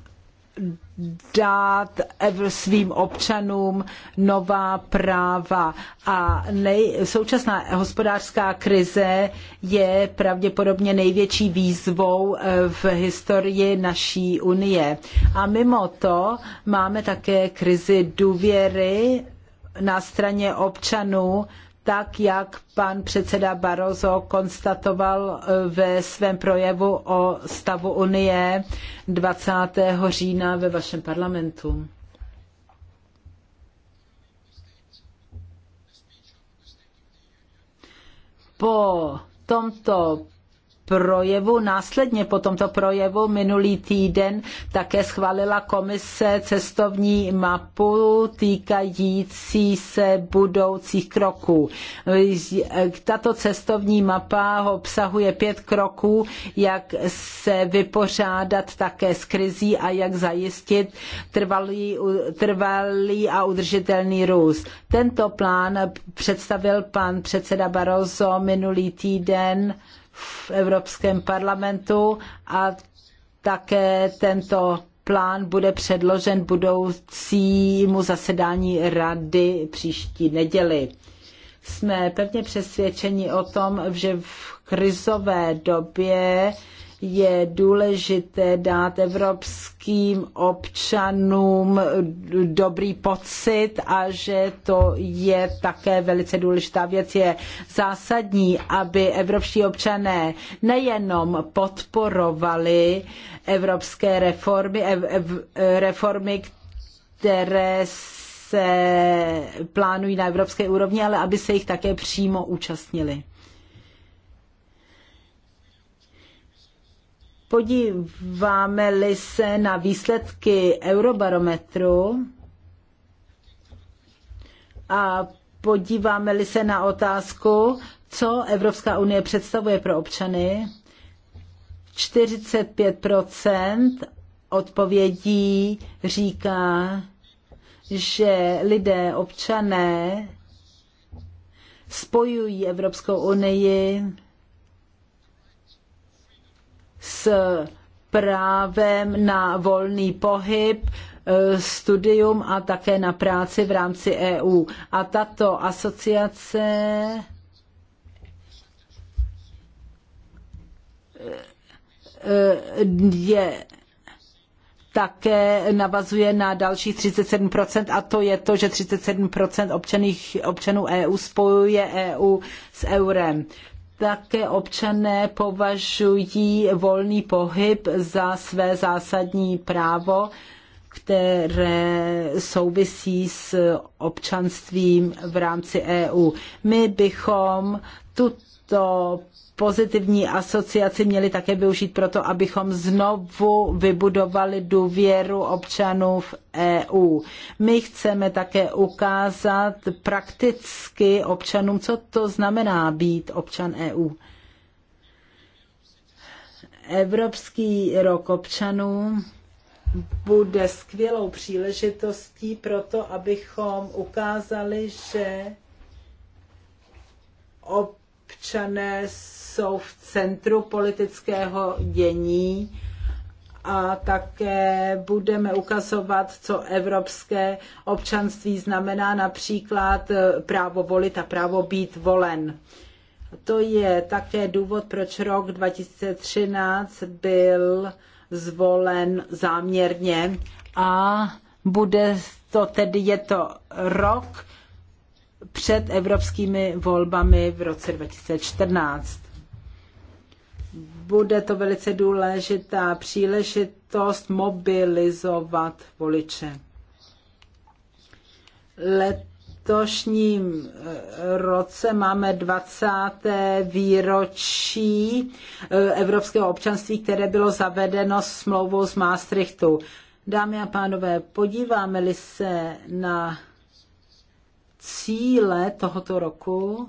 dát svým občanům nová práva. A nej, současná hospodářská krize je pravděpodobně největší výzvou eh, v historii naší unie. A mimo to máme také krizi důvěry na straně občanů tak jak pan předseda Barroso konstatoval eh, ve svém projevu o stavu Unie 20. října ve vašem parlamentu. Po tomto projevu. Následně po tomto projevu minulý týden také schválila komise cestovní mapu týkající se budoucích kroků. Tato cestovní mapa obsahuje pět kroků, jak se vypořádat také s krizí a jak zajistit trvalý, trvalý a udržitelný růst. Tento plán představil pan předseda Barroso minulý týden v Evropském parlamentu a také tento plán bude předložen budoucímu zasedání rady příští neděli. Jsme pevně přesvědčeni o tom, že v krizové době je důležité dát evropským občanům dobrý pocit a že to je také velice důležitá věc. Je zásadní, aby evropští občané nejenom podporovali evropské reformy, ev, ev, reformy, které se plánují na evropské úrovni, ale aby se jich také přímo účastnili. Podíváme-li se na výsledky Eurobarometru a podíváme-li se na otázku, co Evropská unie představuje pro občany, 45 odpovědí říká, že lidé, občané spojují Evropskou unii s právem na volný pohyb, e, studium a také na práci v rámci EU. A tato asociace e, e, je také navazuje na dalších 37% a to je to, že 37% občaných, občanů EU spojuje EU s eurem také občané považují volný pohyb za své zásadní právo, které souvisí s občanstvím v rámci EU. My bychom tuto tuto pozitivní asociaci měli také využít proto, abychom znovu vybudovali důvěru občanů v EU. My chceme také ukázat prakticky občanům, co to znamená být občan EU. Evropský rok občanů bude skvělou příležitostí pro to, abychom ukázali, že ob občané jsou v centru politického dění a také budeme ukazovat, co evropské občanství znamená, například eh, právo volit a právo být volen. To je také důvod, proč rok 2013 byl zvolen záměrně a bude to tedy, je to rok, před evropskými volbami v roce 2014. Bude to velice důležitá příležitost mobilizovat voliče. Letošním eh, roce máme 20. výročí eh, evropského občanství, které bylo zavedeno smlouvou z Maastrichtu. Dámy a pánové, podíváme-li se na cíle tohoto roku,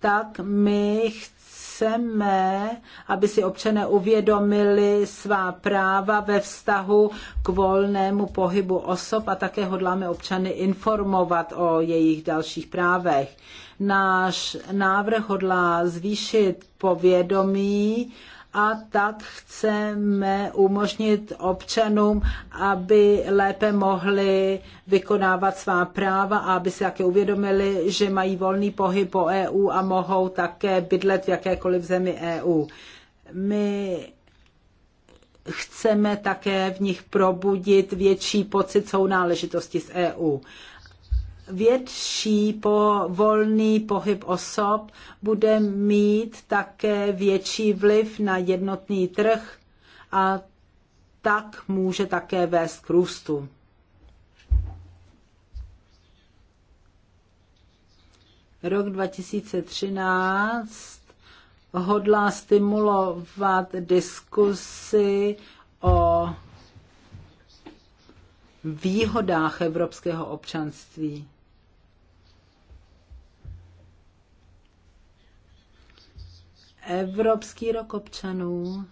tak my chceme, aby si občané uvědomili svá práva ve vztahu k volnému pohybu osob a také hodláme občany informovat o jejich dalších právech. Náš návrh hodlá zvýšit povědomí a tak chceme umožnit občanům, aby lépe mohli vykonávat svá práva a aby si také uvědomili, že mají volný pohyb po EU a mohou také bydlet v jakékoliv zemi EU. My chceme také v nich probudit větší pocit sounáležitosti s EU větší po volný pohyb osob bude mít také větší vliv na jednotný trh a tak může také vést k růstu. Rok 2013 hodlá stimulovat diskusy o výhodách evropského občanství. Evropský rok občanů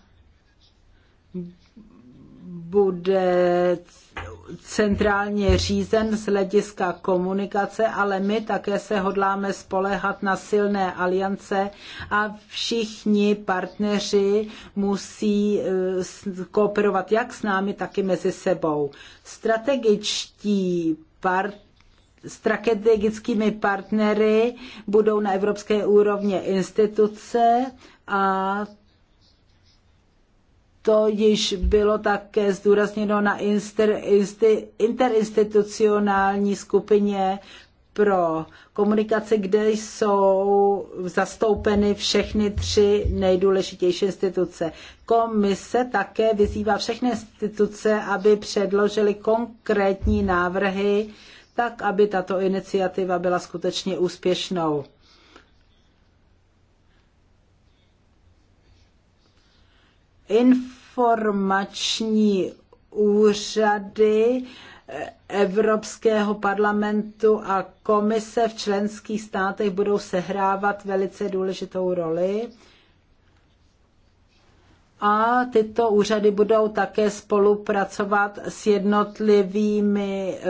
bude centrálně řízen z hlediska komunikace, ale my také se hodláme spolehat na silné aliance a všichni partneři musí eh, kooperovat jak s námi, tak i mezi sebou. Strategičtí partneři strategickými partnery budou na evropské úrovně instituce a to již bylo také zdůrazněno na interinstitucionální skupině pro komunikaci, kde jsou zastoupeny všechny tři nejdůležitější instituce. Komise také vyzývá všechny instituce, aby předložily konkrétní návrhy tak aby tato iniciativa byla skutečně úspěšnou. Informační úřady Evropského parlamentu a komise v členských státech budou sehrávat velice důležitou roli. A tyto úřady budou také spolupracovat s jednotlivými uh,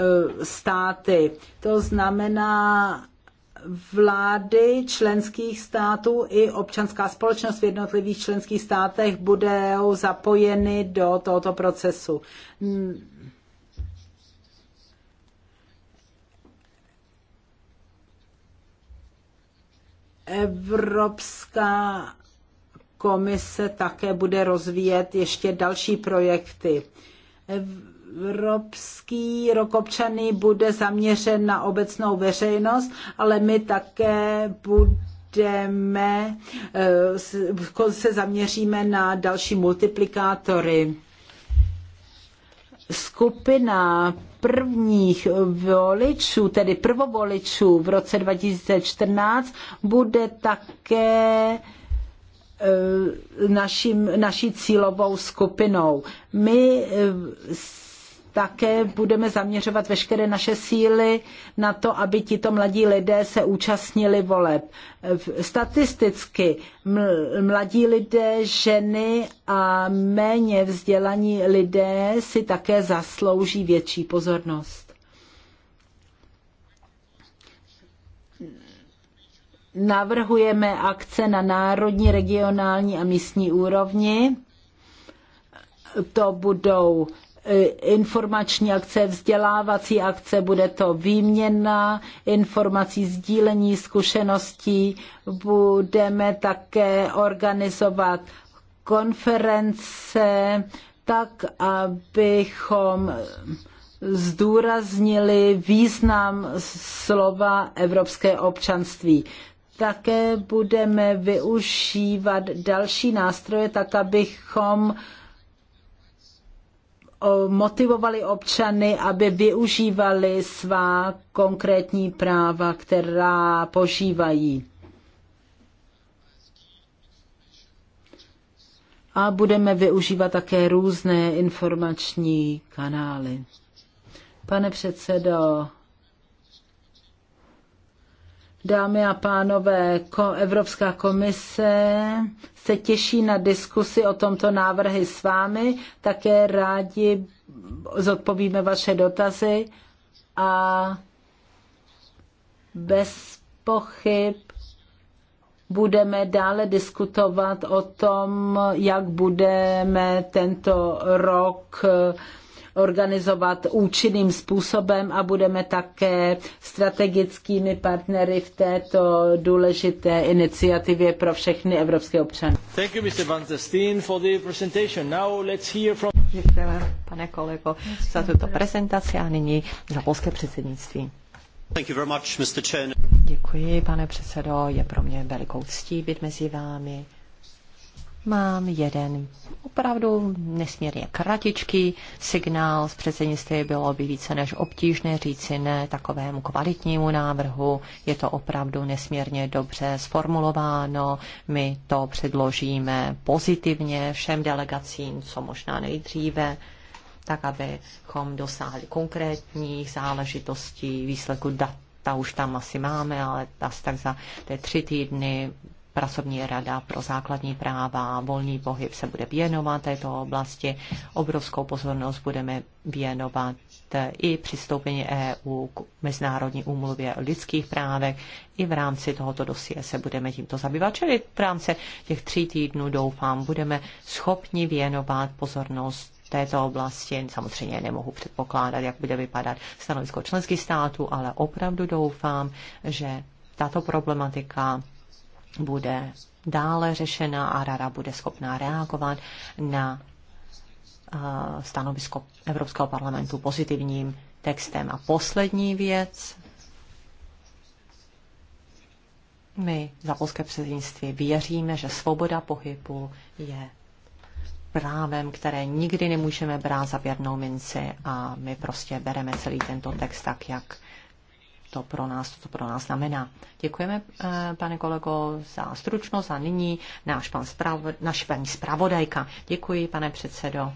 Eh, státy. To znamená vlády členských států i občanská společnost v jednotlivých členských státech budou zapojeny do tohoto procesu. Evropská komise také bude rozvíjet ještě další projekty. Evropský rok občany bude zaměřen na obecnou veřejnost, ale my také budeme, eh, se zaměříme na další multiplikátory. Skupina prvních voličů, tedy prvovoličů v roce 2014 bude také eh, naším, naší cílovou skupinou. My eh, také budeme zaměřovat veškeré naše síly na to, aby tito mladí lidé se účastnili voleb. Statisticky mladí lidé, ženy a méně vzdělaní lidé si také zaslouží větší pozornost. Navrhujeme akce na národní, regionální a místní úrovni. To budou E, informační akce, vzdělávací akce, bude to výměna informací, sdílení zkušeností. Budeme také organizovat konference, tak abychom zdůraznili význam slova evropské občanství také budeme využívat další nástroje, tak abychom motivovali občany, aby využívali svá konkrétní práva, která požívají. A budeme využívat také různé informační kanály. Pane předsedo, Dámy a pánové, Evropská komise se těší na diskusi o tomto návrhu s vámi. Také rádi zodpovíme vaše dotazy a bez pochyb budeme dále diskutovat o tom, jak budeme tento rok organizovat účinným způsobem a budeme také strategickými partnery v této důležité iniciativě pro všechny evropské občany. Thank you, Mr. Van for the presentation. Now let's hear from... Děkujeme, pane kolego, za tuto prezentaci a nyní za polské předsednictví. Much, Děkuji, pane předsedo. Je pro mě velikou ctí být mezi vámi. Mám jeden opravdu nesmírně kratičký signál z předsednictví. Bylo by více než obtížné říci ne takovému kvalitnímu návrhu. Je to opravdu nesmírně dobře sformulováno. My to předložíme pozitivně všem delegacím, co možná nejdříve tak abychom dosáhli konkrétních záležitostí, výsledku data už tam asi máme, ale asi tak za ty tři týdny pracovní rada pro základní práva, a volný pohyb se bude věnovat této oblasti. Obrovskou pozornost budeme věnovat i přistoupení EU k Mezinárodní úmluvě o lidských právech. I v rámci tohoto dosie se budeme tímto zabývat. Čili v rámci těch tří týdnů, doufám, budeme schopni věnovat pozornost této oblasti. Samozřejmě nemohu předpokládat, jak bude vypadat stanovisko členských států, ale opravdu doufám, že tato problematika bude dále řešena a rada bude schopná reagovat na eh, stanovisko Evropského parlamentu pozitivním textem. A poslední věc. My za polské předsednictví věříme, že svoboda pohybu je právem, které nikdy nemůžeme brát za věrnou minci a my prostě bereme celý tento text tak, jak to pro nás, to, co pro nás znamená. Děkujeme, eh, pane kolego, za stručnost a nyní náš pan spravo, naš paní zpravodajka. Děkuji, pane předsedo.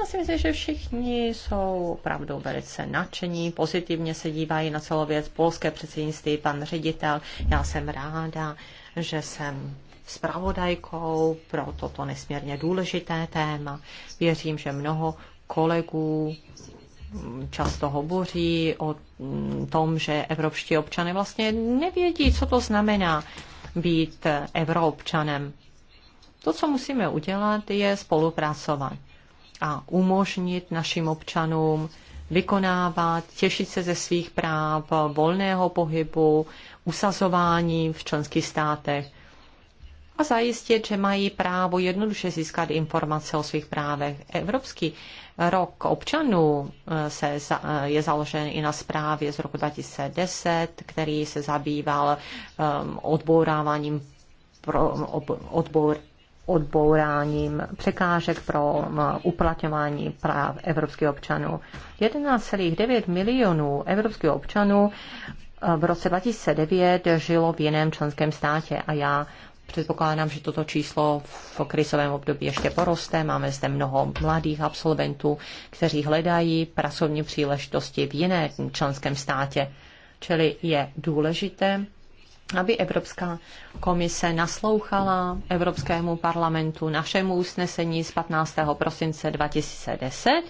Já si myslím, že všichni jsou opravdu velice nadšení, pozitivně se dívají na celou věc. Polské předsednictví, pan ředitel, já jsem ráda, že jsem spravodajkou pro toto nesmírně důležité téma. Věřím, že mnoho kolegů často hovoří o tom, že evropští občané vlastně nevědí, co to znamená být euroobčanem. To, co musíme udělat, je spolupracovat a umožnit našim občanům vykonávat, těšit se ze svých práv, volného pohybu, usazování v členských státech a zajistit, že mají právo jednoduše získat informace o svých právech. Evropský rok občanů eh, se, eh, je založen i na zprávě z roku 2010, který se zabýval um, odbouráváním pro, ob, odbor odbouráním překážek pro uplatňování práv evropských občanů. 11,9 milionů evropských občanů v roce 2009 žilo v jiném členském státě a já Předpokládám, že toto číslo v krizovém období ještě poroste. Máme zde mnoho mladých absolventů, kteří hledají pracovní příležitosti v jiném členském státě. Čili je důležité, aby Evropská komise naslouchala Evropskému parlamentu našemu usnesení z 15. prosince 2010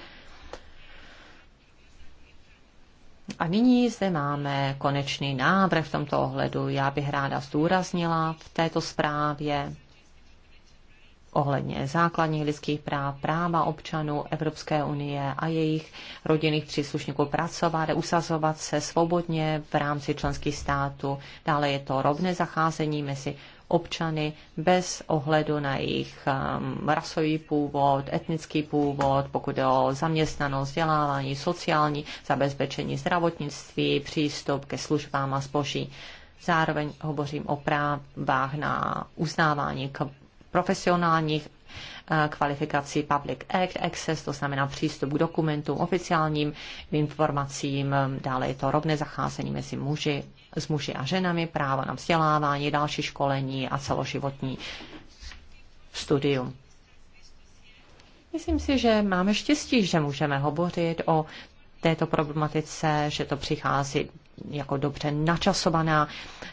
A nyní zde máme konečný návrh v tomto ohledu. Já bych ráda zdůraznila v této zprávě ohledně základních lidských práv, práva občanů Evropské unie a jejich rodinných příslušníků pracovat, usazovat se svobodně v rámci členských států. Dále je to rovné zacházení mezi občany bez ohledu na jejich um, rasový původ, etnický původ, pokud je o zaměstnanost, vzdělávání, sociální zabezpečení, zdravotnictví, přístup ke službám a zboží. Zároveň hovořím o právách na uznávání k profesionálních eh, kvalifikací Public Act Access, to znamená přístup k dokumentům, oficiálním informacím, dále je to rovné zacházení mezi muži s muži a ženami, práva na vzdělávání, další školení a celoživotní studium. Myslím si, že máme štěstí, že můžeme hovořit o této problematice, že to přichází jako dobře načasovaná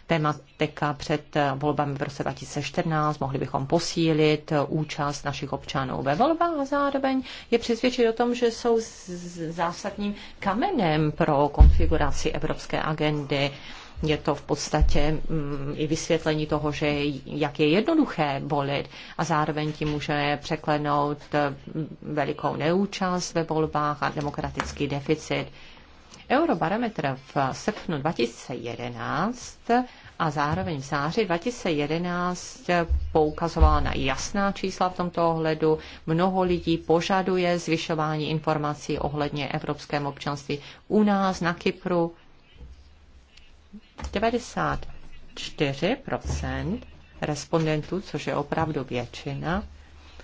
tematika před volbami v roce 2014. Mohli bychom posílit účast našich občanů ve volbách a zároveň je přesvědčit o tom, že jsou zásadním kamenem pro konfiguraci evropské agendy je to v podstatě mm, i vysvětlení toho, že jak je jednoduché volit a zároveň tím může překlenout eh, velikou neúčast ve volbách a demokratický deficit. Eurobarometr v srpnu 2011 a zároveň v září 2011 poukazoval na jasná čísla v tomto ohledu. Mnoho lidí požaduje zvyšování informací ohledně evropském občanství u nás na Kypru 94 respondentů, což je opravdu většina,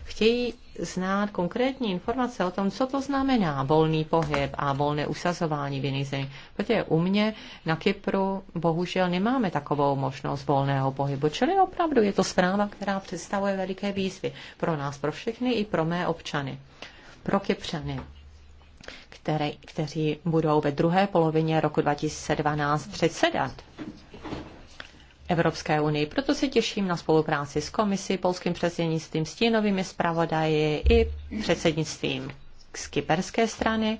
chtějí znát konkrétní informace o tom, co to znamená volný pohyb a volné usazování v jiných zemích. Protože u mě na Kypru bohužel nemáme takovou možnost volného pohybu. Čili opravdu je to zpráva, která představuje veliké výzvy pro nás, pro všechny i pro mé občany, pro Kypřany které, kteří budou ve druhé polovině roku 2012 předsedat Evropské unii. Proto se těším na spolupráci s komisí, polským předsednictvím, stínovými zpravodaji i předsednictvím z kyperské strany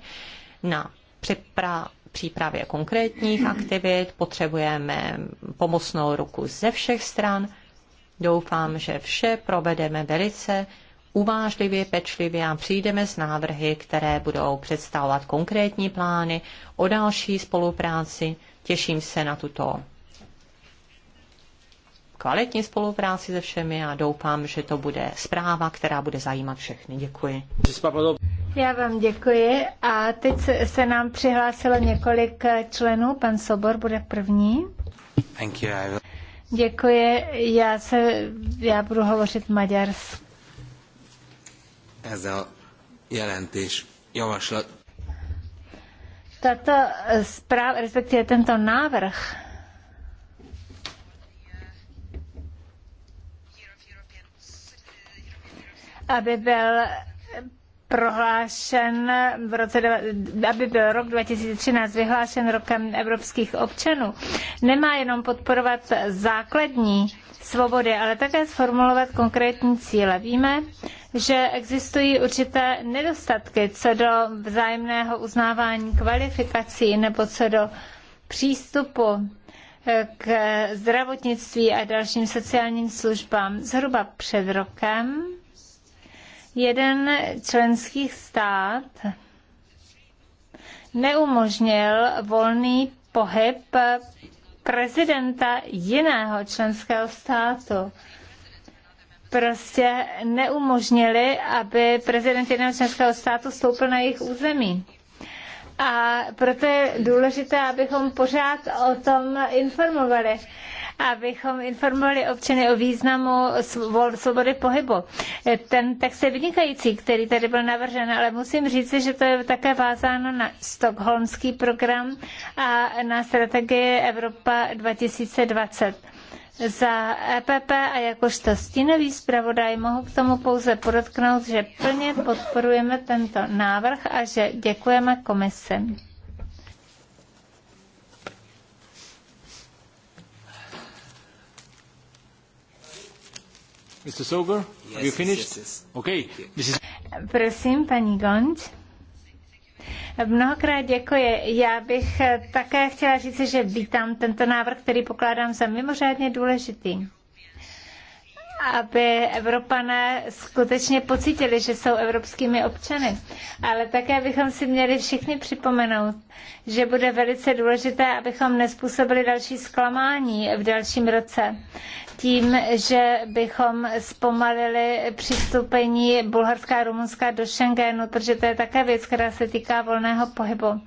na připra- přípravě konkrétních aktivit. Potřebujeme pomocnou ruku ze všech stran. Doufám, že vše provedeme velice uvážlivě, pečlivě a přijdeme s návrhy, které budou představovat konkrétní plány o další spolupráci. Těším se na tuto kvalitní spolupráci se všemi a doufám, že to bude zpráva, která bude zajímat všechny. Děkuji. Já vám děkuji a teď se nám přihlásilo několik členů. Pan Sobor bude první. Thank you, Děkuji, já, se, já budu hovořit maďarsky ez a jelentés javaslat. Tato eh, zpráva, respektive tento návrh aby byl prohlášen v roce, aby byl rok 2013 vyhlášen rokem evropských občanů, nemá jenom podporovat základní svobody, ale také sformulovat konkrétní cíle. Víme, že existují určité nedostatky co do vzájemného uznávání kvalifikací nebo co do přístupu eh, k zdravotnictví a dalším sociálním službám. Zhruba před rokem jeden členský stát neumožnil volný pohyb prezidenta jiného členského státu. Prostě neumožnili, aby prezident jiného členského státu stoupil na jejich území. A proto je důležité, abychom pořád o tom informovali abychom informovali občany o významu svobody pohybu. Ten text je vynikající, který tady byl navržen, ale musím říct, že to je také vázáno na stokholmský program a na strategii Evropa 2020. Za EPP a jakožto stínový zpravodaj mohu k tomu pouze podotknout, že plně podporujeme tento návrh a že děkujeme komisi. Mr. Sober, yes, have you finished? Yes, yes. Okay. This is... Prosím, paní Gonč. Mnohokrát děkuji. Já bych eh, také chtěla říct, že vítám tento návrh, který pokládám za mimořádně důležitý aby Evropané skutečně pocítili, že jsou evropskými občany. Ale také bychom si měli všichni připomenout, že bude velice důležité, abychom nespůsobili další zklamání v dalším roce tím, že bychom zpomalili přistoupení Bulharska a Rumunska do Schengenu, protože to je také věc, která se týká volného pohybu.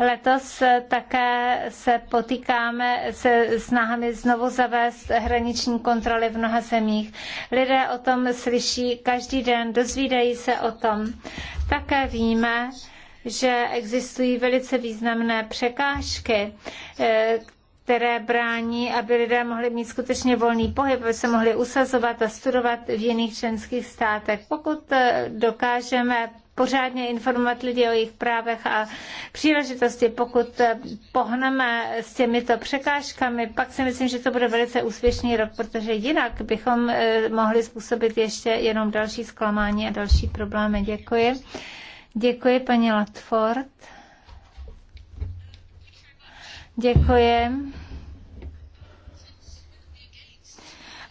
Letos také se potýkáme se snahami znovu zavést hraniční kontroly v mnoha zemích. Lidé o tom slyší každý den, dozvídají se o tom. Také víme, že existují velice významné překážky, eh, které brání, aby lidé mohli mít skutečně volný pohyb, aby se mohli usazovat a studovat v jiných členských státech. Pokud eh, dokážeme pořádně informovat lidi o jejich právech a příležitosti. Pokud eh, pohneme s těmito překážkami, pak si myslím, že to bude velice úspěšný rok, protože jinak bychom eh, mohli způsobit ještě jenom další zklamání a další problémy. Děkuji. Děkuji, paní Latford. Děkuji.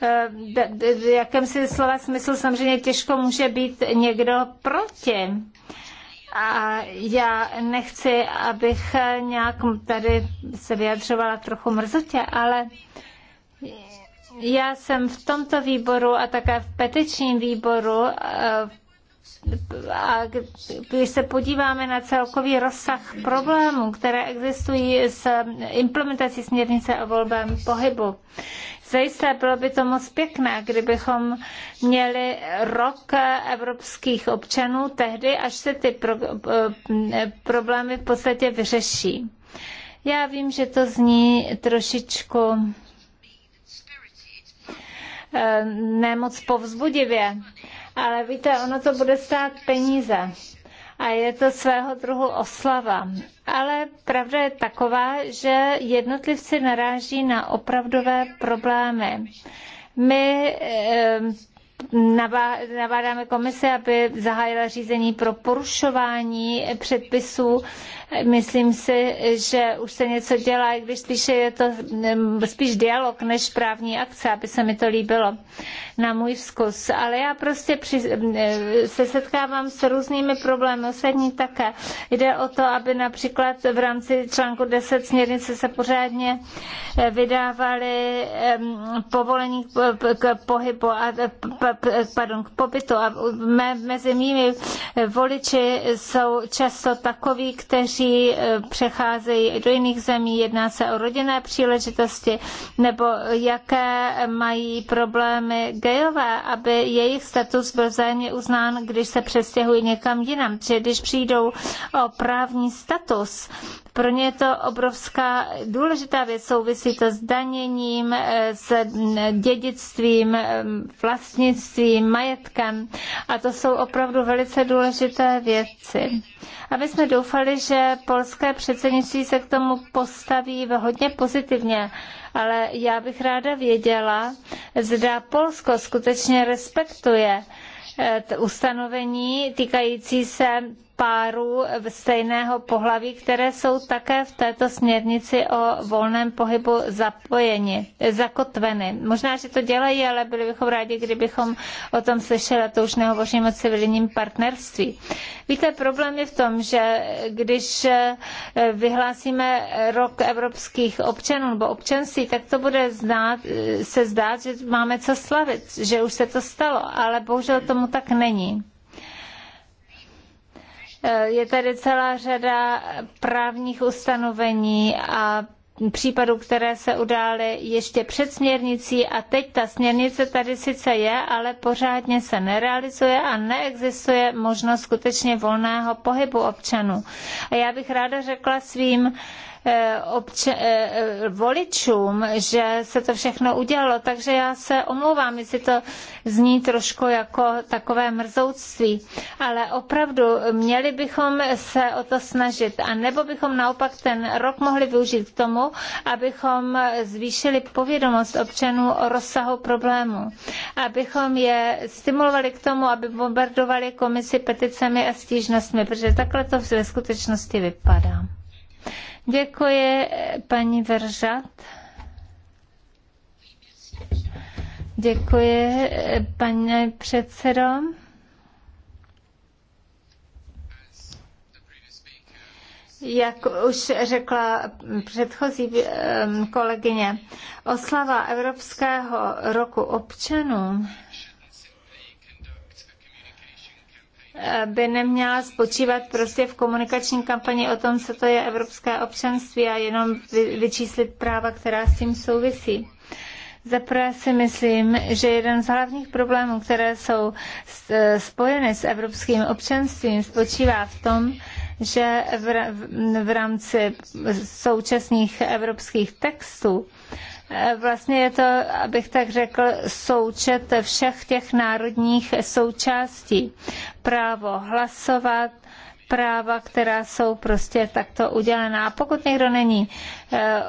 v eh, si slova smyslu samozřejmě těžko může být někdo proti. A já nechci, abych nějak tady se vyjadřovala trochu mrzutě, ale já jsem v tomto výboru a také v petičním výboru eh, a když se podíváme na celkový rozsah problémů, které existují s implementací směrnice o volbém pohybu, Zajisté bylo by to moc pěkné, kdybychom měli rok evropských občanů tehdy, až se ty pro, eh, problémy v podstatě vyřeší. Já vím, že to zní trošičku eh, nemoc povzbudivě, ale víte, ono to bude stát peníze a je to svého druhu oslava. Ale pravda je taková, že jednotlivci naráží na opravdové problémy. My eh, nabádáme komise, aby zahájila řízení pro porušování předpisů Myslím si, že už se něco dělá, i když spíše je to mm, spíš dialog než právní akce, aby se mi to líbilo na můj vzkus. Ale já prostě při, mm, se setkávám s různými problémy, ostatní také. Jde o to, aby například v rámci článku 10 směrnice se pořádně eh, vydávaly povolení k pohybu a pardon, k pobytu. A mezi mými voliči jsou často takoví, kteří kteří eh, přecházejí do jiných zemí, jedná se o rodinné příležitosti, nebo jaké mají problémy gejové, aby jejich status byl vzájemně uznán, když se přestěhují někam jinam. Protože když přijdou o právní status, pro ně je to obrovská důležitá věc, souvisí to s daněním, eh, s eh, dědictvím, eh, vlastnictvím, majetkem a to jsou opravdu velice důležité věci. A my jsme doufali, že polské předsednictví se k tomu postaví hodně pozitivně, ale já bych ráda věděla, zda Polsko skutečně respektuje ustanovení týkající se párů stejného pohlaví, které jsou také v této směrnici o volném pohybu zapojeni, zakotveny. Možná, že to dělají, ale byli bychom rádi, kdybychom o tom slyšeli, a to už nehovořím o civilním partnerství. Víte, problém je v tom, že když eh, vyhlásíme rok evropských občanů nebo občanství, tak to bude znát, eh, se zdát, že máme co slavit, že už se to stalo, ale bohužel tomu tak není. Eh, je tady celá řada právních ustanovení a případů, které se udály ještě před směrnicí a teď ta směrnice tady sice je, ale pořádně se nerealizuje a neexistuje možnost skutečně volného pohybu občanů. A já bych ráda řekla svým Eh, obče- eh, eh, voličům, že se to všechno udělalo. Takže já se omlouvám, jestli to zní trošku jako takové mrzouctví, ale opravdu měli bychom se o to snažit. A nebo bychom naopak ten rok mohli využít k tomu, abychom zvýšili povědomost občanů o rozsahu problému. Abychom je stimulovali k tomu, aby bombardovali komisi peticemi a stížnostmi, protože takhle to ve skutečnosti vypadá. Děkuji, paní Veržat. Děkuji, paní předsedo. Jak už řekla předchozí ehm, kolegyně, oslava Evropského roku občanů by neměla spočívat prostě v komunikační kampani o tom, co to je evropské občanství a jenom vyčíslit práva, která s tím souvisí. Zaprvé si myslím, že jeden z hlavních problémů, které jsou e, spojeny s evropským občanstvím, spočívá v tom, že v, rámci současných evropských textů Eh, vlastně je to, abych tak řekl, součet všech těch národních součástí. Právo hlasovat, práva, která jsou prostě takto udělená. Pokud někdo není eh,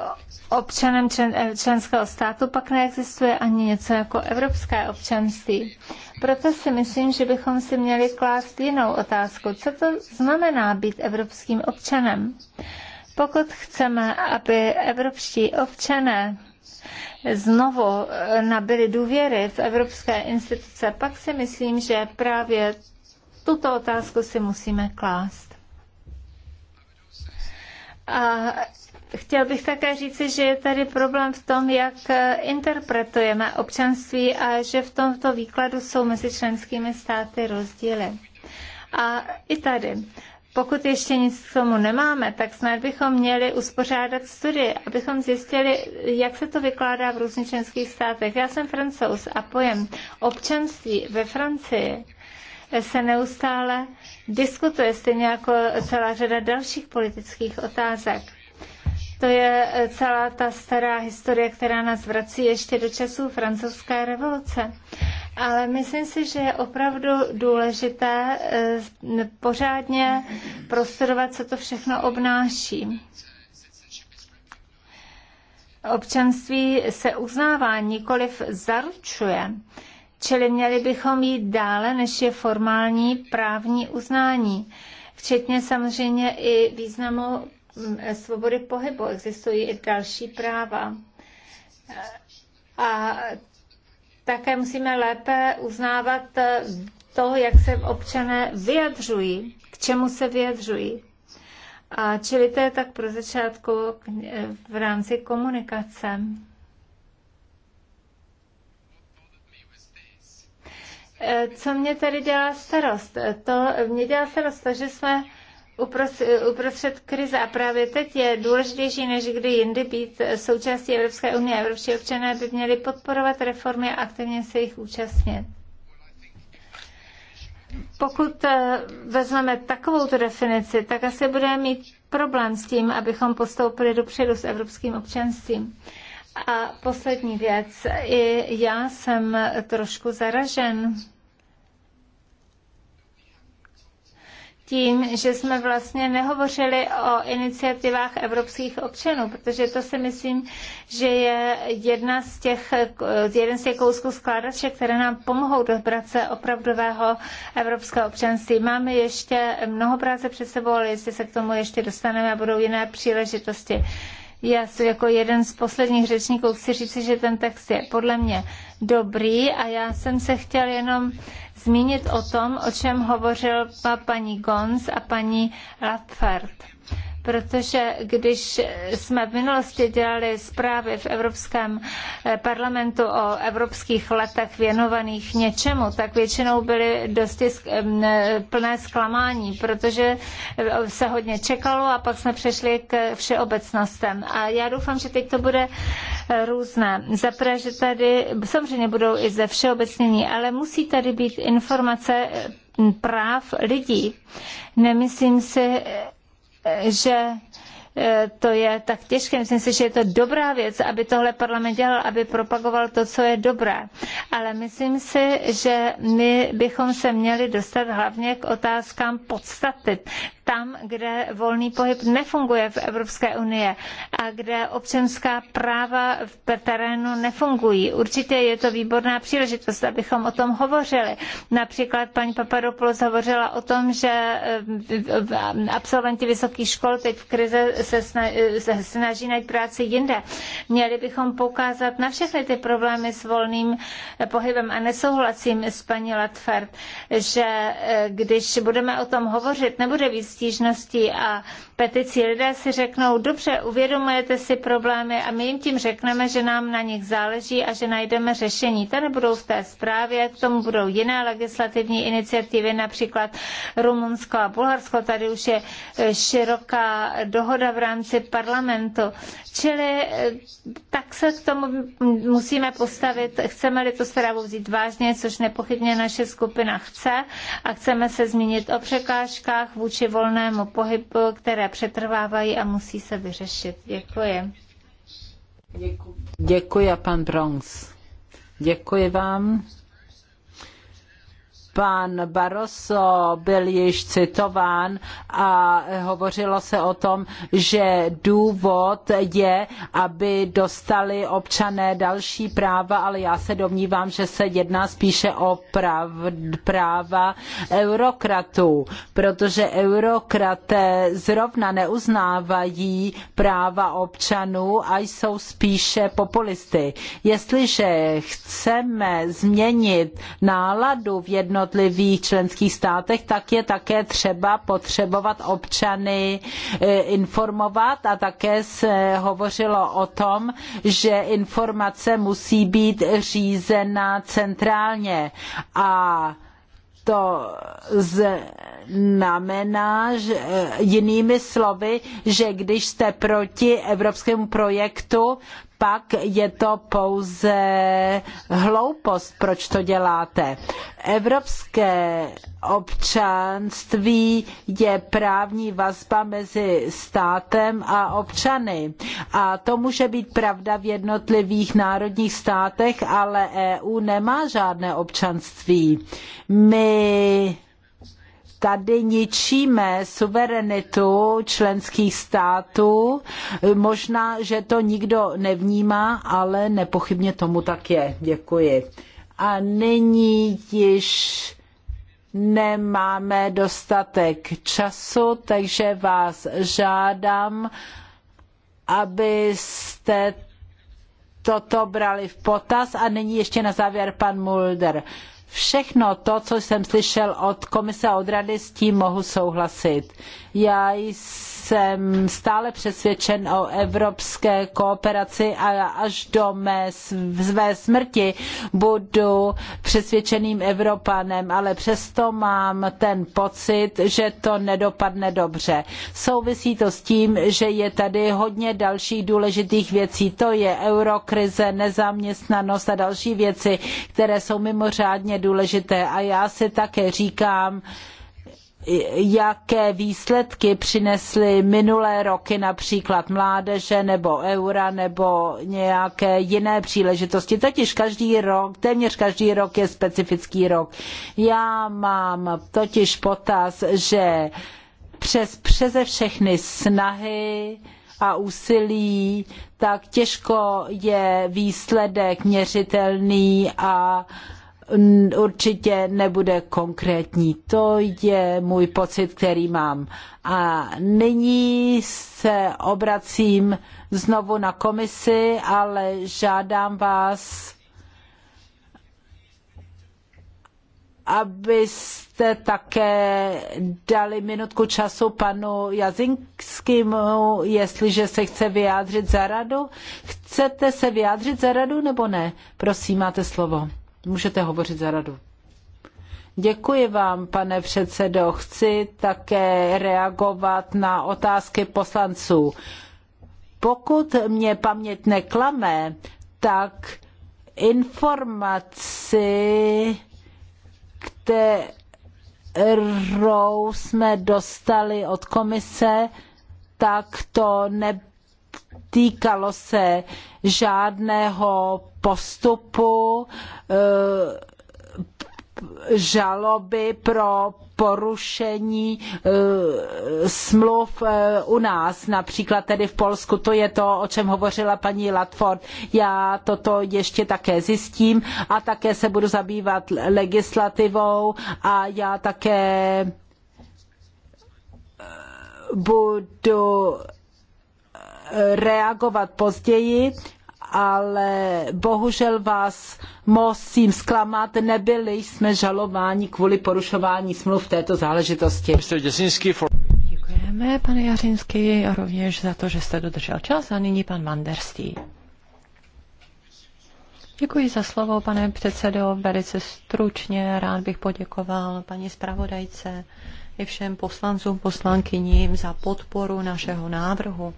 občanem eh, členského státu, pak neexistuje ani něco jako evropské občanství. Proto si myslím, že bychom si měli klást jinou otázku. Co to znamená být evropským občanem? Pokud chceme, aby evropští občané znovu eh, nabili důvěry v evropské instituce, pak si myslím, že právě tuto otázku si musíme klást. A Chtěl bych také říci, že je tady problém v tom, jak eh, interpretujeme občanství a že v tomto výkladu jsou mezi členskými státy rozdíly. A i tady pokud ještě nic k tomu nemáme, tak snad bychom měli uspořádat studie, abychom zjistili, jak se to vykládá v různých členských státech. Já jsem francouz a pojem občanství ve Francii se neustále diskutuje, stejně jako celá řada dalších politických otázek. To je celá ta stará historie, která nás vrací ještě do časů francouzské revoluce ale myslím si, že je opravdu důležité eh, pořádně prostudovat, co to všechno obnáší. Občanství se uznává, nikoliv zaručuje. Čili měli bychom jít dále, než je formální právní uznání, včetně samozřejmě i významu eh, svobody pohybu. Existují i další práva. A také musíme lépe uznávat eh, to, jak se občané vyjadřují, k čemu se vyjadřují. A čili to je tak pro začátku eh, v rámci komunikace. Eh, co mě tady dělá starost? To mě dělá starost to, že jsme uprostřed krize a právě teď je důležitější než kdy jindy být součástí Evropské unie. Evropští občané by měli podporovat reformy a aktivně se jich účastnit. Pokud eh, vezmeme takovou definici, tak asi budeme mít problém s tím, abychom postoupili dopředu s evropským občanstvím. A poslední věc. I já jsem trošku zaražen tím, že jsme vlastně nehovořili o iniciativách evropských občanů, protože to si myslím, že je jedna z těch, jeden z těch kousků skládače, které nám pomohou dobrat se opravdového evropského občanství. Máme ještě mnoho práce před sebou, ale jestli se k tomu ještě dostaneme a budou jiné příležitosti. Já jsem jako jeden z posledních řečníků chci říct, že ten text je podle mě dobrý a já jsem se chtěl jenom zmínit o tom, o čem hovořil paní Nigons a paní Latfert protože když jsme v minulosti dělali zprávy v Evropském eh, parlamentu o evropských letech věnovaných něčemu, tak většinou byly dosti mm, eh, plné zklamání, protože eh, se hodně čekalo a pak jsme přešli k všeobecnostem. A já doufám, že teď to bude různé. Zaprvé, že tady samozřejmě budou i ze všeobecnění, ale musí tady být informace práv lidí. Nemyslím si, že Eh, to je tak těžké. Myslím si, že je to dobrá věc, aby tohle parlament dělal, aby propagoval to, co je dobré. Ale myslím si, že my bychom se měli dostat hlavně k otázkám podstaty. Tam, kde volný pohyb nefunguje v Evropské unii a kde občanská práva v terénu nefungují. Určitě je to výborná příležitost, abychom o tom hovořili. Například paní Papadopoulos hovořila o tom, že eh, absolventi vysokých škol teď v krize se, snaží najít práci jinde. Měli bychom poukázat na všechny ty problémy s volným eh, pohybem a nesouhlasím s paní Latfert, že eh, když budeme o tom hovořit, nebude víc stížností a petici. Lidé si řeknou, dobře, uvědomujete si problémy a my jim tím řekneme, že nám na nich záleží a že najdeme řešení. To nebudou v té zprávě, k tomu budou jiné legislativní iniciativy, například Rumunsko a Bulharsko. Tady už je eh, široká dohoda v rámci parlamentu. Čili eh, tak se k tomu musíme postavit, chceme-li to zprávu vzít vážně, což nepochybně naše skupina chce a chceme se zmínit o překážkách vůči volnému pohybu, které přetrvávají a musí se vyřešit. Děkuji. Děkuji a pan Bronx. Děkuji vám pan Barroso byl již citován a hovořilo se o tom, že důvod je, aby dostali občané další práva, ale já se domnívám, že se jedná spíše o prav, práva eurokratů, protože eurokraté zrovna neuznávají práva občanů a jsou spíše populisty. Jestliže chceme změnit náladu v jednotlivých jednotlivých členských státech, tak je také třeba potřebovat občany e, informovat a také se hovořilo o tom, že informace musí být řízena centrálně a to z znamená, že, eh, jinými slovy, že když jste proti evropskému projektu, pak je to pouze hloupost, proč to děláte. Evropské občanství je právní vazba mezi státem a občany. A to může být pravda v jednotlivých národních státech, ale EU nemá žádné občanství. My tady ničíme suverenitu členských států. Možná, že to nikdo nevnímá, ale nepochybně tomu tak je. Děkuji. A nyní již nemáme dostatek času, takže vás žádám, abyste toto brali v potaz. A nyní ještě na závěr pan Mulder. Všechno to, co jsem slyšel od komise a od rady, s tím mohu souhlasit. Já jsem jsem stále přesvědčen o evropské kooperaci a až do mé své smrti budu přesvědčeným Evropanem, ale přesto mám ten pocit, že to nedopadne dobře. Souvisí to s tím, že je tady hodně dalších důležitých věcí. To je eurokrize, nezaměstnanost a další věci, které jsou mimořádně důležité. A já si také říkám, jaké výsledky přinesly minulé roky například mládeže nebo eura nebo nějaké jiné příležitosti. Totiž každý rok, téměř každý rok je specifický rok. Já mám totiž potaz, že přes přeze všechny snahy a úsilí, tak těžko je výsledek měřitelný a určitě nebude konkrétní. To je můj pocit, který mám. A nyní se obracím znovu na komisi, ale žádám vás, abyste také dali minutku času panu Jazinskému, jestliže se chce vyjádřit za radu. Chcete se vyjádřit za radu nebo ne? Prosím, máte slovo. Můžete hovořit za radu. Děkuji vám, pane předsedo. Chci také reagovat na otázky poslanců. Pokud mě paměť neklame, tak informaci, kterou jsme dostali od komise, tak to netýkalo se žádného postupu eh, žaloby pro porušení eh, smluv eh, u nás, například tedy v Polsku, to je to, o čem hovořila paní Latford. Já toto ještě také zjistím a také se budu zabývat legislativou a já také budu reagovat později ale bohužel vás musím zklamat, nebyli jsme žalováni kvůli porušování smluv v této záležitosti. Děkujeme, pane Jařinský, a rovněž za to, že jste dodržel čas. A nyní pan Vanderstý. Děkuji za slovo, pane předsedo. Velice stručně rád bych poděkoval paní zpravodajce i všem poslancům, poslankyním za podporu našeho návrhu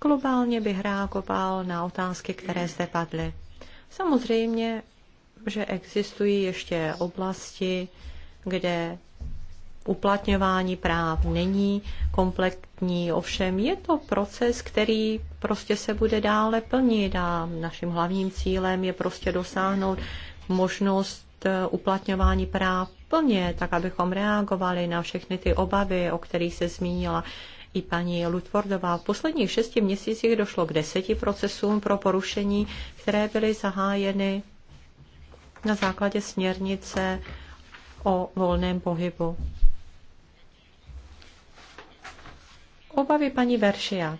globálně bych reagoval na otázky, které zde padly. Samozřejmě, že existují ještě oblasti, kde uplatňování práv není kompletní, ovšem je to proces, který prostě se bude dále plnit a naším hlavním cílem je prostě dosáhnout možnost eh, uplatňování práv plně, tak abychom reagovali na všechny ty obavy, o kterých se zmínila i paní Lutvordová. V posledních šesti měsících došlo k deseti procesům pro porušení, které byly zahájeny na základě směrnice o volném pohybu. Obavy paní Veršia.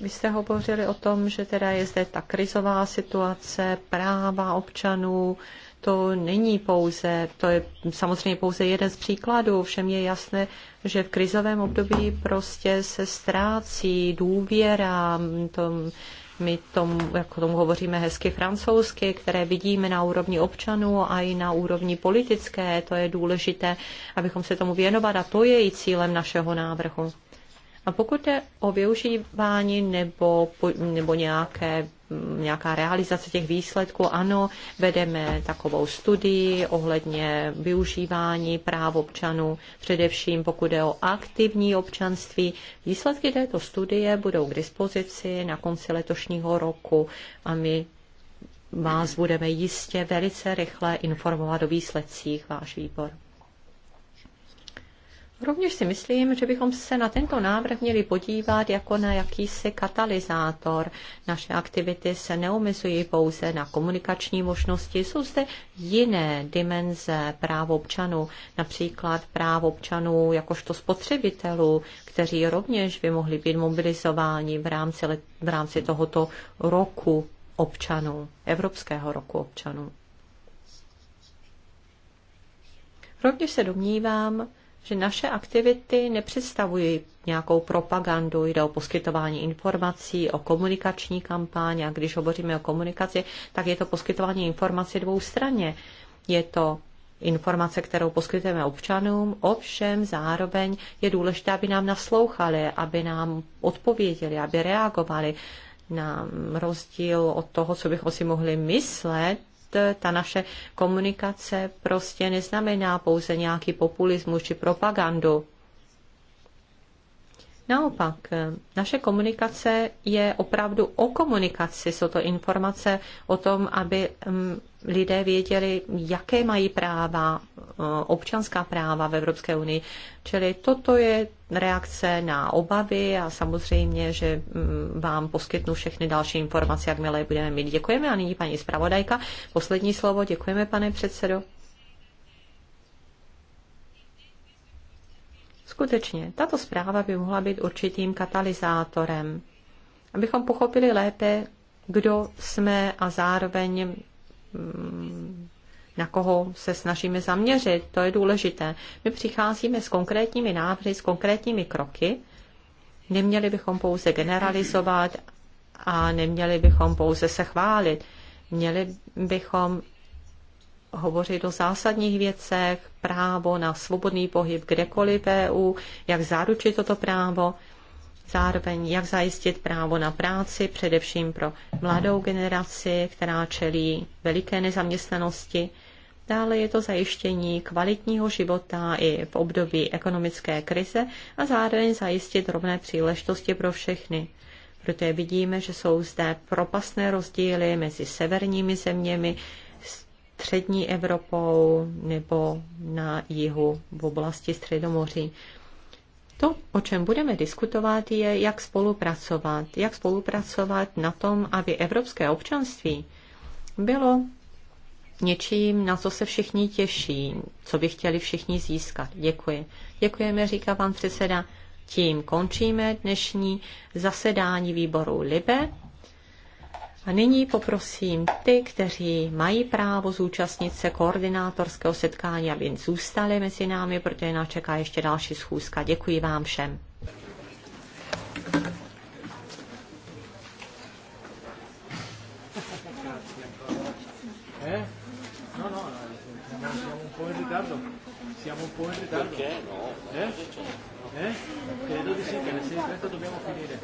Vy jste hovořili o tom, že teda je zde ta krizová situace, práva občanů, to není pouze, to je samozřejmě pouze jeden z příkladů, všem je jasné, že v krizovém období prostě se ztrácí důvěra, tom, my tomu, jako tomu hovoříme hezky francouzsky, které vidíme na úrovni občanů a i na úrovni politické, to je důležité, abychom se tomu věnovali a to je i cílem našeho návrhu. A pokud je o využívání nebo, nebo nějaké, mm, nějaká realizace těch výsledků, ano, vedeme takovou studii ohledně využívání práv občanů, především pokud je o aktivní občanství. Výsledky této studie budou k dispozici na konci letošního roku a my vás budeme jistě velice rychle informovat o výsledcích, váš výbor. Rovněž si myslím, že bychom se na tento návrh měli podívat jako na jakýsi katalyzátor. Naše aktivity se neomezují pouze na komunikační možnosti, jsou zde jiné dimenze práv občanů, například práv občanů jakožto spotřebitelů, kteří rovněž by mohli být mobilizováni v rámci, v rámci tohoto roku občanů, Evropského roku občanů. Rovněž se domnívám, že naše aktivity nepředstavují nějakou propagandu, jde o poskytování informací, o komunikační kampáně a když hovoříme o komunikaci, tak je to poskytování informací dvou straně, Je to informace, kterou poskytujeme občanům, ovšem zároveň je důležité, aby nám naslouchali, aby nám odpověděli, aby reagovali na rozdíl od toho, co bychom si mohli myslet, ta naše komunikace prostě neznamená pouze nějaký populismus či propagandu. Naopak, eh, naše komunikace je opravdu o komunikaci. Jsou to informace o tom, aby mm, lidé věděli, jaké mají práva, eh, občanská práva v Evropské unii. Čili toto je reakce na obavy a samozřejmě, že mm, vám poskytnu všechny další informace, jakmile je budeme mít. Děkujeme a nyní paní zpravodajka. Poslední slovo. Děkujeme, pane předsedo. Skutečně, tato zpráva by mohla být určitým katalyzátorem, abychom pochopili lépe, kdo jsme a zároveň mm, na koho se snažíme zaměřit. To je důležité. My přicházíme s konkrétními návrhy, s konkrétními kroky. Neměli bychom pouze generalizovat a neměli bychom pouze se chválit. Měli bychom hovořit o zásadních věcech, právo na svobodný pohyb kdekoliv v EU, jak zaručit toto právo, zároveň jak zajistit právo na práci, především pro mladou generaci, která čelí veliké nezaměstnanosti. Dále je to zajištění kvalitního života i v období ekonomické krize a zároveň zajistit rovné příležitosti pro všechny. Proto vidíme, že jsou zde propastné rozdíly mezi severními zeměmi střední Evropou nebo na jihu v oblasti Středomoří. To, o čem budeme diskutovat, je, jak spolupracovat. Jak spolupracovat na tom, aby evropské občanství bylo něčím, na co se všichni těší, co by chtěli všichni získat. Děkuji. Děkujeme, říká pan předseda. Tím končíme dnešní zasedání výboru LIBE. A nyní poprosím ty, kteří mají právo zúčastnit se koordinátorského setkání, aby jen zůstali mezi námi, protože nás čeká ještě další schůzka. Děkuji vám všem. siamo, un po' in ritardo. Siamo un po' in ritardo. Perché? No. Eh? Eh? Credo di sì, che alle 6.30 dobbiamo finire.